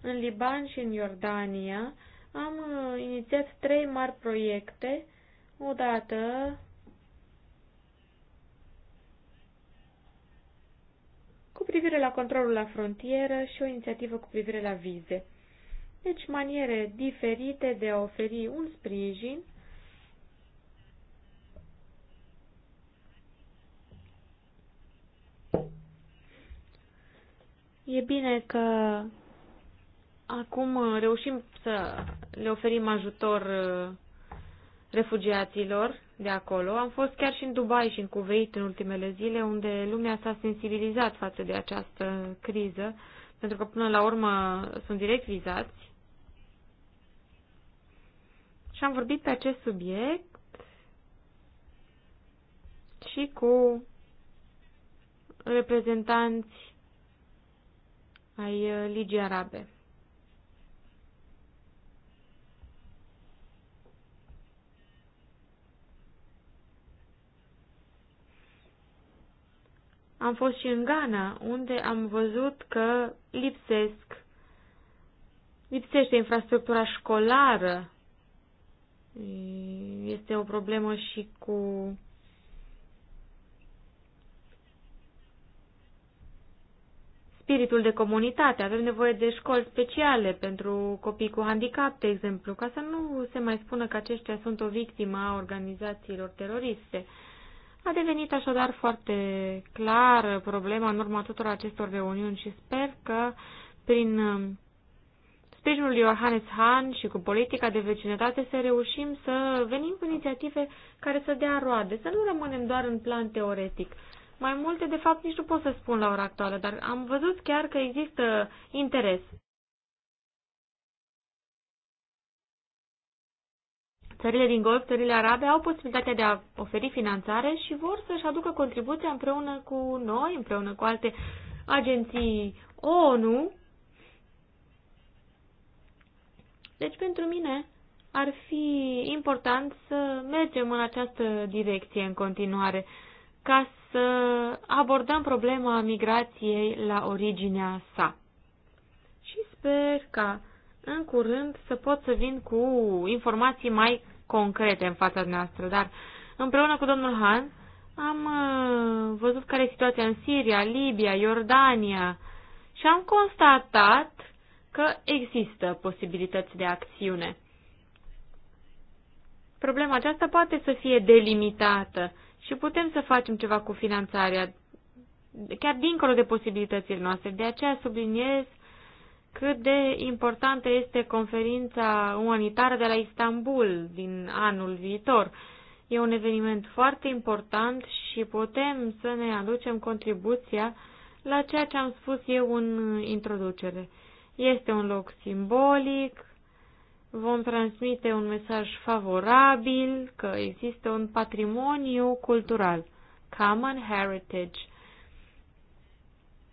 În Liban și în Iordania am uh, inițiat trei mari proiecte odată cu privire la controlul la frontieră și o inițiativă cu privire la vize. Deci maniere diferite de a oferi un sprijin E bine că acum reușim să le oferim ajutor uh, refugiaților de acolo. Am fost chiar și în Dubai și în Kuwait în ultimele zile, unde lumea s-a sensibilizat față de această criză, pentru că până la urmă sunt direct vizați. Și am vorbit pe acest subiect și cu reprezentanți ai Ligii Arabe. am fost și în Ghana, unde am văzut că lipsesc, lipsește infrastructura școlară. Este o problemă și cu spiritul de comunitate. Avem nevoie de școli speciale pentru copii cu handicap, de exemplu, ca să nu se mai spună că aceștia sunt o victimă a organizațiilor teroriste. A devenit așadar foarte clar problema în urma tuturor acestor reuniuni și sper că prin uh, sprijinul lui Johannes Hahn și cu politica de vecinătate să reușim să venim cu inițiative care să dea roade, să nu rămânem doar în plan teoretic. Mai multe, de fapt, nici nu pot să spun la ora actuală, dar am văzut chiar că există interes Țările din Golf, țările arabe au posibilitatea de a oferi finanțare și vor să-și aducă contribuția împreună cu noi, împreună cu alte agenții ONU. Deci, pentru mine, ar fi important să mergem în această direcție în continuare, ca să abordăm problema migrației la originea sa. Și sper ca în curând să pot să vin cu informații mai concrete în fața noastră. Dar împreună cu domnul Han am uh, văzut care e situația în Siria, Libia, Iordania și am constatat că există posibilități de acțiune. Problema aceasta poate să fie delimitată și putem să facem ceva cu finanțarea, chiar dincolo de posibilitățile noastre. De aceea subliniez cât de importantă este conferința umanitară de la Istanbul din anul viitor. E un eveniment foarte important și putem să ne aducem contribuția la ceea ce am spus eu în introducere. Este un loc simbolic, vom transmite un mesaj favorabil că există un patrimoniu cultural, Common Heritage,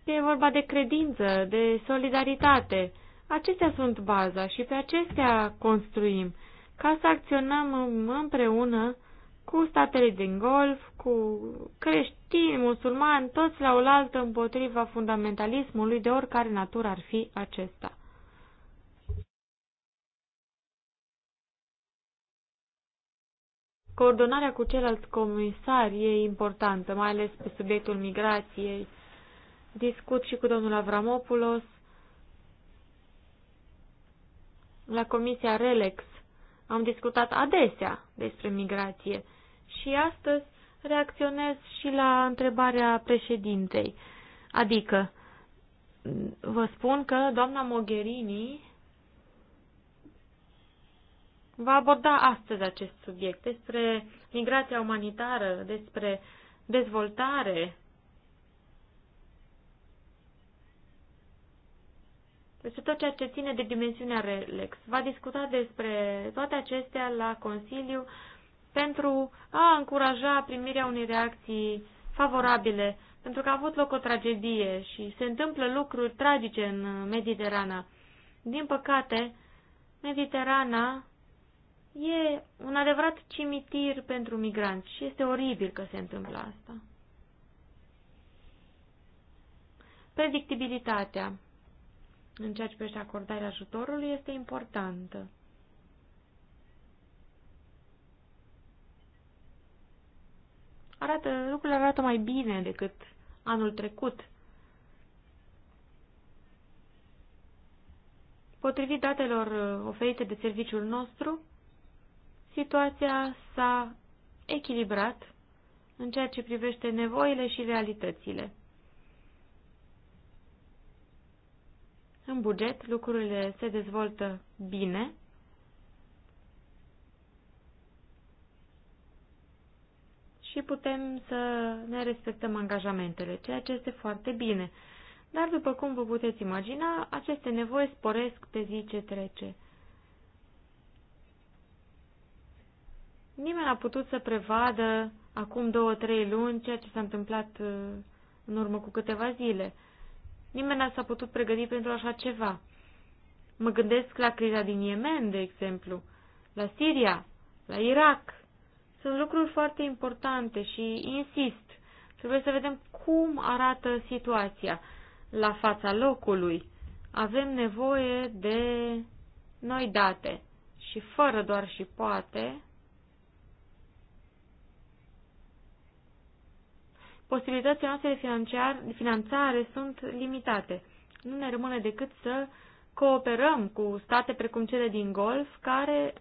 E vorba de credință, de solidaritate. Acestea sunt baza și pe acestea construim, ca să acționăm împreună cu statele din Golf, cu creștini, musulmani, toți la oaltă împotriva fundamentalismului de oricare natură ar fi acesta. Coordonarea cu ceilalți comisari e importantă, mai ales pe subiectul migrației, discut și cu domnul Avramopoulos la Comisia RELEX. Am discutat adesea despre migrație și astăzi reacționez și la întrebarea președintei. Adică, vă spun că doamna Mogherini va aborda astăzi acest subiect despre migrația umanitară, despre dezvoltare despre tot ceea ce ține de dimensiunea Relex. Va discuta despre toate acestea la Consiliu pentru a încuraja primirea unei reacții favorabile, pentru că a avut loc o tragedie și se întâmplă lucruri tragice în Mediterana. Din păcate, Mediterana e un adevărat cimitir pentru migranți și este oribil că se întâmplă asta. Predictibilitatea în ceea ce privește acordarea ajutorului este importantă. Arată, lucrurile arată mai bine decât anul trecut. Potrivit datelor uh, oferite de serviciul nostru, situația s-a echilibrat în ceea ce privește nevoile și realitățile. În buget lucrurile se dezvoltă bine. Și putem să ne respectăm angajamentele, ceea ce este foarte bine. Dar, după cum vă puteți imagina, aceste nevoi sporesc pe zi ce trece. Nimeni a putut să prevadă acum două-trei luni ceea ce s-a întâmplat uh, în urmă cu câteva zile – Nimeni n-a s-a putut pregăti pentru așa ceva. Mă gândesc la criza din Yemen, de exemplu, la Siria, la Irak. Sunt lucruri foarte importante și insist, trebuie să vedem cum arată situația la fața locului. Avem nevoie de noi date și fără doar și poate posibilitățile noastre de finanțare sunt limitate. Nu ne rămâne decât să cooperăm cu state precum cele din Golf, care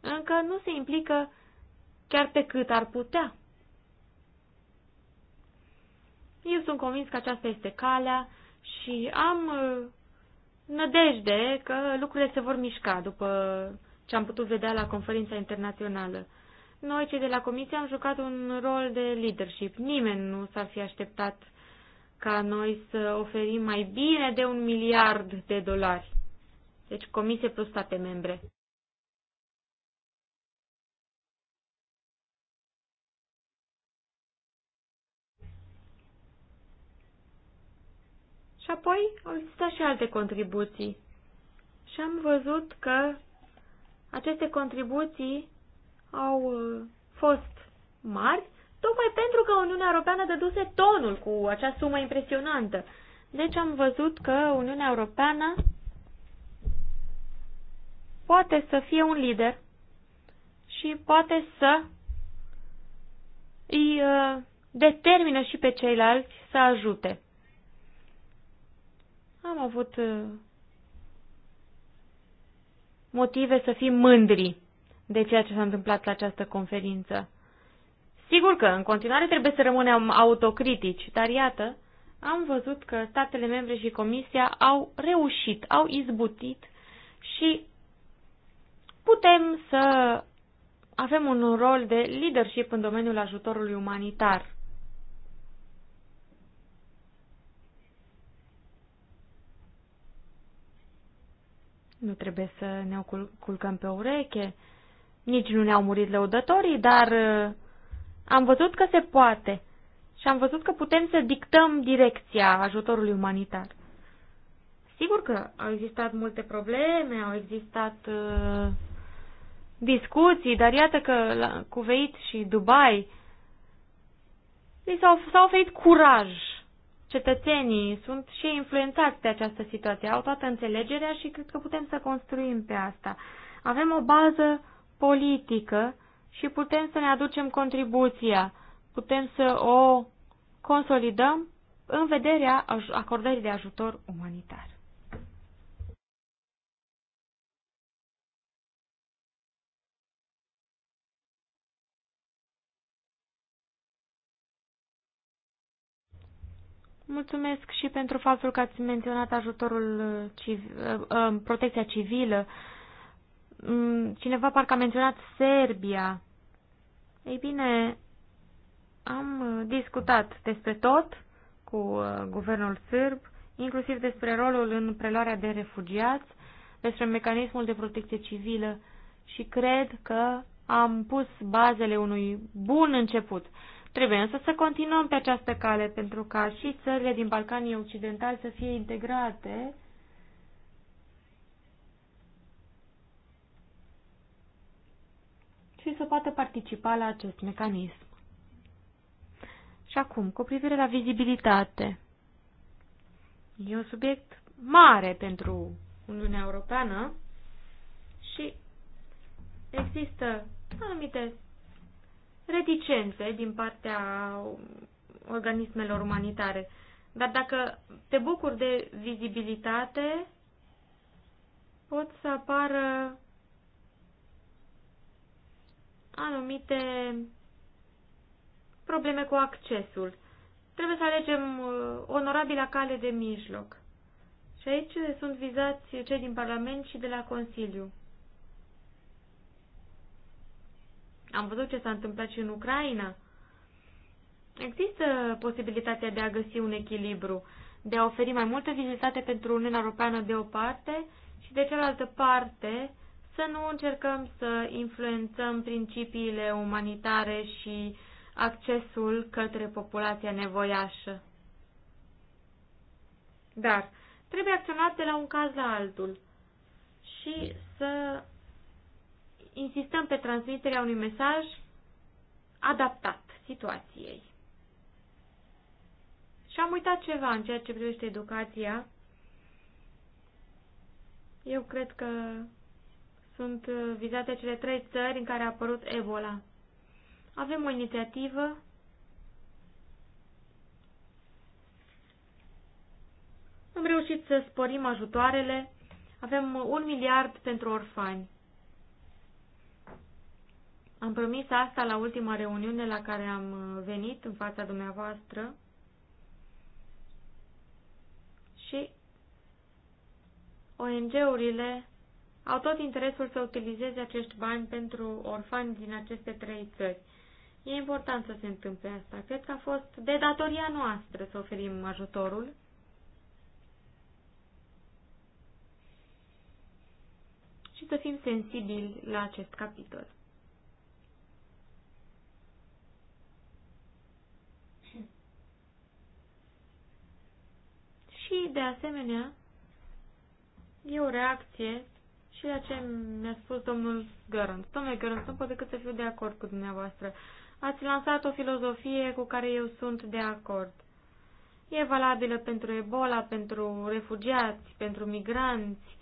încă nu se implică chiar pe cât ar putea. Eu sunt convins că aceasta este calea și am uh, nădejde că lucrurile se vor mișca după ce am putut vedea la conferința internațională. Noi, cei de la comisie, am jucat un rol de leadership. Nimeni nu s-ar fi așteptat ca noi să oferim mai bine de un miliard de dolari. Deci comisie plus state membre. Și apoi au existat și alte contribuții. Și am văzut că aceste contribuții au uh, fost mari, tocmai pentru că Uniunea Europeană dăduse tonul cu acea sumă impresionantă. Deci am văzut că Uniunea Europeană poate să fie un lider și poate să îi uh, determină și pe ceilalți să ajute. Am avut uh, motive să fim mândri de ceea ce s-a întâmplat la această conferință. Sigur că în continuare trebuie să rămânem autocritici, dar iată, am văzut că statele membre și Comisia au reușit, au izbutit și putem să avem un rol de leadership în domeniul ajutorului umanitar. Nu trebuie să ne culcăm pe ureche. Nici nu ne-au murit lăudătorii, dar uh, am văzut că se poate și am văzut că putem să dictăm direcția ajutorului umanitar. Sigur că au existat multe probleme, au existat uh, discuții, dar iată că la Cuveit și Dubai li s au oferit curaj. Cetățenii sunt și influențați de această situație, au toată înțelegerea și cred că putem să construim pe asta. Avem o bază politică și putem să ne aducem contribuția, putem să o consolidăm în vederea acordării de ajutor umanitar. Mulțumesc și pentru faptul că ați menționat ajutorul civ- ă, ă, protecția civilă Mm, cineva parcă a menționat Serbia. Ei bine, am uh, discutat despre tot cu uh, guvernul sârb, inclusiv despre rolul în preluarea de refugiați, despre mecanismul de protecție civilă și cred că am pus bazele unui bun început. Trebuie însă să continuăm pe această cale pentru ca și țările din Balcanii Occidentali să fie integrate și să poată participa la acest mecanism. Și acum, cu privire la vizibilitate. E un subiect mare pentru Uniunea Europeană și există anumite reticențe din partea organismelor umanitare. Dar dacă te bucuri de vizibilitate, pot să apară anumite probleme cu accesul. Trebuie să alegem uh, onorabila cale de mijloc. Și aici uh, sunt vizați cei din Parlament și de la Consiliu. Am văzut ce s-a întâmplat și în Ucraina. Există posibilitatea de a găsi un echilibru, de a oferi mai multă vizitate pentru Uniunea Europeană de o parte și de cealaltă parte să nu încercăm să influențăm principiile umanitare și accesul către populația nevoiașă. Dar trebuie acționat de la un caz la altul și să insistăm pe transmiterea unui mesaj adaptat situației. Și am uitat ceva în ceea ce privește educația. Eu cred că sunt uh, vizate cele trei țări în care a apărut Ebola. Avem o inițiativă Am reușit să sporim ajutoarele. Avem uh, un miliard pentru orfani. Am promis asta la ultima reuniune la care am uh, venit în fața dumneavoastră. Și ONG-urile au tot interesul să utilizeze acești bani pentru orfani din aceste trei țări. E important să se întâmple asta. Cred că a fost de datoria noastră să oferim ajutorul. Și să fim sensibili la acest capitol. Și, de asemenea, e o reacție ceea ce mi-a spus domnul Gărânt. Domnule Gărânt, nu pot decât să fiu de acord cu dumneavoastră. Ați lansat o filozofie cu care eu sunt de acord. E valabilă pentru Ebola, pentru refugiați, pentru migranți.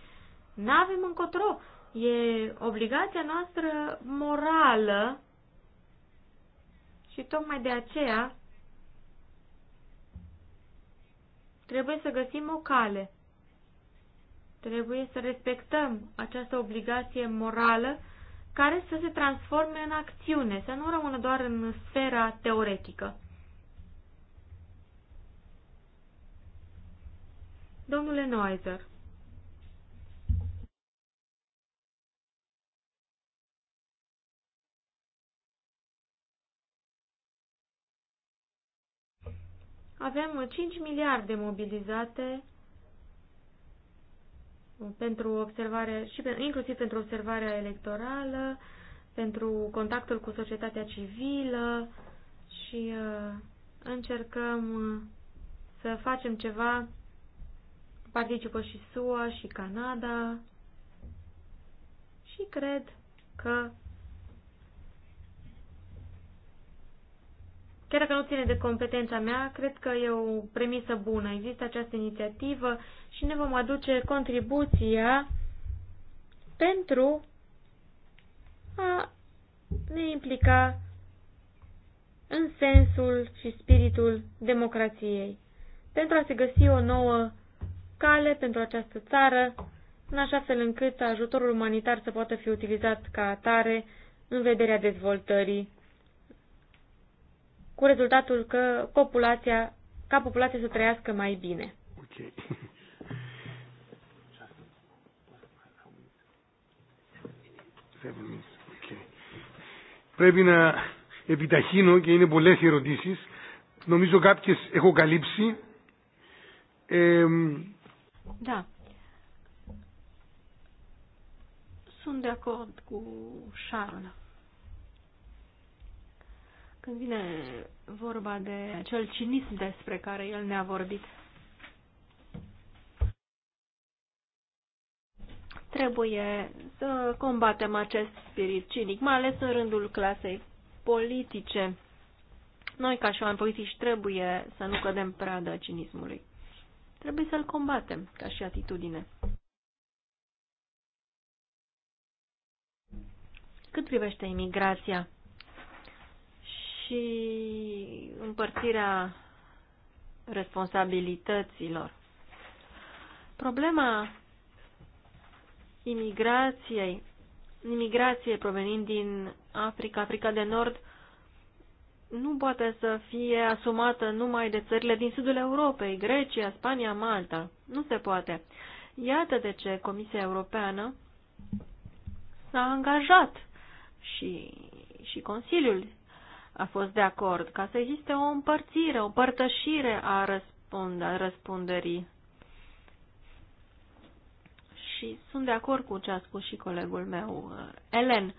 N-avem încotro. E obligația noastră morală și tocmai de aceea trebuie să găsim o cale. Trebuie să respectăm această obligație morală care să se transforme în acțiune, să nu rămână doar în sfera teoretică. Domnule Noizer. Avem 5 miliarde mobilizate pentru observare, și pe, inclusiv pentru observarea electorală, pentru contactul cu societatea civilă și uh, încercăm uh, să facem ceva. Participă și SUA și Canada și cred că Chiar dacă nu ține de competența mea, cred că e o premisă bună. Există această inițiativă, și ne vom aduce contribuția pentru a ne implica în sensul și spiritul democrației, pentru a se găsi o nouă cale pentru această țară, în așa fel încât ajutorul umanitar să poată fi utilizat ca atare în vederea dezvoltării, cu rezultatul că populația, ca populația să trăiască mai bine. Okay. Okay. Πρέπει να επιταχύνω και είναι πολλέ οι ερωτήσει. Νομίζω κάποιε έχω καλύψει. Ε, da. Sunt de acord cu Charles. Când vine vorba de acel cinism despre care el ne-a vorbit, Trebuie să combatem acest spirit cinic, mai ales în rândul clasei politice. Noi, ca și oameni politici, trebuie să nu cădem pradă cinismului. Trebuie să-l combatem ca și atitudine. Cât privește imigrația și împărțirea responsabilităților, problema imigrației, imigrației provenind din Africa, Africa de Nord, nu poate să fie asumată numai de țările din sudul Europei, Grecia, Spania, Malta. Nu se poate. Iată de ce Comisia Europeană s-a angajat și, și Consiliul a fost de acord ca să existe o împărțire, o părtășire a răspunderii și sunt de acord cu ce a spus și colegul meu, uh, Elen.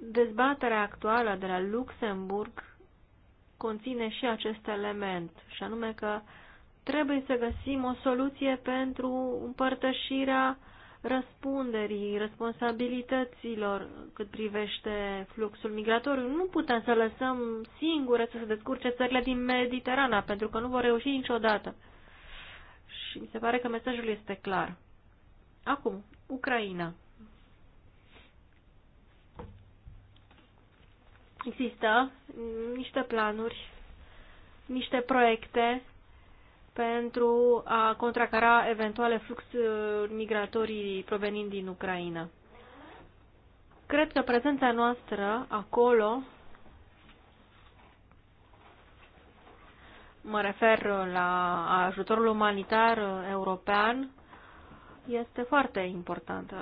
Dezbaterea actuală de la Luxemburg conține și acest element, și anume că trebuie să găsim o soluție pentru împărtășirea răspunderii, responsabilităților cât privește fluxul migratoriu. Nu putem să lăsăm singure să se descurce țările din Mediterana, pentru că nu vor reuși niciodată. Și mi se pare că mesajul este clar. Acum, Ucraina. Există niște planuri, niște proiecte pentru a contracara eventuale flux uh, migratorii provenind din Ucraina. Cred că prezența noastră acolo, mă refer la ajutorul umanitar european, este foarte importantă,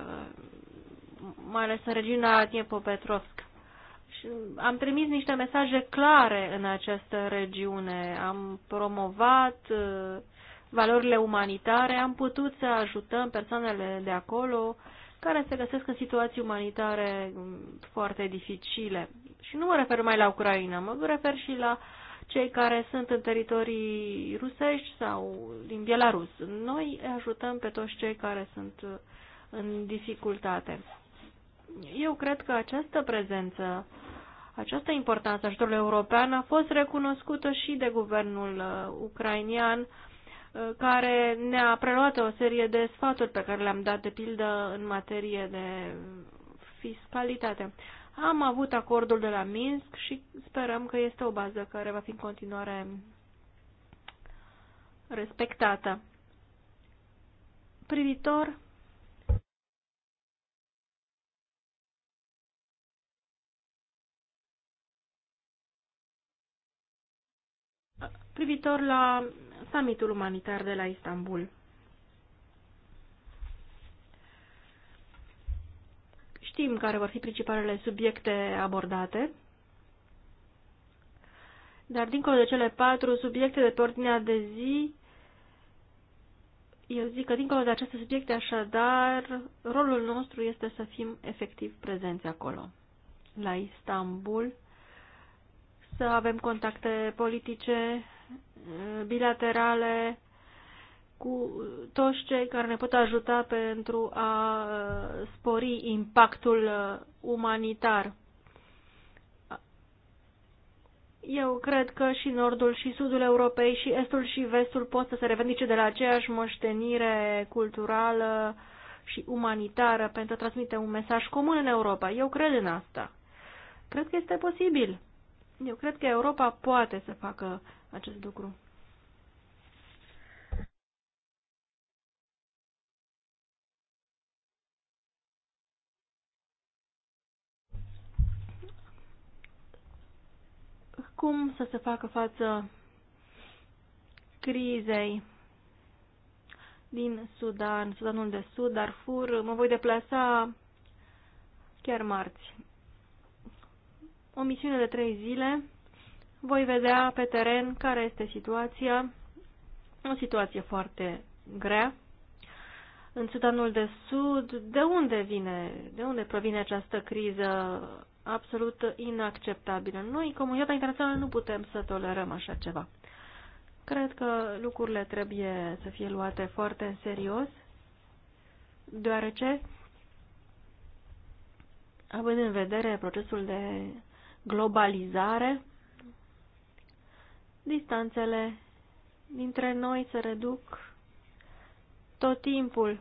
mai ales în regiunea Dniepopetrovsk. Și am trimis niște mesaje clare în această regiune. Am promovat uh, valorile umanitare, am putut să ajutăm persoanele de acolo care se găsesc în situații umanitare mm, foarte dificile. Și nu mă refer mai la Ucraina, mă refer și la uh, cei care sunt în teritorii rusești sau din Belarus. Noi ajutăm pe toți cei care sunt uh, în dificultate. Eu cred că această prezență, această importanță ajutorului european a fost recunoscută și de guvernul uh, ucrainian, uh, care ne-a preluat o serie de sfaturi pe care le-am dat, de pildă, în materie de fiscalitate. Am avut acordul de la Minsk și sperăm că este o bază care va fi în continuare respectată. Privitor privitor la summitul umanitar de la Istanbul. Știm care vor fi principalele subiecte abordate. Dar dincolo de cele patru subiecte de pe ordinea de zi, eu zic că dincolo de aceste subiecte, așadar, rolul nostru este să fim efectiv prezenți acolo, la Istanbul, să avem contacte politice, bilaterale, cu toți cei care ne pot ajuta pentru a uh, spori impactul uh, umanitar. Eu cred că și nordul și sudul Europei și estul și vestul pot să se revendice de la aceeași moștenire culturală și umanitară pentru a transmite un mesaj comun în Europa. Eu cred în asta. Cred că este posibil. Eu cred că Europa poate să facă acest lucru. cum să se facă față crizei din Sudan, Sudanul de Sud, Darfur. Mă voi deplasa chiar marți. O misiune de trei zile. Voi vedea pe teren care este situația. O situație foarte grea. În Sudanul de Sud, de unde vine, de unde provine această criză absolut inacceptabilă. Noi, comunitatea internațională, nu putem să tolerăm așa ceva. Cred că lucrurile trebuie să fie luate foarte în serios, deoarece, având în vedere procesul de globalizare, distanțele dintre noi se reduc tot timpul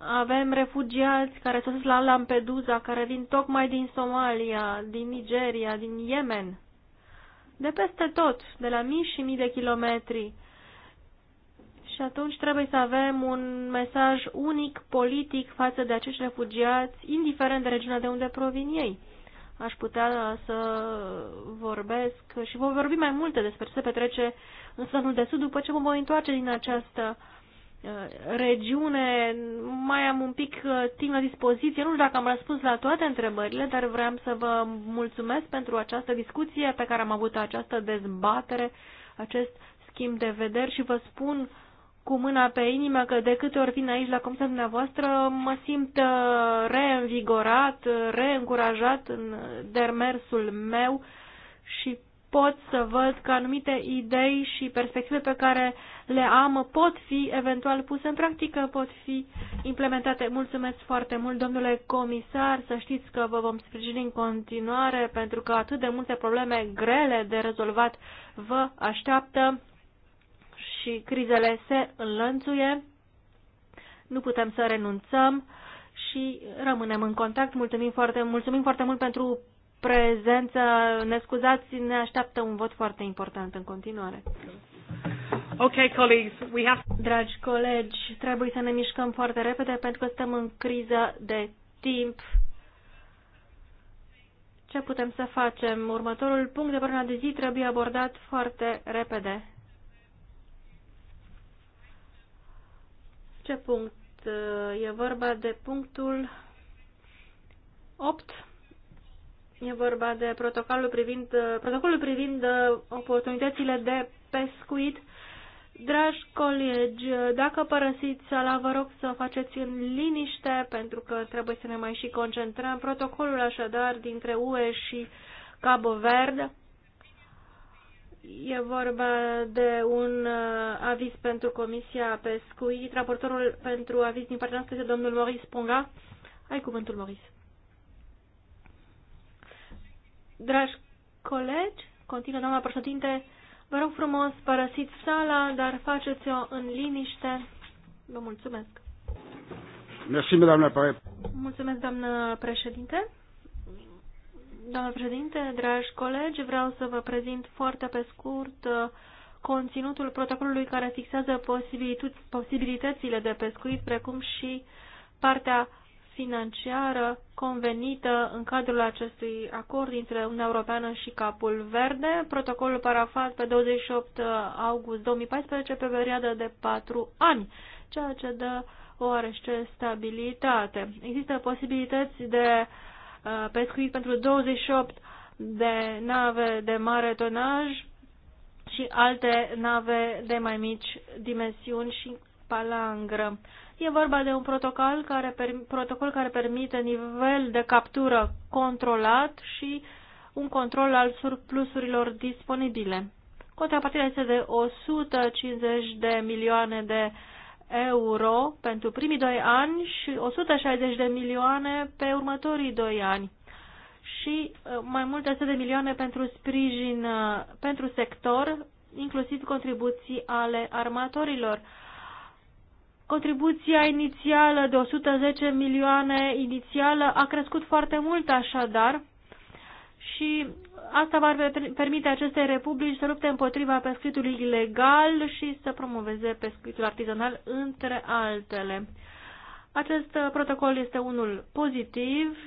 avem refugiați care s-au s-au la Lampedusa, care vin tocmai din Somalia, din Nigeria, din Yemen, de peste tot, de la mii și mii de kilometri. Și atunci trebuie să avem un mesaj unic politic față de acești refugiați, indiferent de regiunea de unde provin ei. Aș putea să vorbesc și vom vorbi mai multe despre ce se petrece în Sânul de Sud după ce mă voi întoarce din această Uh, regiune. Mai am un pic timp uh, la dispoziție. Nu știu dacă am răspuns la toate întrebările, dar vreau să vă mulțumesc pentru această discuție pe care am avut această dezbatere, acest schimb de vederi și vă spun cu mâna pe inimă că de câte ori vin aici la comisia dumneavoastră mă simt uh, reînvigorat, reîncurajat în demersul meu și pot să văd că anumite idei și perspective pe care le am pot fi eventual puse în practică, pot fi implementate. Mulțumesc foarte mult, domnule comisar, să știți că vă vom sprijini în continuare pentru că atât de multe probleme grele de rezolvat vă așteaptă și crizele se înlănțuie. Nu putem să renunțăm și rămânem în contact. Mulțumim foarte, mulțumim foarte mult pentru prezență. Ne scuzați, ne așteaptă un vot foarte important în continuare. Okay, colleagues, we have... Dragi colegi, trebuie să ne mișcăm foarte repede pentru că suntem în criză de timp. Ce putem să facem? Următorul punct de până de zi trebuie abordat foarte repede. Ce punct? Uh, e vorba de punctul 8. E vorba de protocolul privind, protocolul privind uh, oportunitățile de pescuit. Dragi colegi, dacă părăsiți sala, vă rog să o faceți în liniște, pentru că trebuie să ne mai și concentrăm. Protocolul așadar dintre UE și Cabo Verde. E vorba de un uh, aviz pentru Comisia Pescuit. Raportorul pentru aviz din partea noastră este domnul Maurice Ponga. Ai cuvântul, Maurice. Dragi colegi, continuă doamna președinte, vă rog frumos, părăsiți sala, dar faceți-o în liniște. Vă mulțumesc. Mersi, doamna Mulțumesc, doamnă președinte. Doamnă președinte, dragi colegi, vreau să vă prezint foarte pe scurt uh, conținutul protocolului care fixează posibilitățile de pescuit, precum și partea financiară convenită în cadrul acestui acord dintre Uniunea Europeană și Capul Verde, protocolul parafat pe 28 august 2014 pe perioadă de 4 ani, ceea ce dă oarește stabilitate. Există posibilități de uh, pescuit pentru 28 de nave de mare tonaj și alte nave de mai mici dimensiuni și palangră. E vorba de un protocol care, protocol care permite nivel de captură controlat și un control al surplusurilor disponibile. Contrapartida este de 150 de milioane de euro pentru primii doi ani și 160 de milioane pe următorii doi ani și uh, mai multe sute de milioane pentru sprijin uh, pentru sector, inclusiv contribuții ale armatorilor. Contribuția inițială de 110 milioane inițială a crescut foarte mult așadar și asta va permite acestei republici să lupte împotriva pescuitului ilegal și să promoveze pescuitul artizanal între altele. Acest uh, protocol este unul pozitiv,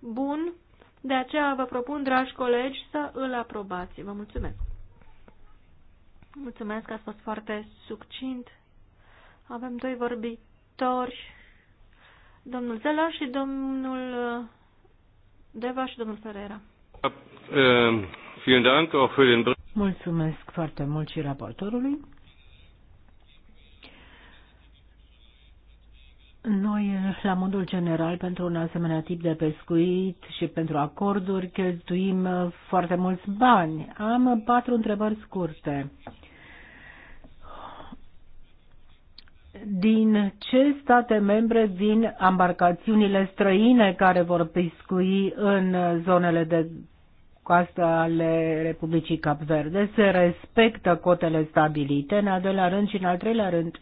bun, de aceea vă propun, dragi colegi, să îl aprobați. Vă mulțumesc! Mulțumesc că ați fost foarte succint! Avem doi vorbitori, domnul Zela și domnul uh, Deva și domnul Ferreira. Ähm, Mulțumesc foarte mult și raportorului. Noi, la modul general, pentru un asemenea tip de pescuit și pentru acorduri, cheltuim foarte mulți bani. Am patru întrebări scurte. din ce state membre vin ambarcațiunile străine care vor pescui în zonele de coastă ale Republicii Cap Verde, se respectă cotele stabilite, în al doilea rând și în al treilea rând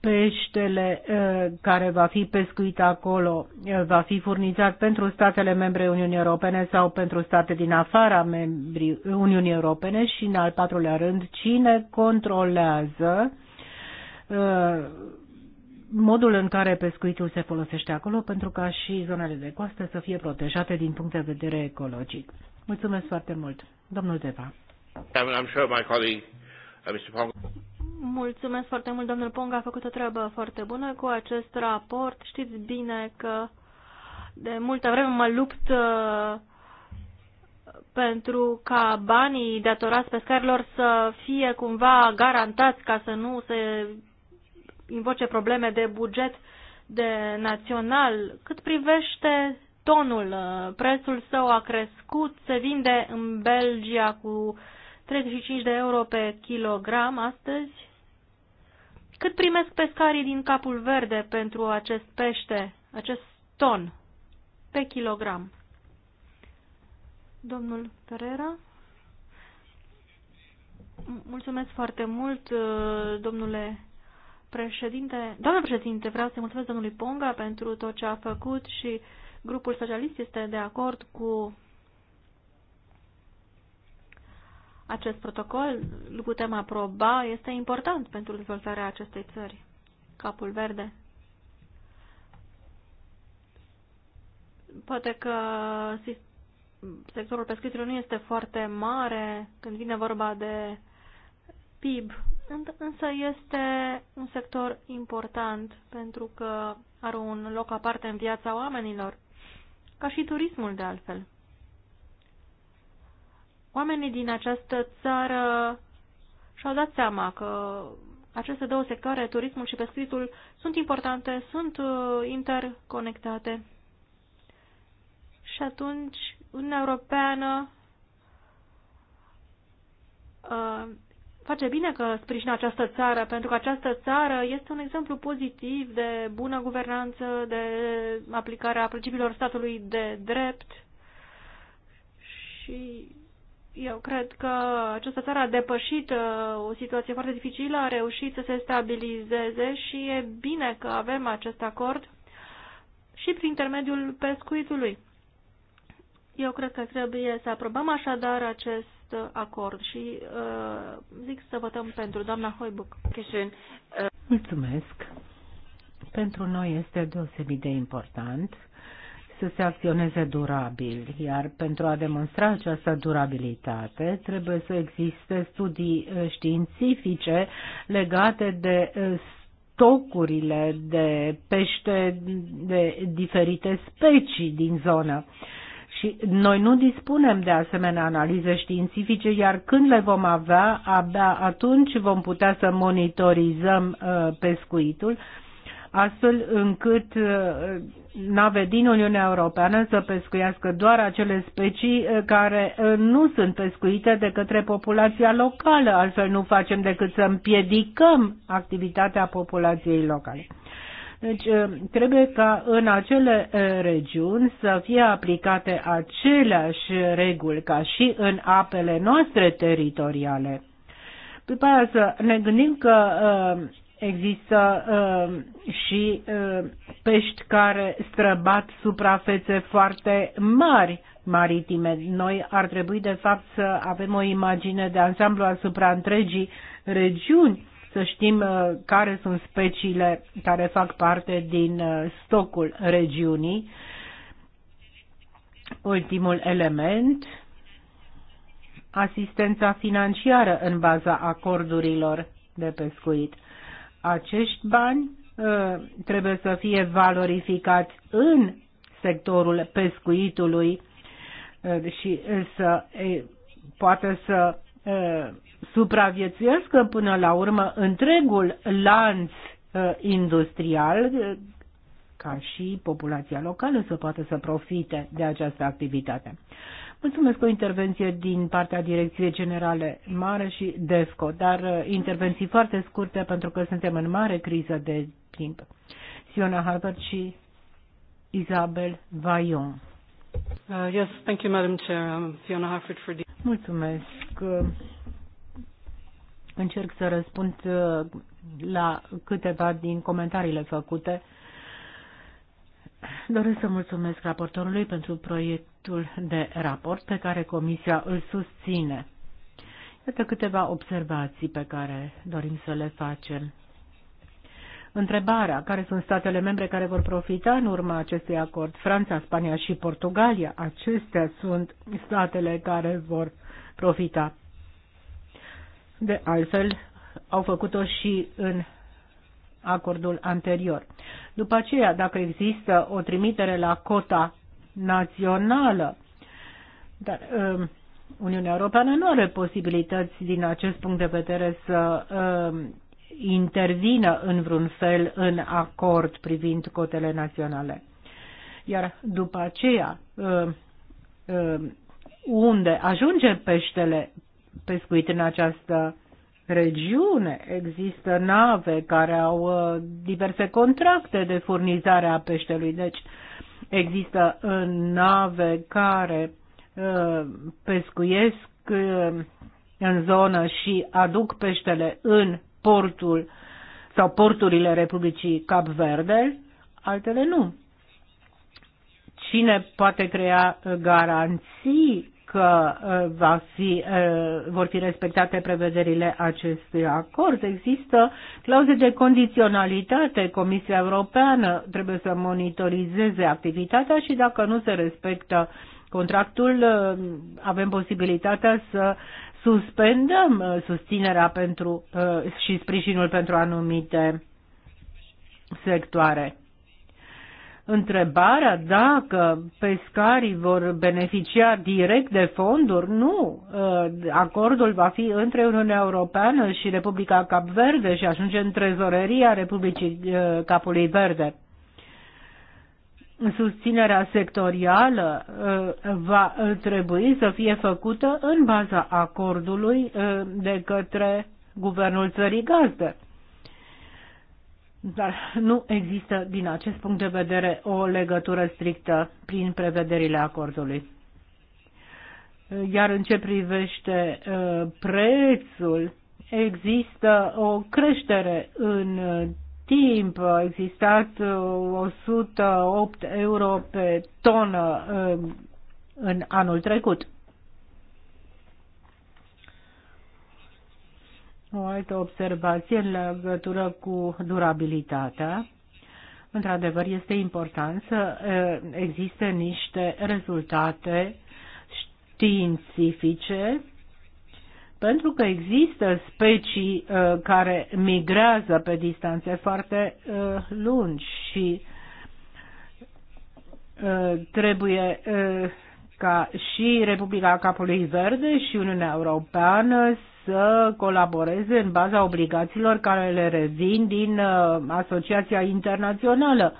peștele uh, care va fi pescuit acolo uh, va fi furnizat pentru statele membre Uniunii Europene sau pentru state din afara membrii Uniunii Europene și în al patrulea rând cine controlează Uh, modul în care pescuitul se folosește acolo pentru ca și zonele de coastă să fie protejate din punct de vedere ecologic. Mulțumesc foarte mult. Domnul Deva. Uh, Mulțumesc foarte mult, domnul Ponga a făcut o treabă foarte bună cu acest raport. Știți bine că de multă vreme mă lupt uh, pentru ca banii datorați pescarilor să fie cumva garantați ca să nu se invoce probleme de buget de național. Cât privește tonul, uh, prețul său a crescut, se vinde în Belgia cu 35 de euro pe kilogram astăzi. Cât primesc pescarii din Capul Verde pentru acest pește, acest ton pe kilogram? Domnul Ferreira? Mulțumesc foarte mult, uh, domnule președinte, doamnă președinte, vreau să mulțumesc domnului Ponga pentru tot ce a făcut și grupul socialist este de acord cu acest protocol, îl putem aproba, este important pentru dezvoltarea acestei țări. Capul verde. Poate că sectorul pescuitului nu este foarte mare când vine vorba de PIB, însă este un sector important pentru că are un loc aparte în viața oamenilor, ca și turismul de altfel. Oamenii din această țară și-au dat seama că aceste două sectoare, turismul și pescuitul, sunt importante, sunt uh, interconectate. Și atunci Uniunea Europeană uh, Face bine că sprijină această țară, pentru că această țară este un exemplu pozitiv de bună guvernanță, de aplicarea principiilor statului de drept și eu cred că această țară a depășit uh, o situație foarte dificilă, a reușit să se stabilizeze și e bine că avem acest acord și prin intermediul pescuitului. Eu cred că trebuie să aprobăm așadar acest acest acord și uh, zic să votăm pentru. Doamna Hoibuc. Uh, Mulțumesc. Pentru noi este deosebit de important să se acționeze durabil, iar pentru a demonstra această durabilitate trebuie să existe studii uh, științifice legate de uh, stocurile de pește de diferite specii din zonă. Uh, și noi nu dispunem de asemenea analize științifice, iar când le vom avea, abia atunci vom putea să monitorizăm uh, pescuitul, astfel încât uh, nave din Uniunea Europeană să pescuiască doar acele specii uh, care nu sunt pescuite de către populația locală, altfel nu facem decât să împiedicăm activitatea populației locale. Deci eh, trebuie ca în acele eh, regiuni să fie aplicate aceleași reguli ca și în apele noastre teritoriale. După aceea să ne gândim că eh, există și pești care străbat suprafețe foarte mari maritime. Noi ar trebui, de fapt, să avem o imagine de ansamblu asupra întregii regiuni să știm uh, care sunt speciile care fac parte din uh, stocul regiunii. Ultimul element, asistența financiară în baza acordurilor de pescuit. Acești bani uh, trebuie să fie valorificați în sectorul pescuitului și să poată să supraviețuiască până la urmă întregul lanț ă, industrial ă, ca și populația locală să poată să profite de această activitate. Mulțumesc o intervenție din partea Direcției Generale Mare și DESCO, dar ă, intervenții foarte scurte pentru că suntem în mare criză de timp. Siona Halbert și Isabel Vaion. Uh, yes, thank you, Madam Chair. I'm Fiona Harford for the... Mulțumesc. Încerc să răspund uh, la câteva din comentariile făcute. Doresc să mulțumesc raportorului pentru proiectul de raport pe care Comisia îl susține. Iată câteva observații pe care dorim să le facem. Întrebarea, care sunt statele membre care vor profita în urma acestui acord? Franța, Spania și Portugalia, acestea sunt statele care vor profita. De altfel, au făcut-o și în acordul anterior. După aceea, dacă există o trimitere la cota națională, dar um, Uniunea Europeană nu are posibilități din acest punct de vedere să um, intervină în vreun fel în acord privind cotele naționale. Iar după aceea, um, um, unde ajunge peștele pescuit în această regiune. Există nave care au uh, diverse contracte de furnizare a peștelui, deci există uh, nave care uh, pescuiesc în zonă și aduc peștele în portul sau porturile Republicii Cap Verde, altele nu. Cine poate crea garanții că uh, va fi, uh, vor fi respectate prevederile acestui acord. Există clauze de condiționalitate. Comisia Europeană trebuie să monitorizeze activitatea și dacă nu se respectă contractul, uh, avem posibilitatea să suspendăm susținerea pentru, și sprijinul pentru anumite sectoare. Întrebarea dacă pescarii vor beneficia direct de fonduri, nu. Uh, acordul va fi între Uniunea Europeană și Republica Cap Verde și ajunge în trezoreria Republicii uh, Capului Verde susținerea sectorială uh, va trebui să fie făcută în baza acordului de către guvernul țării gazdă. Dar nu există, din acest punct de vedere, o legătură strictă prin prevederile acordului. Iar în ce privește uh, prețul, există o creștere în uh, timp. A existat 108 uh, euro pe tonă în anul trecut. o altă observație în legătură cu durabilitatea. Într-adevăr, este important să existe niște rezultate științifice pentru că există specii care migrează pe distanțe foarte lungi și trebuie ca și Republica Capului Verde și Uniunea Europeană să colaboreze în baza obligațiilor care le revin din uh, Asociația Internațională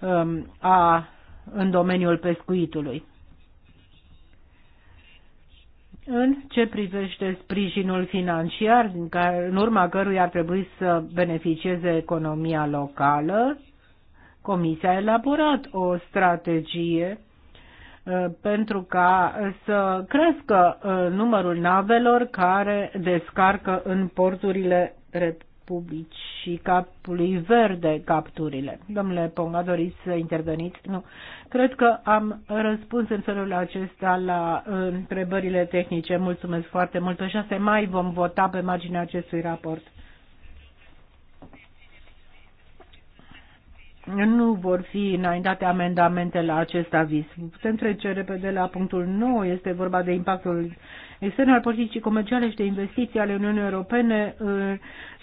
um, a, în domeniul pescuitului. În ce privește sprijinul financiar, în, care, în urma căruia ar trebui să beneficieze economia locală, Comisia a elaborat o strategie pentru ca să crească uh, numărul navelor care descarcă în porturile republicii și capului verde capturile. Domnule Ponga, doriți să interveniți? Nu. Cred că am răspuns în felul acesta la uh, întrebările tehnice. Mulțumesc foarte mult. Pe 6 mai vom vota pe marginea acestui raport. nu vor fi înaintate amendamente la acest aviz. Putem trece repede la punctul 9. Este vorba de impactul extern al politicii comerciale și de investiții ale Uniunii Europene uh,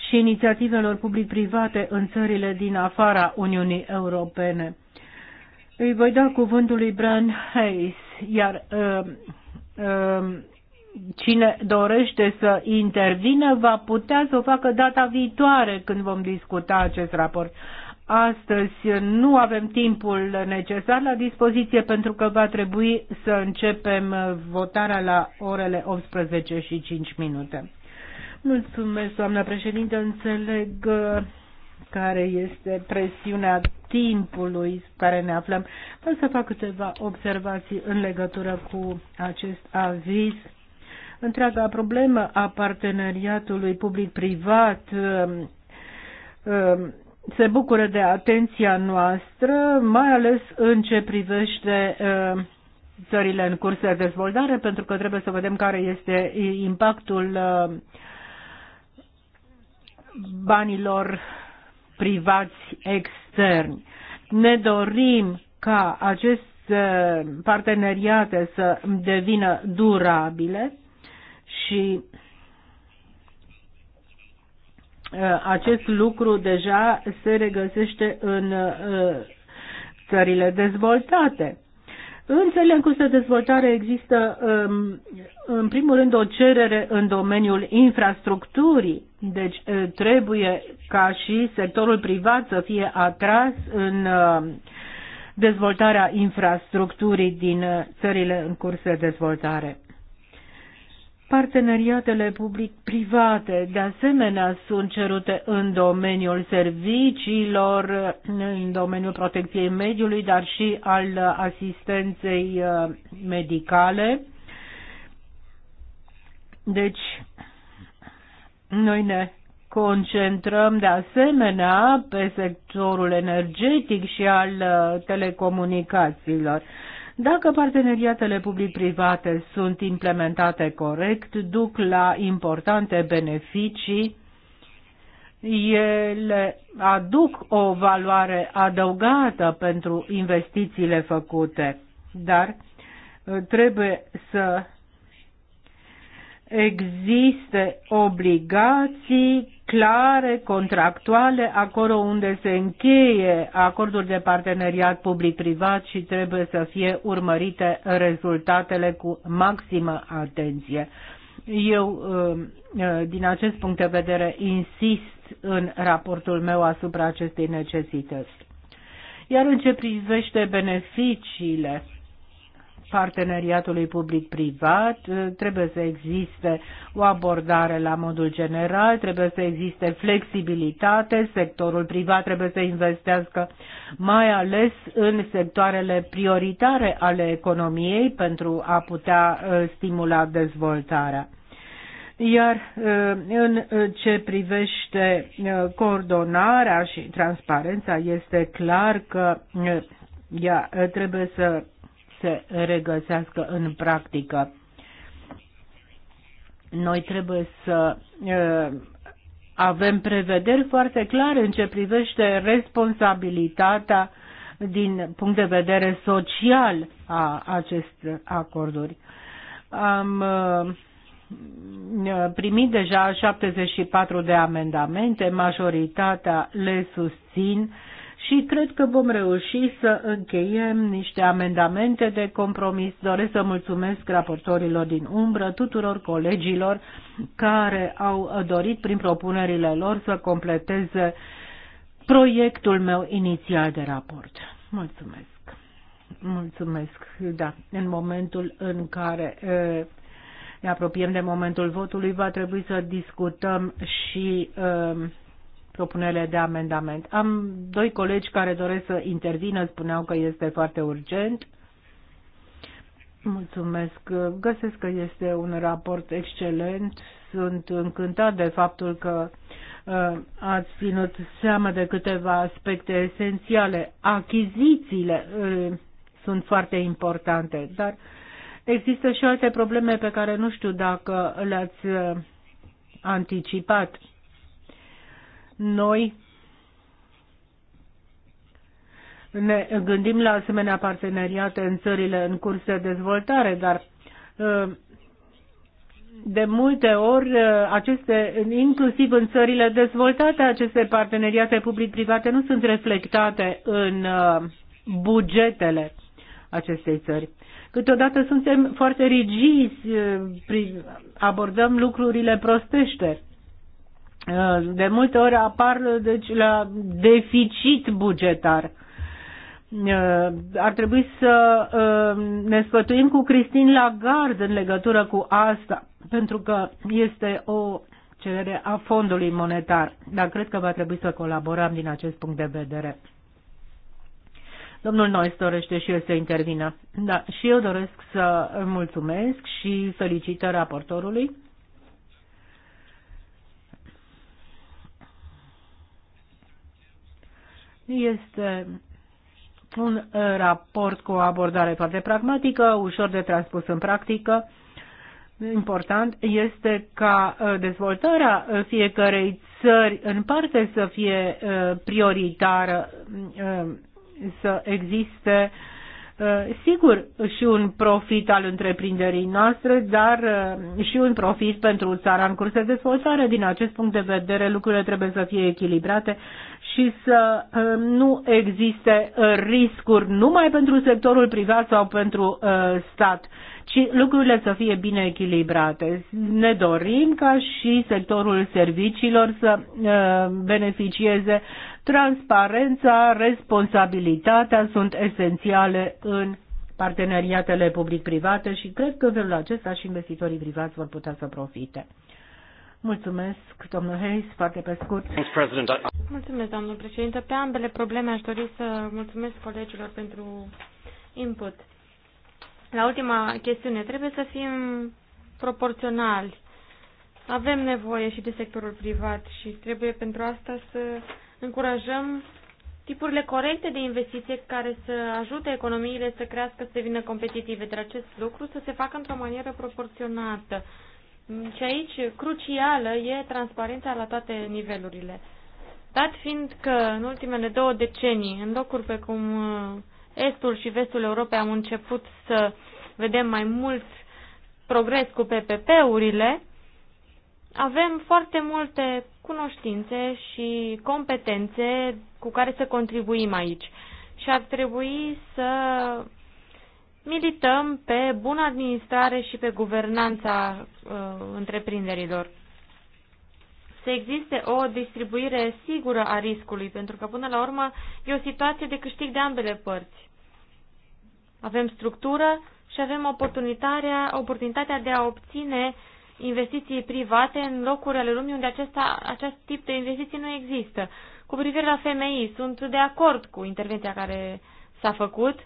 și inițiativelor public-private în țările din afara Uniunii Europene. Îi voi da cuvântul lui Brian Hayes, iar uh, uh, cine dorește să intervină va putea să o facă data viitoare când vom discuta acest raport. Astăzi nu avem timpul necesar la dispoziție pentru că va trebui să începem votarea la orele 18 și 5 minute. Mulțumesc, doamna președinte. Înțeleg uh, care este presiunea timpului care ne aflăm. Vreau să fac câteva observații în legătură cu acest aviz. Întreaga problemă a parteneriatului public-privat um, um, se bucură de atenția noastră, mai ales în ce privește țările în curs de dezvoltare, pentru că trebuie să vedem care este impactul banilor privați externi. Ne dorim ca aceste parteneriate să devină durabile și Uh, acest lucru deja se regăsește în uh, țările dezvoltate. În țările în curs de dezvoltare există, um, în primul rând, o cerere în domeniul infrastructurii, deci uh, trebuie ca și sectorul privat să fie atras în dezvoltarea infrastructurii din țările în curs de dezvoltare. Parteneriatele public-private, de asemenea, sunt cerute în domeniul serviciilor, în domeniul protecției mediului, dar și al asistenței uh, medicale. Deci, noi ne concentrăm de asemenea pe sectorul energetic și al uh, telecomunicațiilor. Dacă parteneriatele public-private sunt implementate corect, duc la importante beneficii, ele aduc o valoare adăugată pentru investițiile făcute, dar uh, trebuie să existe obligații clare, contractuale, acolo unde se încheie acorduri de parteneriat public-privat și trebuie să fie urmărite rezultatele cu maximă atenție. Eu, um, uh, din acest punct de vedere, insist în raportul meu asupra acestei necesități. Iar în ce privește beneficiile parteneriatului public-privat, uh, trebuie să existe o abordare la modul general, trebuie să existe flexibilitate, sectorul privat trebuie să investească mai ales în sectoarele prioritare ale economiei pentru a putea uh, stimula dezvoltarea. Iar uh, în ce privește coordonarea și transparența, este clar că ea trebuie să se regăsească în practică. Noi trebuie să avem prevederi foarte clare în ce privește responsabilitatea din punct de vedere social a acestor acorduri. Am primit deja 74 de amendamente, majoritatea le susțin și cred că vom reuși să încheiem niște amendamente de compromis. Doresc să mulțumesc raportorilor din umbră, tuturor colegilor care au dorit prin propunerile lor să completeze proiectul meu inițial de raport. Mulțumesc! Mulțumesc, da. În momentul în care e, ne apropiem de momentul votului, va trebui să discutăm și e, propunerile de amendament. Am doi colegi care doresc să intervină, spuneau că este foarte urgent. Mulțumesc. Găsesc că este un raport excelent. Sunt încântat de faptul că uh, ați ținut seama de câteva aspecte esențiale. Achizițiile uh, sunt foarte importante, dar există și alte probleme pe care nu știu dacă le-ați uh, anticipat. Noi ne gândim la asemenea parteneriate în țările în curs de dezvoltare, dar uh, de multe ori, uh, aceste, inclusiv în țările dezvoltate, aceste parteneriate public-private nu sunt reflectate în uh, bugetele acestei țări. Câteodată suntem foarte rigizi, abordăm lucrurile prostește. Eh, de multe ori apar deci, la deficit bugetar. Eh, ar trebui să eh, ne sfătuim cu Cristin Lagarde în legătură cu asta, pentru că este o cerere a fondului monetar, dar cred că va trebui să colaborăm din acest punct de vedere. Domnul Nois dorește și el să intervină. Da, și eu doresc să mulțumesc și felicită raportorului. Este un uh, raport cu o abordare foarte pragmatică, ușor de transpus în practică. Important este ca uh, dezvoltarea uh, fiecarei țări în parte să fie prioritară, să existe sigur și un profit al întreprinderii noastre, dar și un profit pentru țara în curs de dezvoltare. Din acest punct de vedere, lucrurile trebuie să fie echilibrate și să um, nu existe uh, riscuri numai pentru sectorul privat sau pentru uh, stat, ci lucrurile să fie bine echilibrate. Ne dorim ca și sectorul serviciilor să uh, beneficieze. Transparența, responsabilitatea sunt esențiale în parteneriatele public-private și cred că în felul acesta și investitorii privați vor putea să profite. Mulțumesc, domnul Hayes, foarte pe scurt. Mulțumesc, domnul președinte. Pe ambele probleme aș dori să mulțumesc colegilor pentru input. La ultima chestiune, trebuie să fim proporționali. Avem nevoie și de sectorul privat și trebuie pentru asta să încurajăm tipurile corecte de investiție care să ajute economiile să crească, să devină competitive, dar acest lucru să se facă într-o manieră proporționată. Mm, și aici, crucială e transparența la toate nivelurile. Dat fiind că în ultimele două decenii, în locuri pe cum uh, estul și vestul Europei am început să vedem mai mult progres cu PPP-urile, avem foarte multe cunoștințe și competențe cu care să contribuim aici. Și ar trebui să milităm pe bună administrare și pe guvernanța uh, întreprinderilor. Să existe o distribuire sigură a riscului, pentru că până la urmă e o situație de câștig de ambele părți. Avem structură și avem oportunitatea, oportunitatea de a obține investiții private în locuri ale lumii unde acesta, acest tip de investiții nu există. Cu privire la femei, sunt de acord cu intervenția care s-a făcut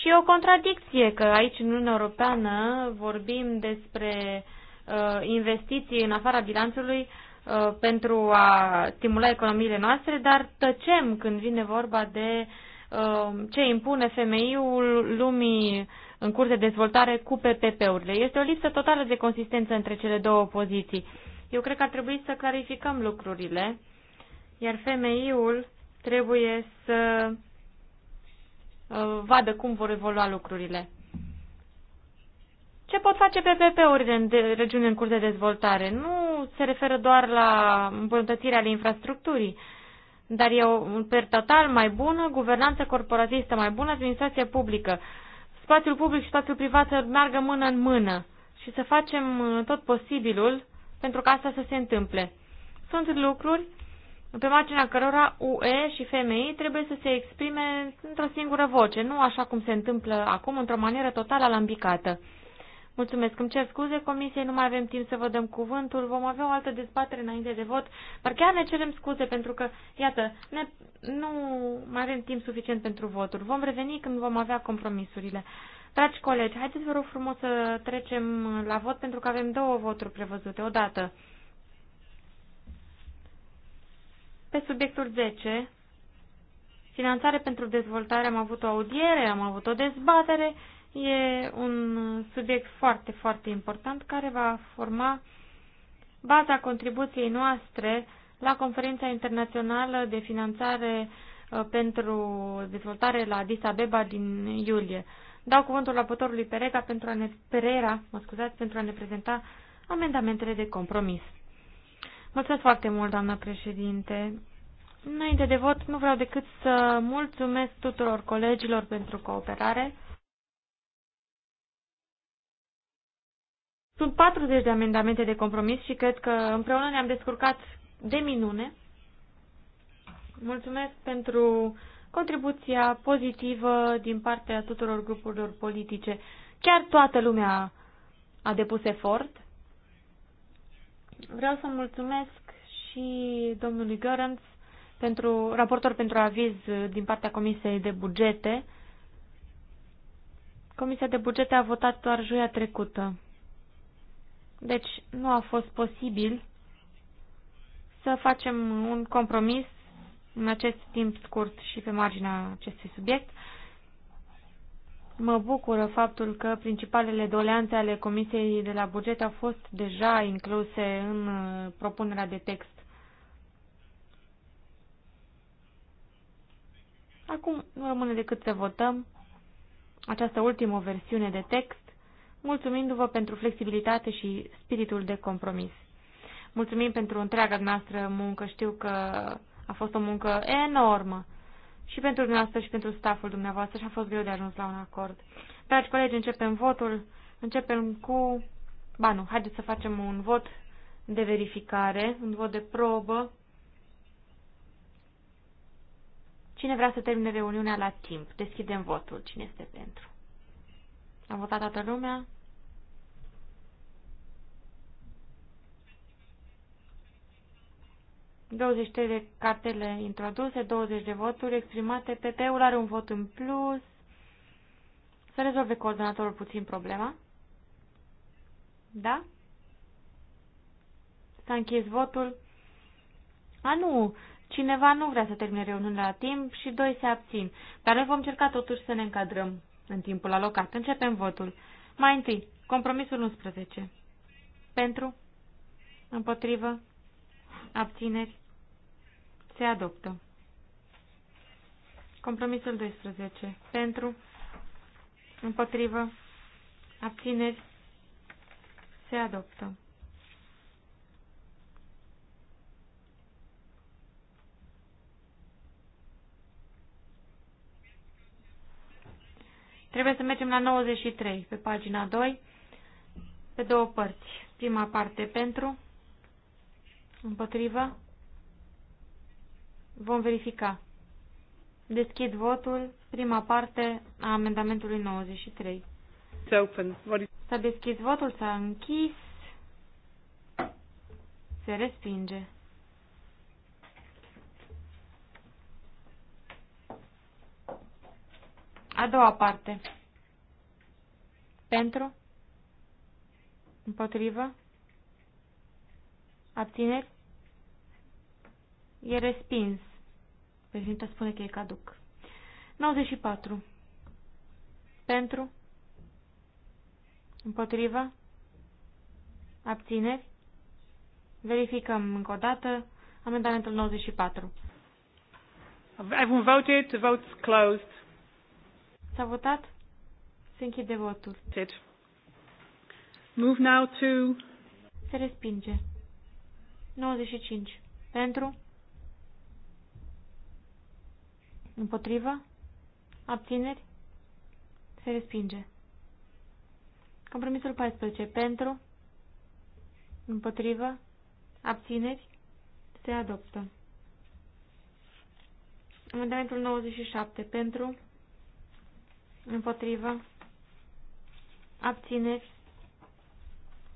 și e o contradicție că aici în Uniunea Europeană vorbim despre uh, investiții în afara bilanțului uh, pentru a stimula economiile noastre, dar tăcem când vine vorba de uh, ce impune femeiul lumii în curs de dezvoltare cu PPP-urile. Este o lipsă totală de consistență între cele două poziții. Eu cred că ar trebui să clarificăm lucrurile, iar femeiul trebuie să Uh, vadă cum vor evolua lucrurile. Ce pot face PPP-urile în regiune în curs de dezvoltare? Nu se referă doar la îmbunătățirea ale infrastructurii, dar e o per total mai bună, guvernanță corporatistă mai bună, administrație publică. Spațiul public și spațiul privat să meargă mână în mână și să facem uh, tot posibilul pentru ca asta să se întâmple. Sunt lucruri pe marginea cărora UE și FMI trebuie să se exprime într-o singură voce, nu așa cum se întâmplă acum, într-o manieră total alambicată. Mulțumesc, îmi cer scuze, comisiei nu mai avem timp să vă dăm cuvântul, vom avea o altă dezbatere înainte de vot, dar chiar ne cerem scuze pentru că, iată, ne, nu mai avem timp suficient pentru voturi. Vom reveni când vom avea compromisurile. Dragi colegi, haideți vă rog frumos să trecem la vot pentru că avem două voturi prevăzute odată. Pe subiectul 10, finanțare pentru dezvoltare, am avut o audiere, am avut o dezbatere. E un subiect foarte, foarte important care va forma baza contribuției noastre la conferința internațională de finanțare uh, pentru dezvoltare la Addis Abeba din iulie. Dau cuvântul la raportorului Perega pentru a ne, Pereira, mă scuzați, pentru a ne prezenta amendamentele de compromis. Mulțumesc foarte mult, doamna președinte. Înainte de vot, nu vreau decât să mulțumesc tuturor colegilor pentru cooperare. Sunt 40 de amendamente de compromis și cred că împreună ne-am descurcat de minune. Mulțumesc pentru contribuția pozitivă din partea tuturor grupurilor politice. Chiar toată lumea a depus efort Vreau să mulțumesc și domnului Gărânț, pentru raportor pentru aviz din partea Comisiei de Bugete. Comisia de Bugete a votat doar joia trecută. Deci nu a fost posibil să facem un compromis în acest timp scurt și pe marginea acestui subiect. Mă bucură faptul că principalele doleanțe ale Comisiei de la buget au fost deja incluse în uh, propunerea de text. Acum nu rămâne decât să votăm această ultimă versiune de text, mulțumindu-vă pentru flexibilitate și spiritul de compromis. Mulțumim pentru întreaga noastră muncă, știu că a fost o muncă enormă și pentru dumneavoastră și pentru staful dumneavoastră și a fost greu de ajuns la un acord. Dragi colegi, începem votul. Începem cu... Ba nu, haideți să facem un vot de verificare, un vot de probă. Cine vrea să termine reuniunea la timp? Deschidem votul. Cine este pentru? A votat toată lumea? 23 de cartele introduse, 20 de voturi exprimate, PP-ul are un vot în plus. Să rezolve coordonatorul puțin problema. Da? S-a închis votul. A, nu! Cineva nu vrea să termine reuniunea la timp și doi se abțin. Dar noi vom încerca totuși să ne încadrăm în timpul alocat. Începem votul. Mai întâi, compromisul 11. Pentru? Împotrivă? Abțineri? Se adoptă. Compromisul 12. Pentru. Împotrivă. Abțineri. Se adoptă. Trebuie să mergem la 93, pe pagina 2, pe două părți. Prima parte pentru, împotrivă, Vom verifica. Deschid votul, prima parte a amendamentului 93. S-a deschis votul, s-a închis, se respinge. A doua parte. Pentru? Împotrivă? Abțineri? E respins. Președinta spune că e caduc. 94. Pentru. Împotriva. Abțineri. Verificăm încă o dată amendamentul 94. Everyone voted. The vote's closed. S-a votat? Se închide votul. Did. Move now to... Se respinge. 95. Pentru. Împotrivă? Abțineri? Se respinge. Compromisul 14. Pentru? Împotrivă? Abțineri? Se adoptă. Amendamentul 97. Pentru? Împotrivă? Abțineri?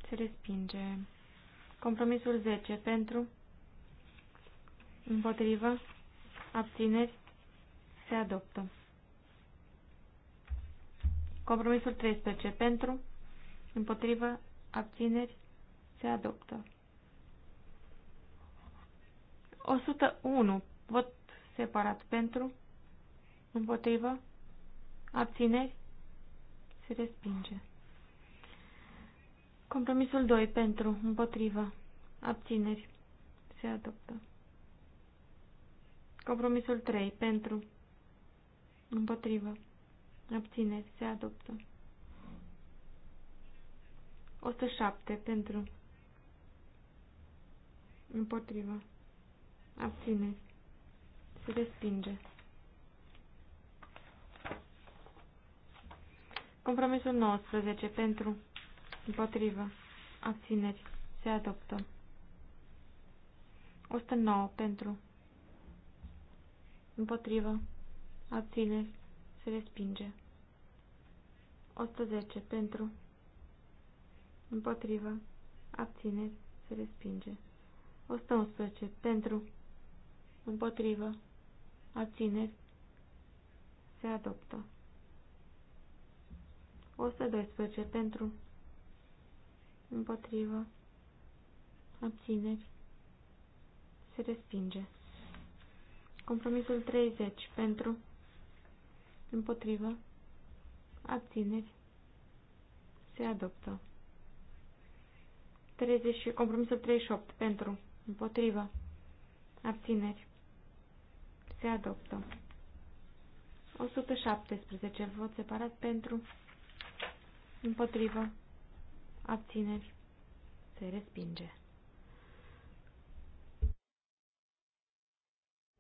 Se respinge. Compromisul 10. Pentru? Împotrivă? Abțineri? se adoptă. Compromisul 13. Pentru, împotrivă, abțineri, se adoptă. 101. Vot separat pentru, împotrivă, abțineri, se respinge. Compromisul 2. Pentru, împotrivă, abțineri, se adoptă. Compromisul 3. Pentru, Împotrivă. Abțineri. Se adoptă. 107 pentru. Împotrivă. Abțineri. Se respinge. Compromisul 19 pentru. Împotrivă. Abțineri. Se adoptă. 109 pentru. Împotrivă abține, se respinge. 110 pentru, împotrivă, abține, se respinge. 111 pentru, împotrivă, abține, se adoptă. 112 pentru, împotrivă, abțineri, se respinge. Compromisul 30 pentru împotrivă, abțineri, se adoptă. 30, compromisul 38, pentru, împotrivă, abțineri, se adoptă. 117, vot separat pentru, împotrivă, abțineri, se respinge.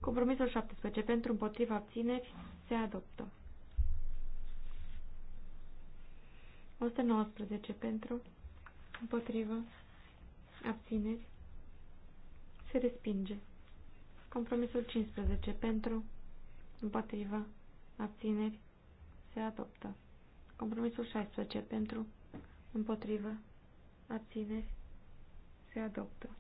Compromisul 17, pentru, împotrivă, abțineri, se adoptă. 119 pentru, împotrivă, abțineri, se respinge. Compromisul 15 pentru, împotrivă, abțineri, se adoptă. Compromisul 16 pentru, împotrivă, abțineri, se adoptă.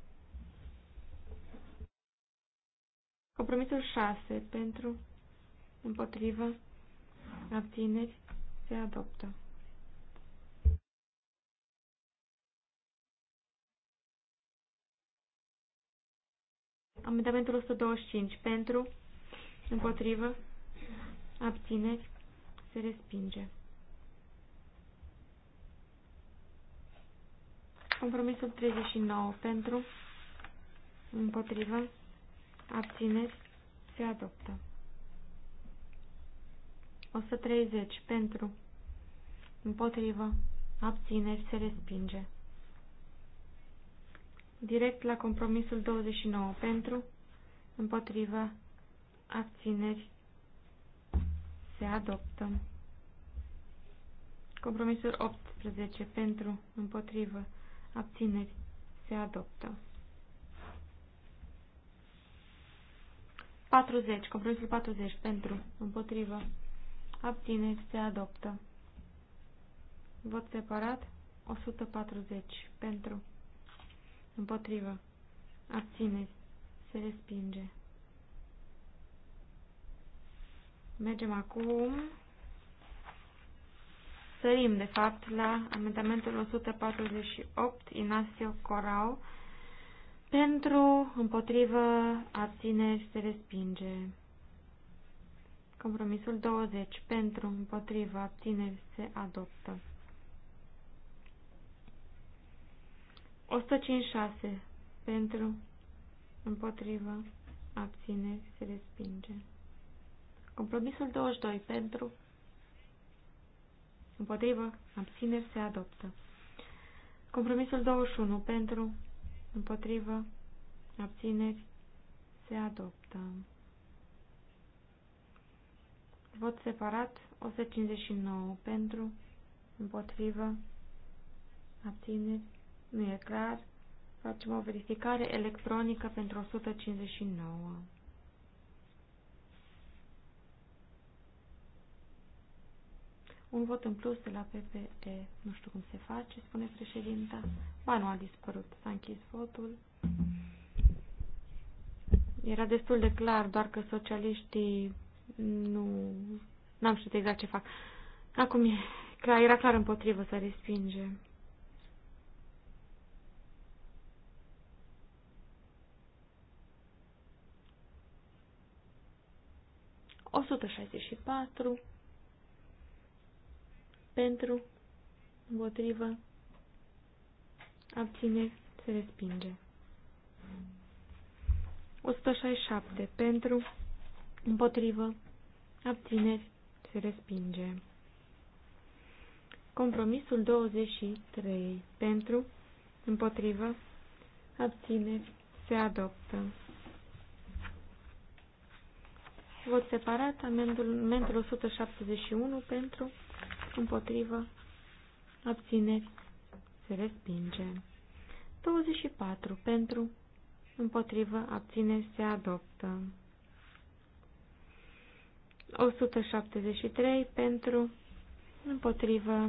Compromisul 6 pentru, împotrivă, abțineri, se adoptă. Amendamentul 125 pentru, împotrivă, abțineri, se respinge. Compromisul 39 pentru, împotrivă, abțineri, se adoptă. 130 pentru, împotrivă, abțineri, se respinge direct la compromisul 29 pentru, împotrivă, abțineri, se adoptă. Compromisul 18 pentru, împotrivă, abțineri, se adoptă. 40, compromisul 40 pentru, împotrivă, abțineri, se adoptă. Vot separat, 140 pentru, Împotrivă. abțineți, Se respinge. Mergem acum. Sărim, de fapt, la amendamentul 148, Inasio Corau. Pentru, împotrivă, abțineri, se respinge. Compromisul 20. Pentru, împotrivă, abțineri, se adoptă. 156 pentru, împotrivă, abțineri, se respinge. Compromisul 22 pentru, împotrivă, abțineri, se adoptă. Compromisul 21 pentru, împotrivă, abțineri, se adoptă. Vot separat 159 pentru, împotrivă, abțineri, nu e clar. Facem o verificare electronică pentru 159. Un vot în plus de la PPE. Nu știu cum se face, spune președinta. Ba, nu a dispărut. S-a închis votul. Era destul de clar, doar că socialiștii nu... N-am știut exact ce fac. Acum e clar, era clar împotrivă să respinge. 164 pentru, împotrivă, abține, se respinge. 167 pentru, împotrivă, abțineri, se respinge. Compromisul 23 pentru, împotrivă, abțineri, se adoptă. Vot separat, amendul 171 pentru, împotrivă, abțineri, se respinge. 24 pentru, împotrivă, abțineri, se adoptă. 173 pentru, împotrivă,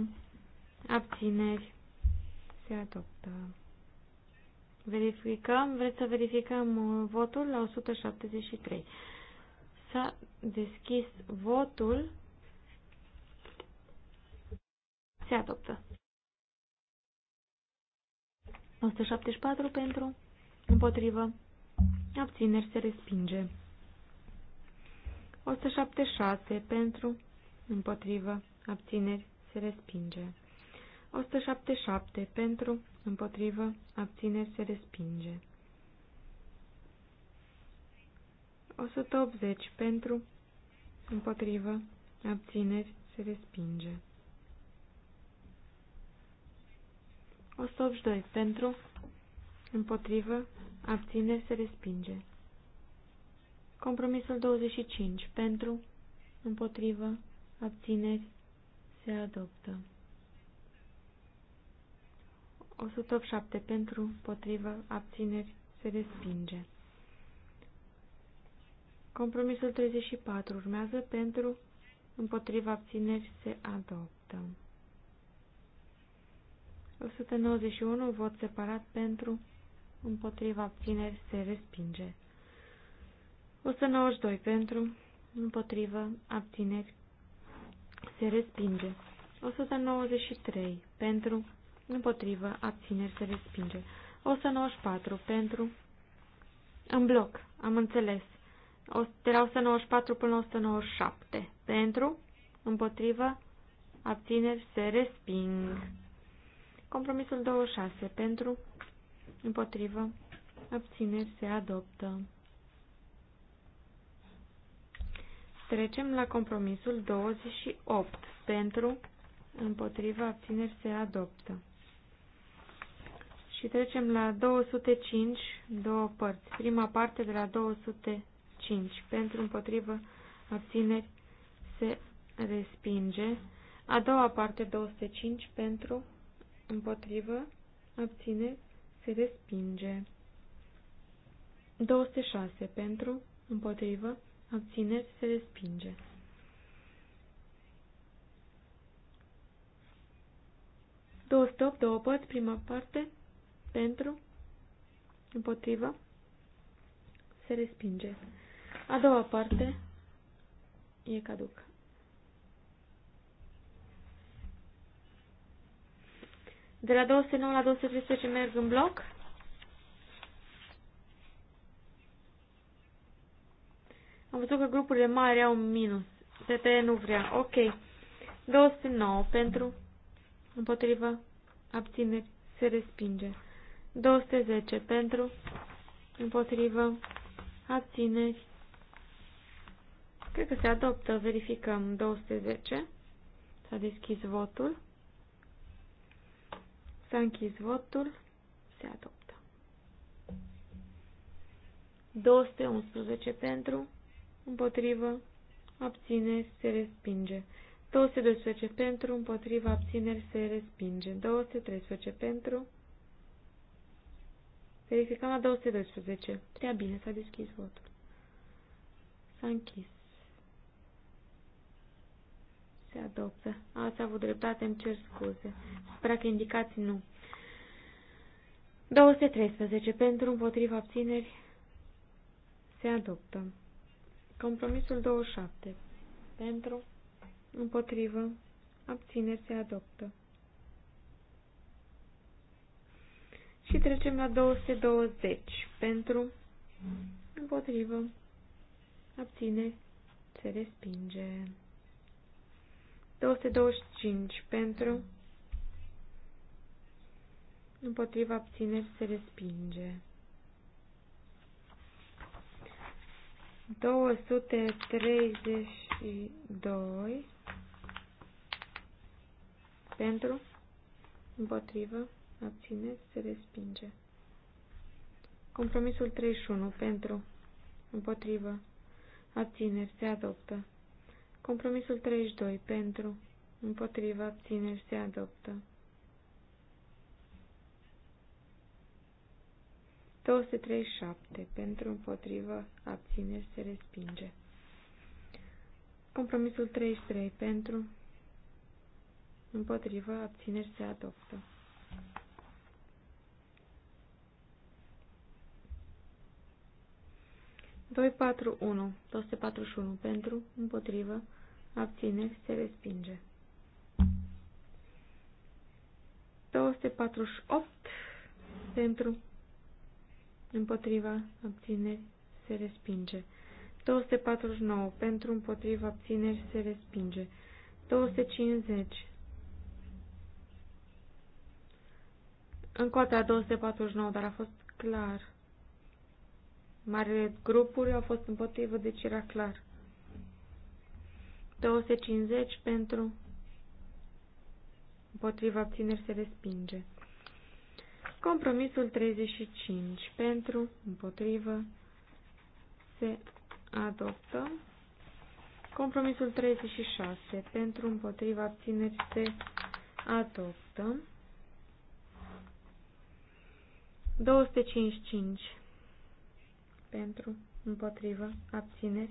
abțineri, se adoptă. Verificăm, vreți să verificăm uh, votul la 173. S-a deschis votul. Se adoptă. 174 pentru, împotrivă, abțineri se respinge. 176 pentru, împotrivă, abțineri se respinge. 177 pentru, împotrivă, abțineri se respinge. 180 pentru, împotrivă, abțineri, se respinge. 182 pentru, împotrivă, abțineri, se respinge. Compromisul 25 pentru, împotrivă, abțineri, se adoptă. 187 pentru, împotrivă, abțineri, se respinge. Compromisul 34 urmează pentru împotriva abțineri se adoptă. 191 vot separat pentru împotriva abțineri se respinge. 192 pentru împotriva abțineri se respinge. 193 pentru împotriva abțineri se respinge. 194 pentru în bloc, am înțeles de la 194 până la 197. Pentru, împotrivă, abțineri, se resping. Compromisul 26. Pentru, împotrivă, abțineri, se adoptă. Trecem la compromisul 28. Pentru, împotrivă, abțineri, se adoptă. Și trecem la 205, două părți. Prima parte de la 200 5. Pentru împotrivă abțineri se respinge. A doua parte 205 pentru împotrivă abțineri se respinge. 206 pentru împotrivă abțineri se respinge. Două stop, două păți, prima parte, pentru, împotrivă, se respinge. A doua parte e caduc. De la 209 la 213 merg în bloc. Am văzut că grupurile mari au minus. TT nu vrea. Ok. 209 pentru împotriva abțineri se respinge. 210 pentru împotriva abțineri Cred că se adoptă. Verificăm 210. S-a deschis votul. S-a închis votul. Se adoptă. 211 pentru, împotrivă, Abține. se respinge. 212 pentru, Împotrivă. abțineri, se respinge. 213 pentru. Verificăm la 212. Prea bine, s-a deschis votul. S-a închis. Se adoptă. Ați avut dreptate, îmi cer scuze. Prea că indicați nu. 213. Pentru împotriva abțineri se adoptă. Compromisul 27. Pentru împotrivă abțineri se adoptă. Și trecem la 220. Pentru împotrivă abțineri se respinge. 225 pentru, împotriva abțineri se respinge. 232 pentru, împotriva abțineri se respinge. Compromisul 31 pentru, împotriva abțineri se adoptă. Compromisul 32. Pentru. Împotriva abțineri se adoptă. 237. Pentru împotriva abțineri se respinge. Compromisul 33. Pentru împotriva abțineri se adoptă. Doi patru unu, 241 pentru, împotrivă, abțineri, se respinge. 248 pentru împotriva abțineri se respinge. 249 pentru împotriva abțineri se respinge. 250 În cota 249, dar a fost clar. Marele grupuri au fost împotrivă, deci era clar. 250 pentru împotriva abțineri se respinge. Compromisul 35 pentru împotrivă se adoptă. Compromisul 36 pentru împotriva abțineri se adoptă. 255 pentru împotriva abțineri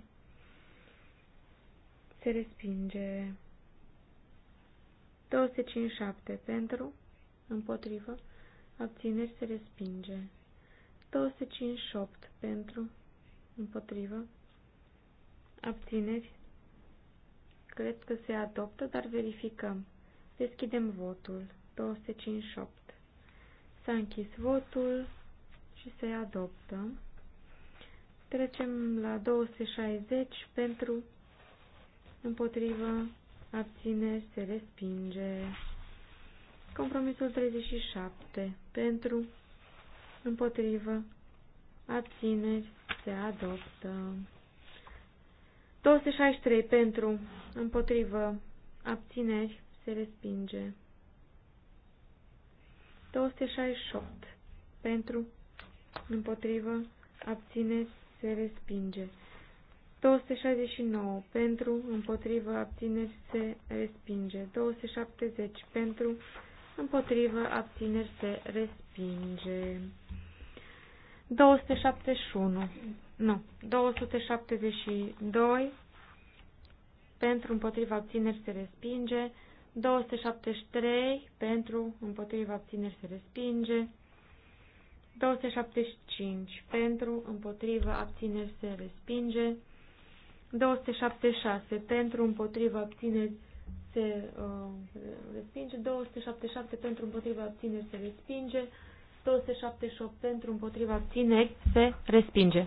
se respinge. 257 pentru, împotrivă, abțineri se respinge. 258 pentru, împotrivă, abțineri, cred că se adoptă, dar verificăm. Deschidem votul. 258. S-a închis votul și se adoptă. Trecem la 260 pentru împotrivă, abțineri, se respinge. Compromisul 37, pentru, împotrivă, abțineri, se adoptă. 263, pentru, împotrivă, abțineri, se respinge. 268, pentru, împotrivă, abțineri, se respinge. 269 pentru, împotrivă, abțineri se respinge. 270 pentru, împotrivă, abțineri se respinge. 271, nu, 272 pentru, împotrivă, abțineri se respinge. 273 pentru, împotrivă, abțineri se respinge. 275 pentru, împotrivă, abțineri se respinge. 276 pentru împotriva abțineri se uh, respinge, 277 pentru împotriva abțineri se respinge, 278 pentru împotriva abțineri se respinge.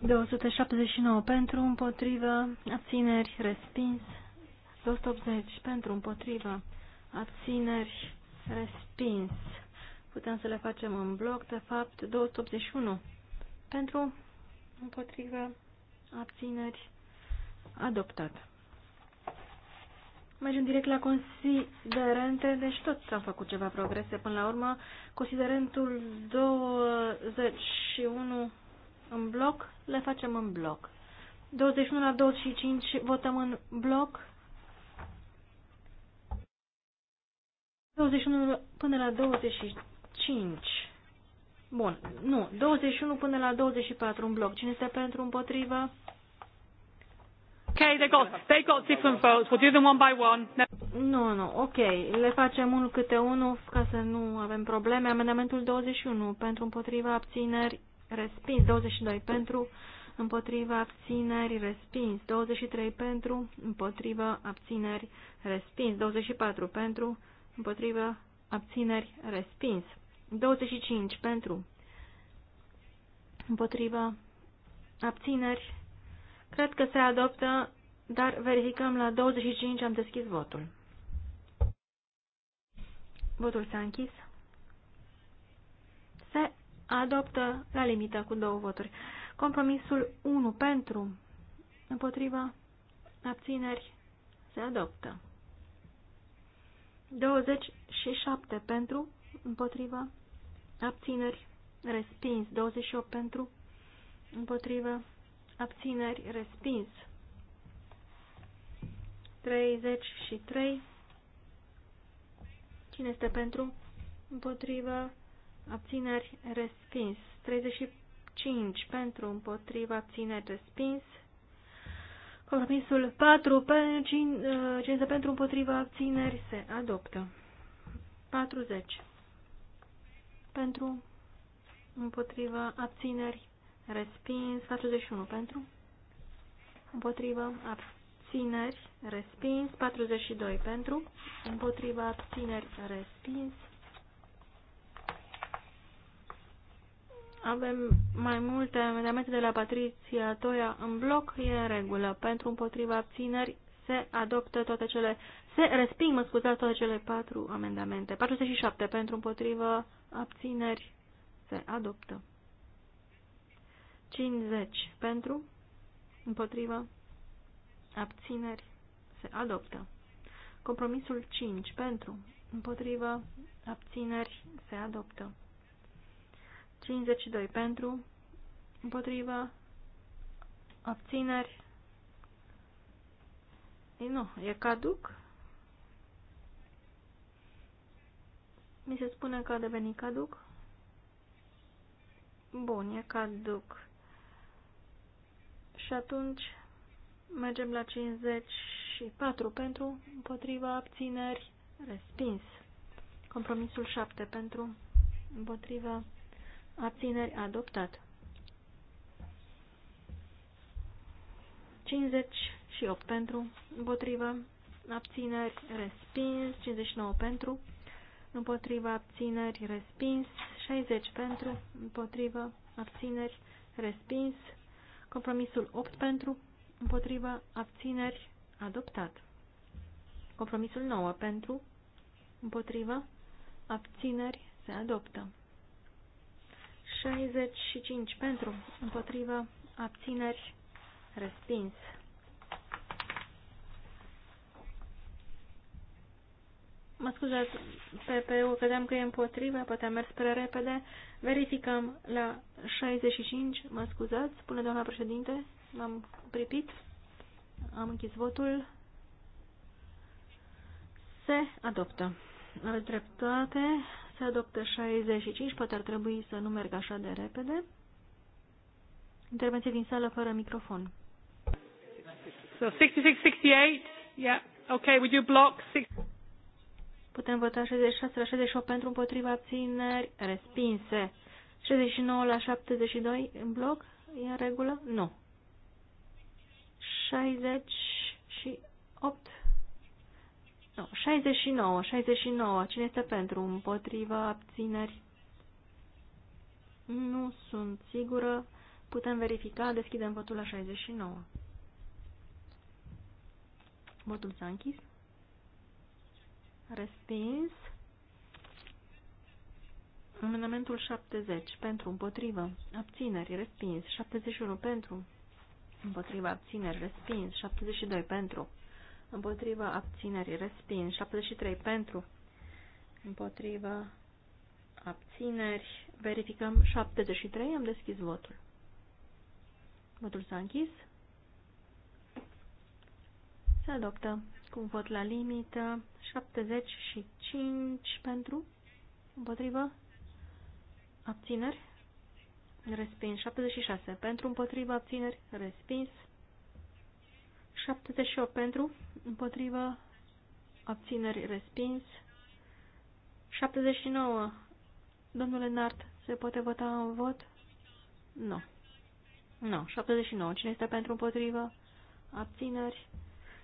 279, pentru împotriva abțineri respins, 280 pentru împotriva abțineri respins. Putem să le facem în bloc, de fapt, 281 pentru împotriva abțineri, adoptat. Mergem direct la considerente, deci tot s au făcut ceva progrese până la urmă. Considerentul 21 în bloc, le facem în bloc. 21 la 25 votăm în bloc. 21 până la 25. Bun, nu, 21 până la 24 în bloc. Cine este pentru, împotrivă? Okay, they got, they got different votes. We'll do them one by one. Nu, nu, ok. Le facem unul câte unul ca să nu avem probleme. Amendamentul 21 pentru împotriva abțineri respins. 22 pentru împotriva abțineri respins. 23 pentru împotriva abțineri respins. 24 pentru împotriva abțineri respins. 25 pentru, împotriva, abțineri, cred că se adoptă, dar verificăm la 25 am deschis votul. Votul s-a închis. Se adoptă la limită cu două voturi. Compromisul 1 pentru, împotriva, abțineri, se adoptă. 27 pentru, împotriva, abțineri, respins. 28 pentru, împotrivă, abțineri, respins. 33. Cine este pentru? Împotrivă, abțineri, respins. 35 pentru, împotrivă, abțineri, respins. Compromisul 4, cine 5 pentru împotriva abțineri se adoptă. 40 pentru, împotriva, abțineri, respins, 41 pentru, împotriva, abțineri, respins, 42 pentru, împotriva, abțineri, respins. Avem mai multe amendamente de la Patriția Toia în bloc, e în regulă. Pentru împotriva abțineri se adoptă toate cele, se resping, mă scuzați, toate cele patru amendamente. 47 pentru împotriva abțineri, se adoptă. 50 pentru, împotrivă, abțineri, se adoptă. Compromisul 5 pentru, împotrivă, abțineri, se adoptă. 52 pentru, împotrivă, abțineri, Ei, nu, e caduc, Mi se spune că a devenit caduc. Bun, e caduc. Și atunci mergem la 54 pentru, împotriva abțineri, respins. Compromisul 7 pentru, împotriva abțineri, adoptat. 58 pentru, împotriva abțineri, respins, 59 pentru, împotriva abțineri respins, 60 pentru, împotriva abțineri respins, compromisul 8 pentru, împotriva abțineri adoptat. Compromisul 9 pentru, împotriva abțineri se adoptă. 65 pentru, împotriva abțineri respins. Mă scuzați, pe eu credeam că e împotriva, poate am mers prea repede. Verificăm la 65, mă scuzați, spune doamna președinte, m-am pripit, am închis votul. Se adoptă. Aveți dreptate, se adoptă 65, poate ar trebui să nu merg așa de repede. Intervenție din sală fără microfon. So 66, 68, yeah, okay, would you block six... Putem vota 66 la 68 pentru împotriva abțineri respinse. 69 la 72 în bloc? E în regulă? Nu. 68? Nu, 69, 69. Cine este pentru? Împotriva abțineri? Nu sunt sigură. Putem verifica. Deschidem votul la 69. Votul s-a închis. Respins. Amendamentul 70 pentru împotrivă. Abțineri. Respins. 71 pentru împotriva abțineri. Respins. 72 pentru împotriva abținerii. Respins. 73 pentru împotriva abțineri. Verificăm 73. Am deschis votul. Votul s-a închis. Se adoptă cu un vot la limită. 75 pentru, împotrivă, abțineri, respins. 76 pentru, împotrivă, abțineri, respins. 78 pentru, împotrivă, abțineri, respins. 79. Domnule Nart, se poate vota în vot? Nu. Nu. 79. Cine este pentru împotrivă? Abțineri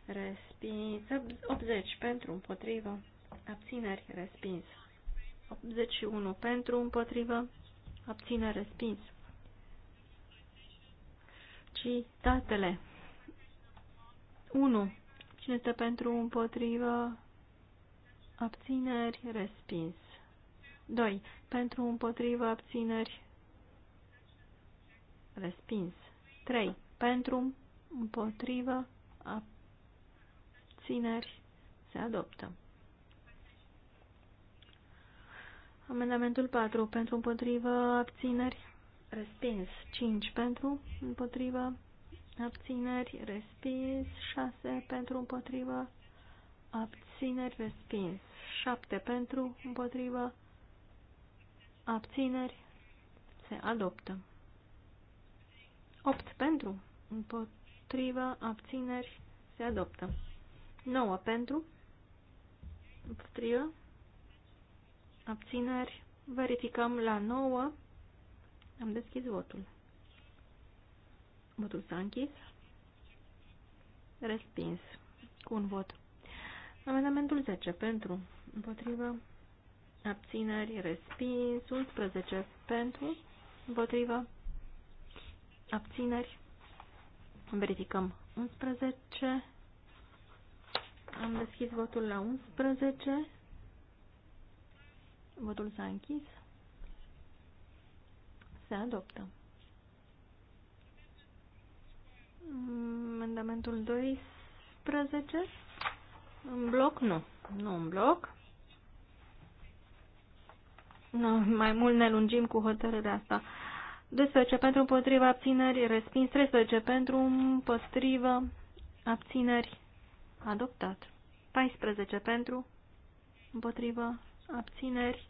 respins, 80 pentru împotrivă, abțineri respins, 81 pentru împotrivă, abțineri respins. Citatele 1. Cine este pentru împotrivă, abțineri respins. 2. Pentru împotrivă, abțineri respins. 3. Pentru împotrivă, abțineri abțineri, se adoptă. Amendamentul 4. Pentru împotrivă abțineri, respins. 5. Pentru împotrivă abțineri, respins. 6. Pentru împotrivă abțineri, respins. 7. Pentru împotrivă abțineri, se adoptă. 8. Pentru împotrivă abțineri, se adoptă. 9 pentru, împotrivă, abțineri, verificăm la 9, am deschis votul. Votul s-a închis, respins cu un vot. Amendamentul 10 pentru, împotrivă, abțineri, respins, 11 pentru, împotrivă, abțineri, verificăm 11, am deschis votul la 11. Votul s-a închis. Se adoptă. Amendamentul 12. În bloc? Nu. Nu în bloc. Nu, mai mult ne lungim cu hotărârea asta. 12 pentru împotriva abțineri, respins 13 pentru împotriva abțineri adoptat. 14 pentru, împotrivă, abțineri,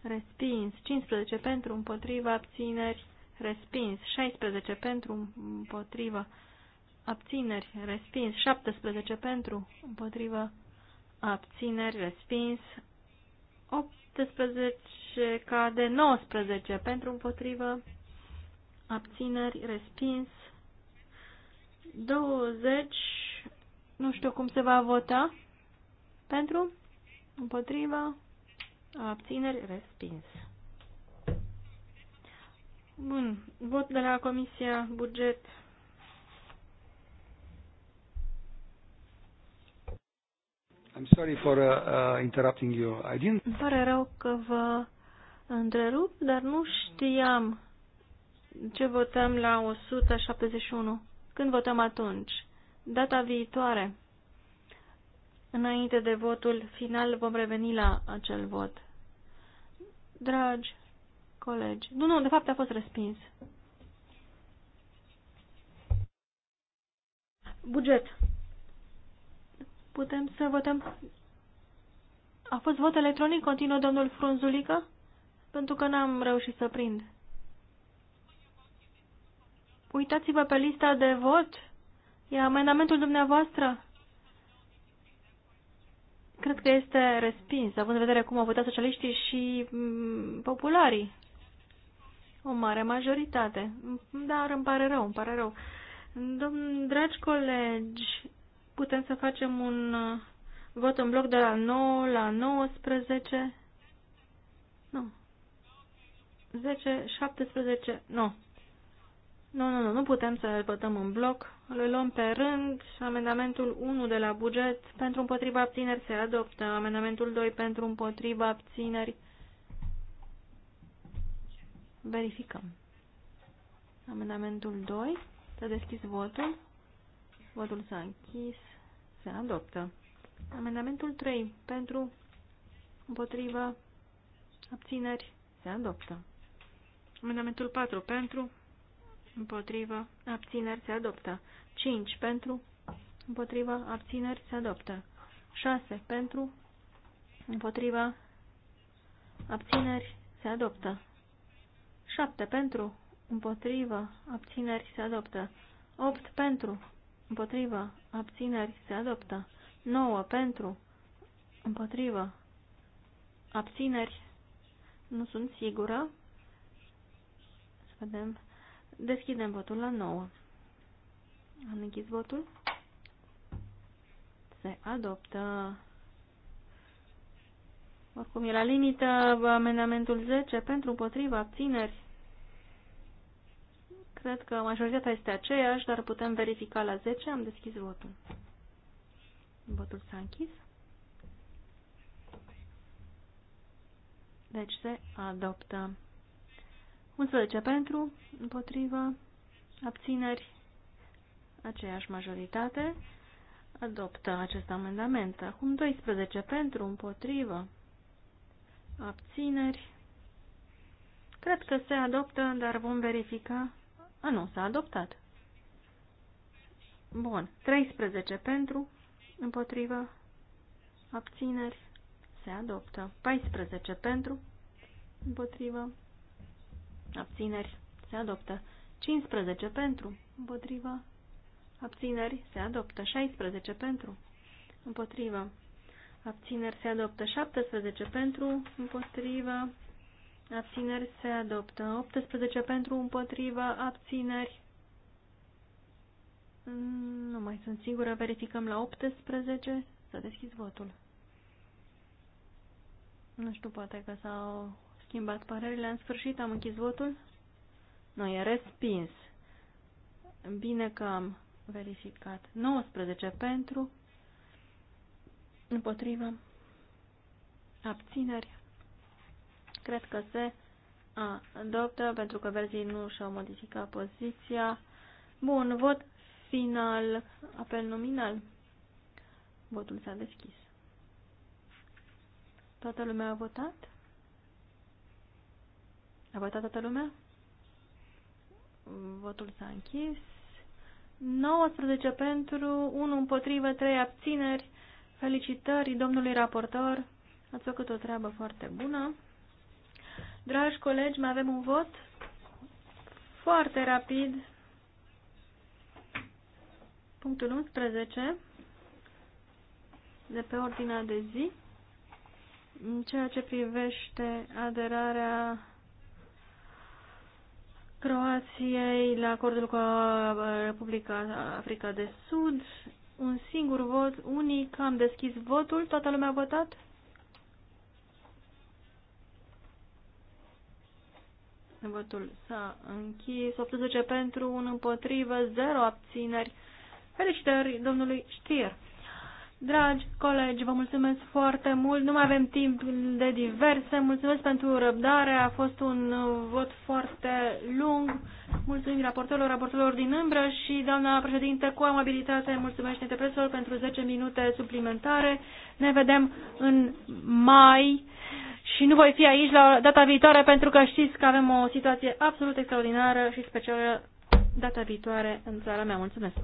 respins. 15 pentru, împotrivă, abțineri, respins. 16 pentru, împotrivă, abțineri, respins. 17 pentru, împotrivă, abțineri, respins. 18 ca de 19 pentru, împotrivă, abțineri, respins. 20 nu știu cum se va vota. Pentru? Împotriva? Abțineri? Respins. Bun. Vot de la Comisia Buget. I'm sorry for uh, uh, interrupting you. I didn't... Îmi pare rău că vă întrerup, dar nu știam ce votăm la 171. Când votăm atunci? Data viitoare, înainte de votul final, vom reveni la acel vot. Dragi colegi, nu, nu, de fapt a fost respins. Buget. Putem să votăm. A fost vot electronic, continuă domnul Frunzulică? Pentru că n-am reușit să prind. Uitați-vă pe lista de vot. E amendamentul dumneavoastră? Cred că este respins, având în vedere cum au votat socialiștii și mm, popularii. O mare majoritate. Dar îmi pare rău, îmi pare rău. Domn, dragi colegi, putem să facem un uh, vot în bloc de la 9 la 19. Nu. 10, 17, nu. Nu, nu, nu, nu putem să votăm în bloc. Le luăm pe rând. Amendamentul 1 de la buget pentru împotriva abțineri se adoptă. Amendamentul 2 pentru împotriva abțineri. Verificăm. Amendamentul 2. S-a deschis votul. Votul s-a închis. Se adoptă. Amendamentul 3 pentru împotriva abțineri se adoptă. Amendamentul 4 pentru împotrivă, abțineri se adoptă. 5 pentru, împotrivă, abțineri se adoptă. 6 pentru, împotrivă, abțineri se adoptă. 7 pentru, împotrivă, abțineri se adoptă. 8 pentru, împotrivă, abțineri se adoptă. 9 pentru, împotrivă, abțineri, nu sunt sigură. Să vedem. Deschidem votul la 9. Am închis votul. Se adoptă. Oricum e la limită amendamentul 10 pentru împotriva abțineri. Cred că majoritatea este aceeași, dar putem verifica la 10. Am deschis votul. Votul s-a închis. Deci se adoptă. 11 pentru, împotrivă, abțineri, aceeași majoritate, adoptă acest amendament. Acum 12 pentru, împotrivă, abțineri, cred că se adoptă, dar vom verifica. A, nu, s-a adoptat. Bun, 13 pentru, împotrivă, abțineri, se adoptă. 14 pentru, împotrivă, abțineri, se adoptă. 15 pentru, împotriva, abțineri, se adoptă. 16 pentru, împotriva, abțineri, se adoptă. 17 pentru, împotriva, abțineri, se adoptă. 18 pentru, împotriva, abțineri. Nu mai sunt sigură, verificăm la 18, să deschid votul. Nu știu, poate că s-au schimbat părerile. În sfârșit am închis votul. Nu, e respins. Bine că am verificat. 19 pentru, împotrivă, abțineri. Cred că se adoptă pentru că verzii nu și-au modificat poziția. Bun, vot final, apel nominal. Votul s-a deschis. Toată lumea a votat? A votat toată lumea? Votul s-a închis. 19 pentru, 1 împotrivă, 3 abțineri. Felicitări domnului raportor. Ați făcut o treabă foarte bună. Dragi colegi, mai avem un vot foarte rapid. Punctul 11 de pe ordinea de zi în ceea ce privește aderarea Croației la acordul cu uh, Republica Africa de Sud. Un singur vot unic. Am deschis votul. Toată lumea a votat? Votul s-a închis. 18 pentru, 1 împotrivă, 0 abțineri. Felicitări domnului Știer. Dragi colegi, vă mulțumesc foarte mult. Nu mai avem timp de diverse. Mulțumesc pentru răbdare. A fost un vot foarte lung. Mulțumim raportorilor, raportorilor din umbră și doamna președinte, cu amabilitate, mulțumesc interpreților pentru 10 minute suplimentare. Ne vedem în mai și nu voi fi aici la data viitoare pentru că știți că avem o situație absolut extraordinară și specială data viitoare în țara mea. Mulțumesc!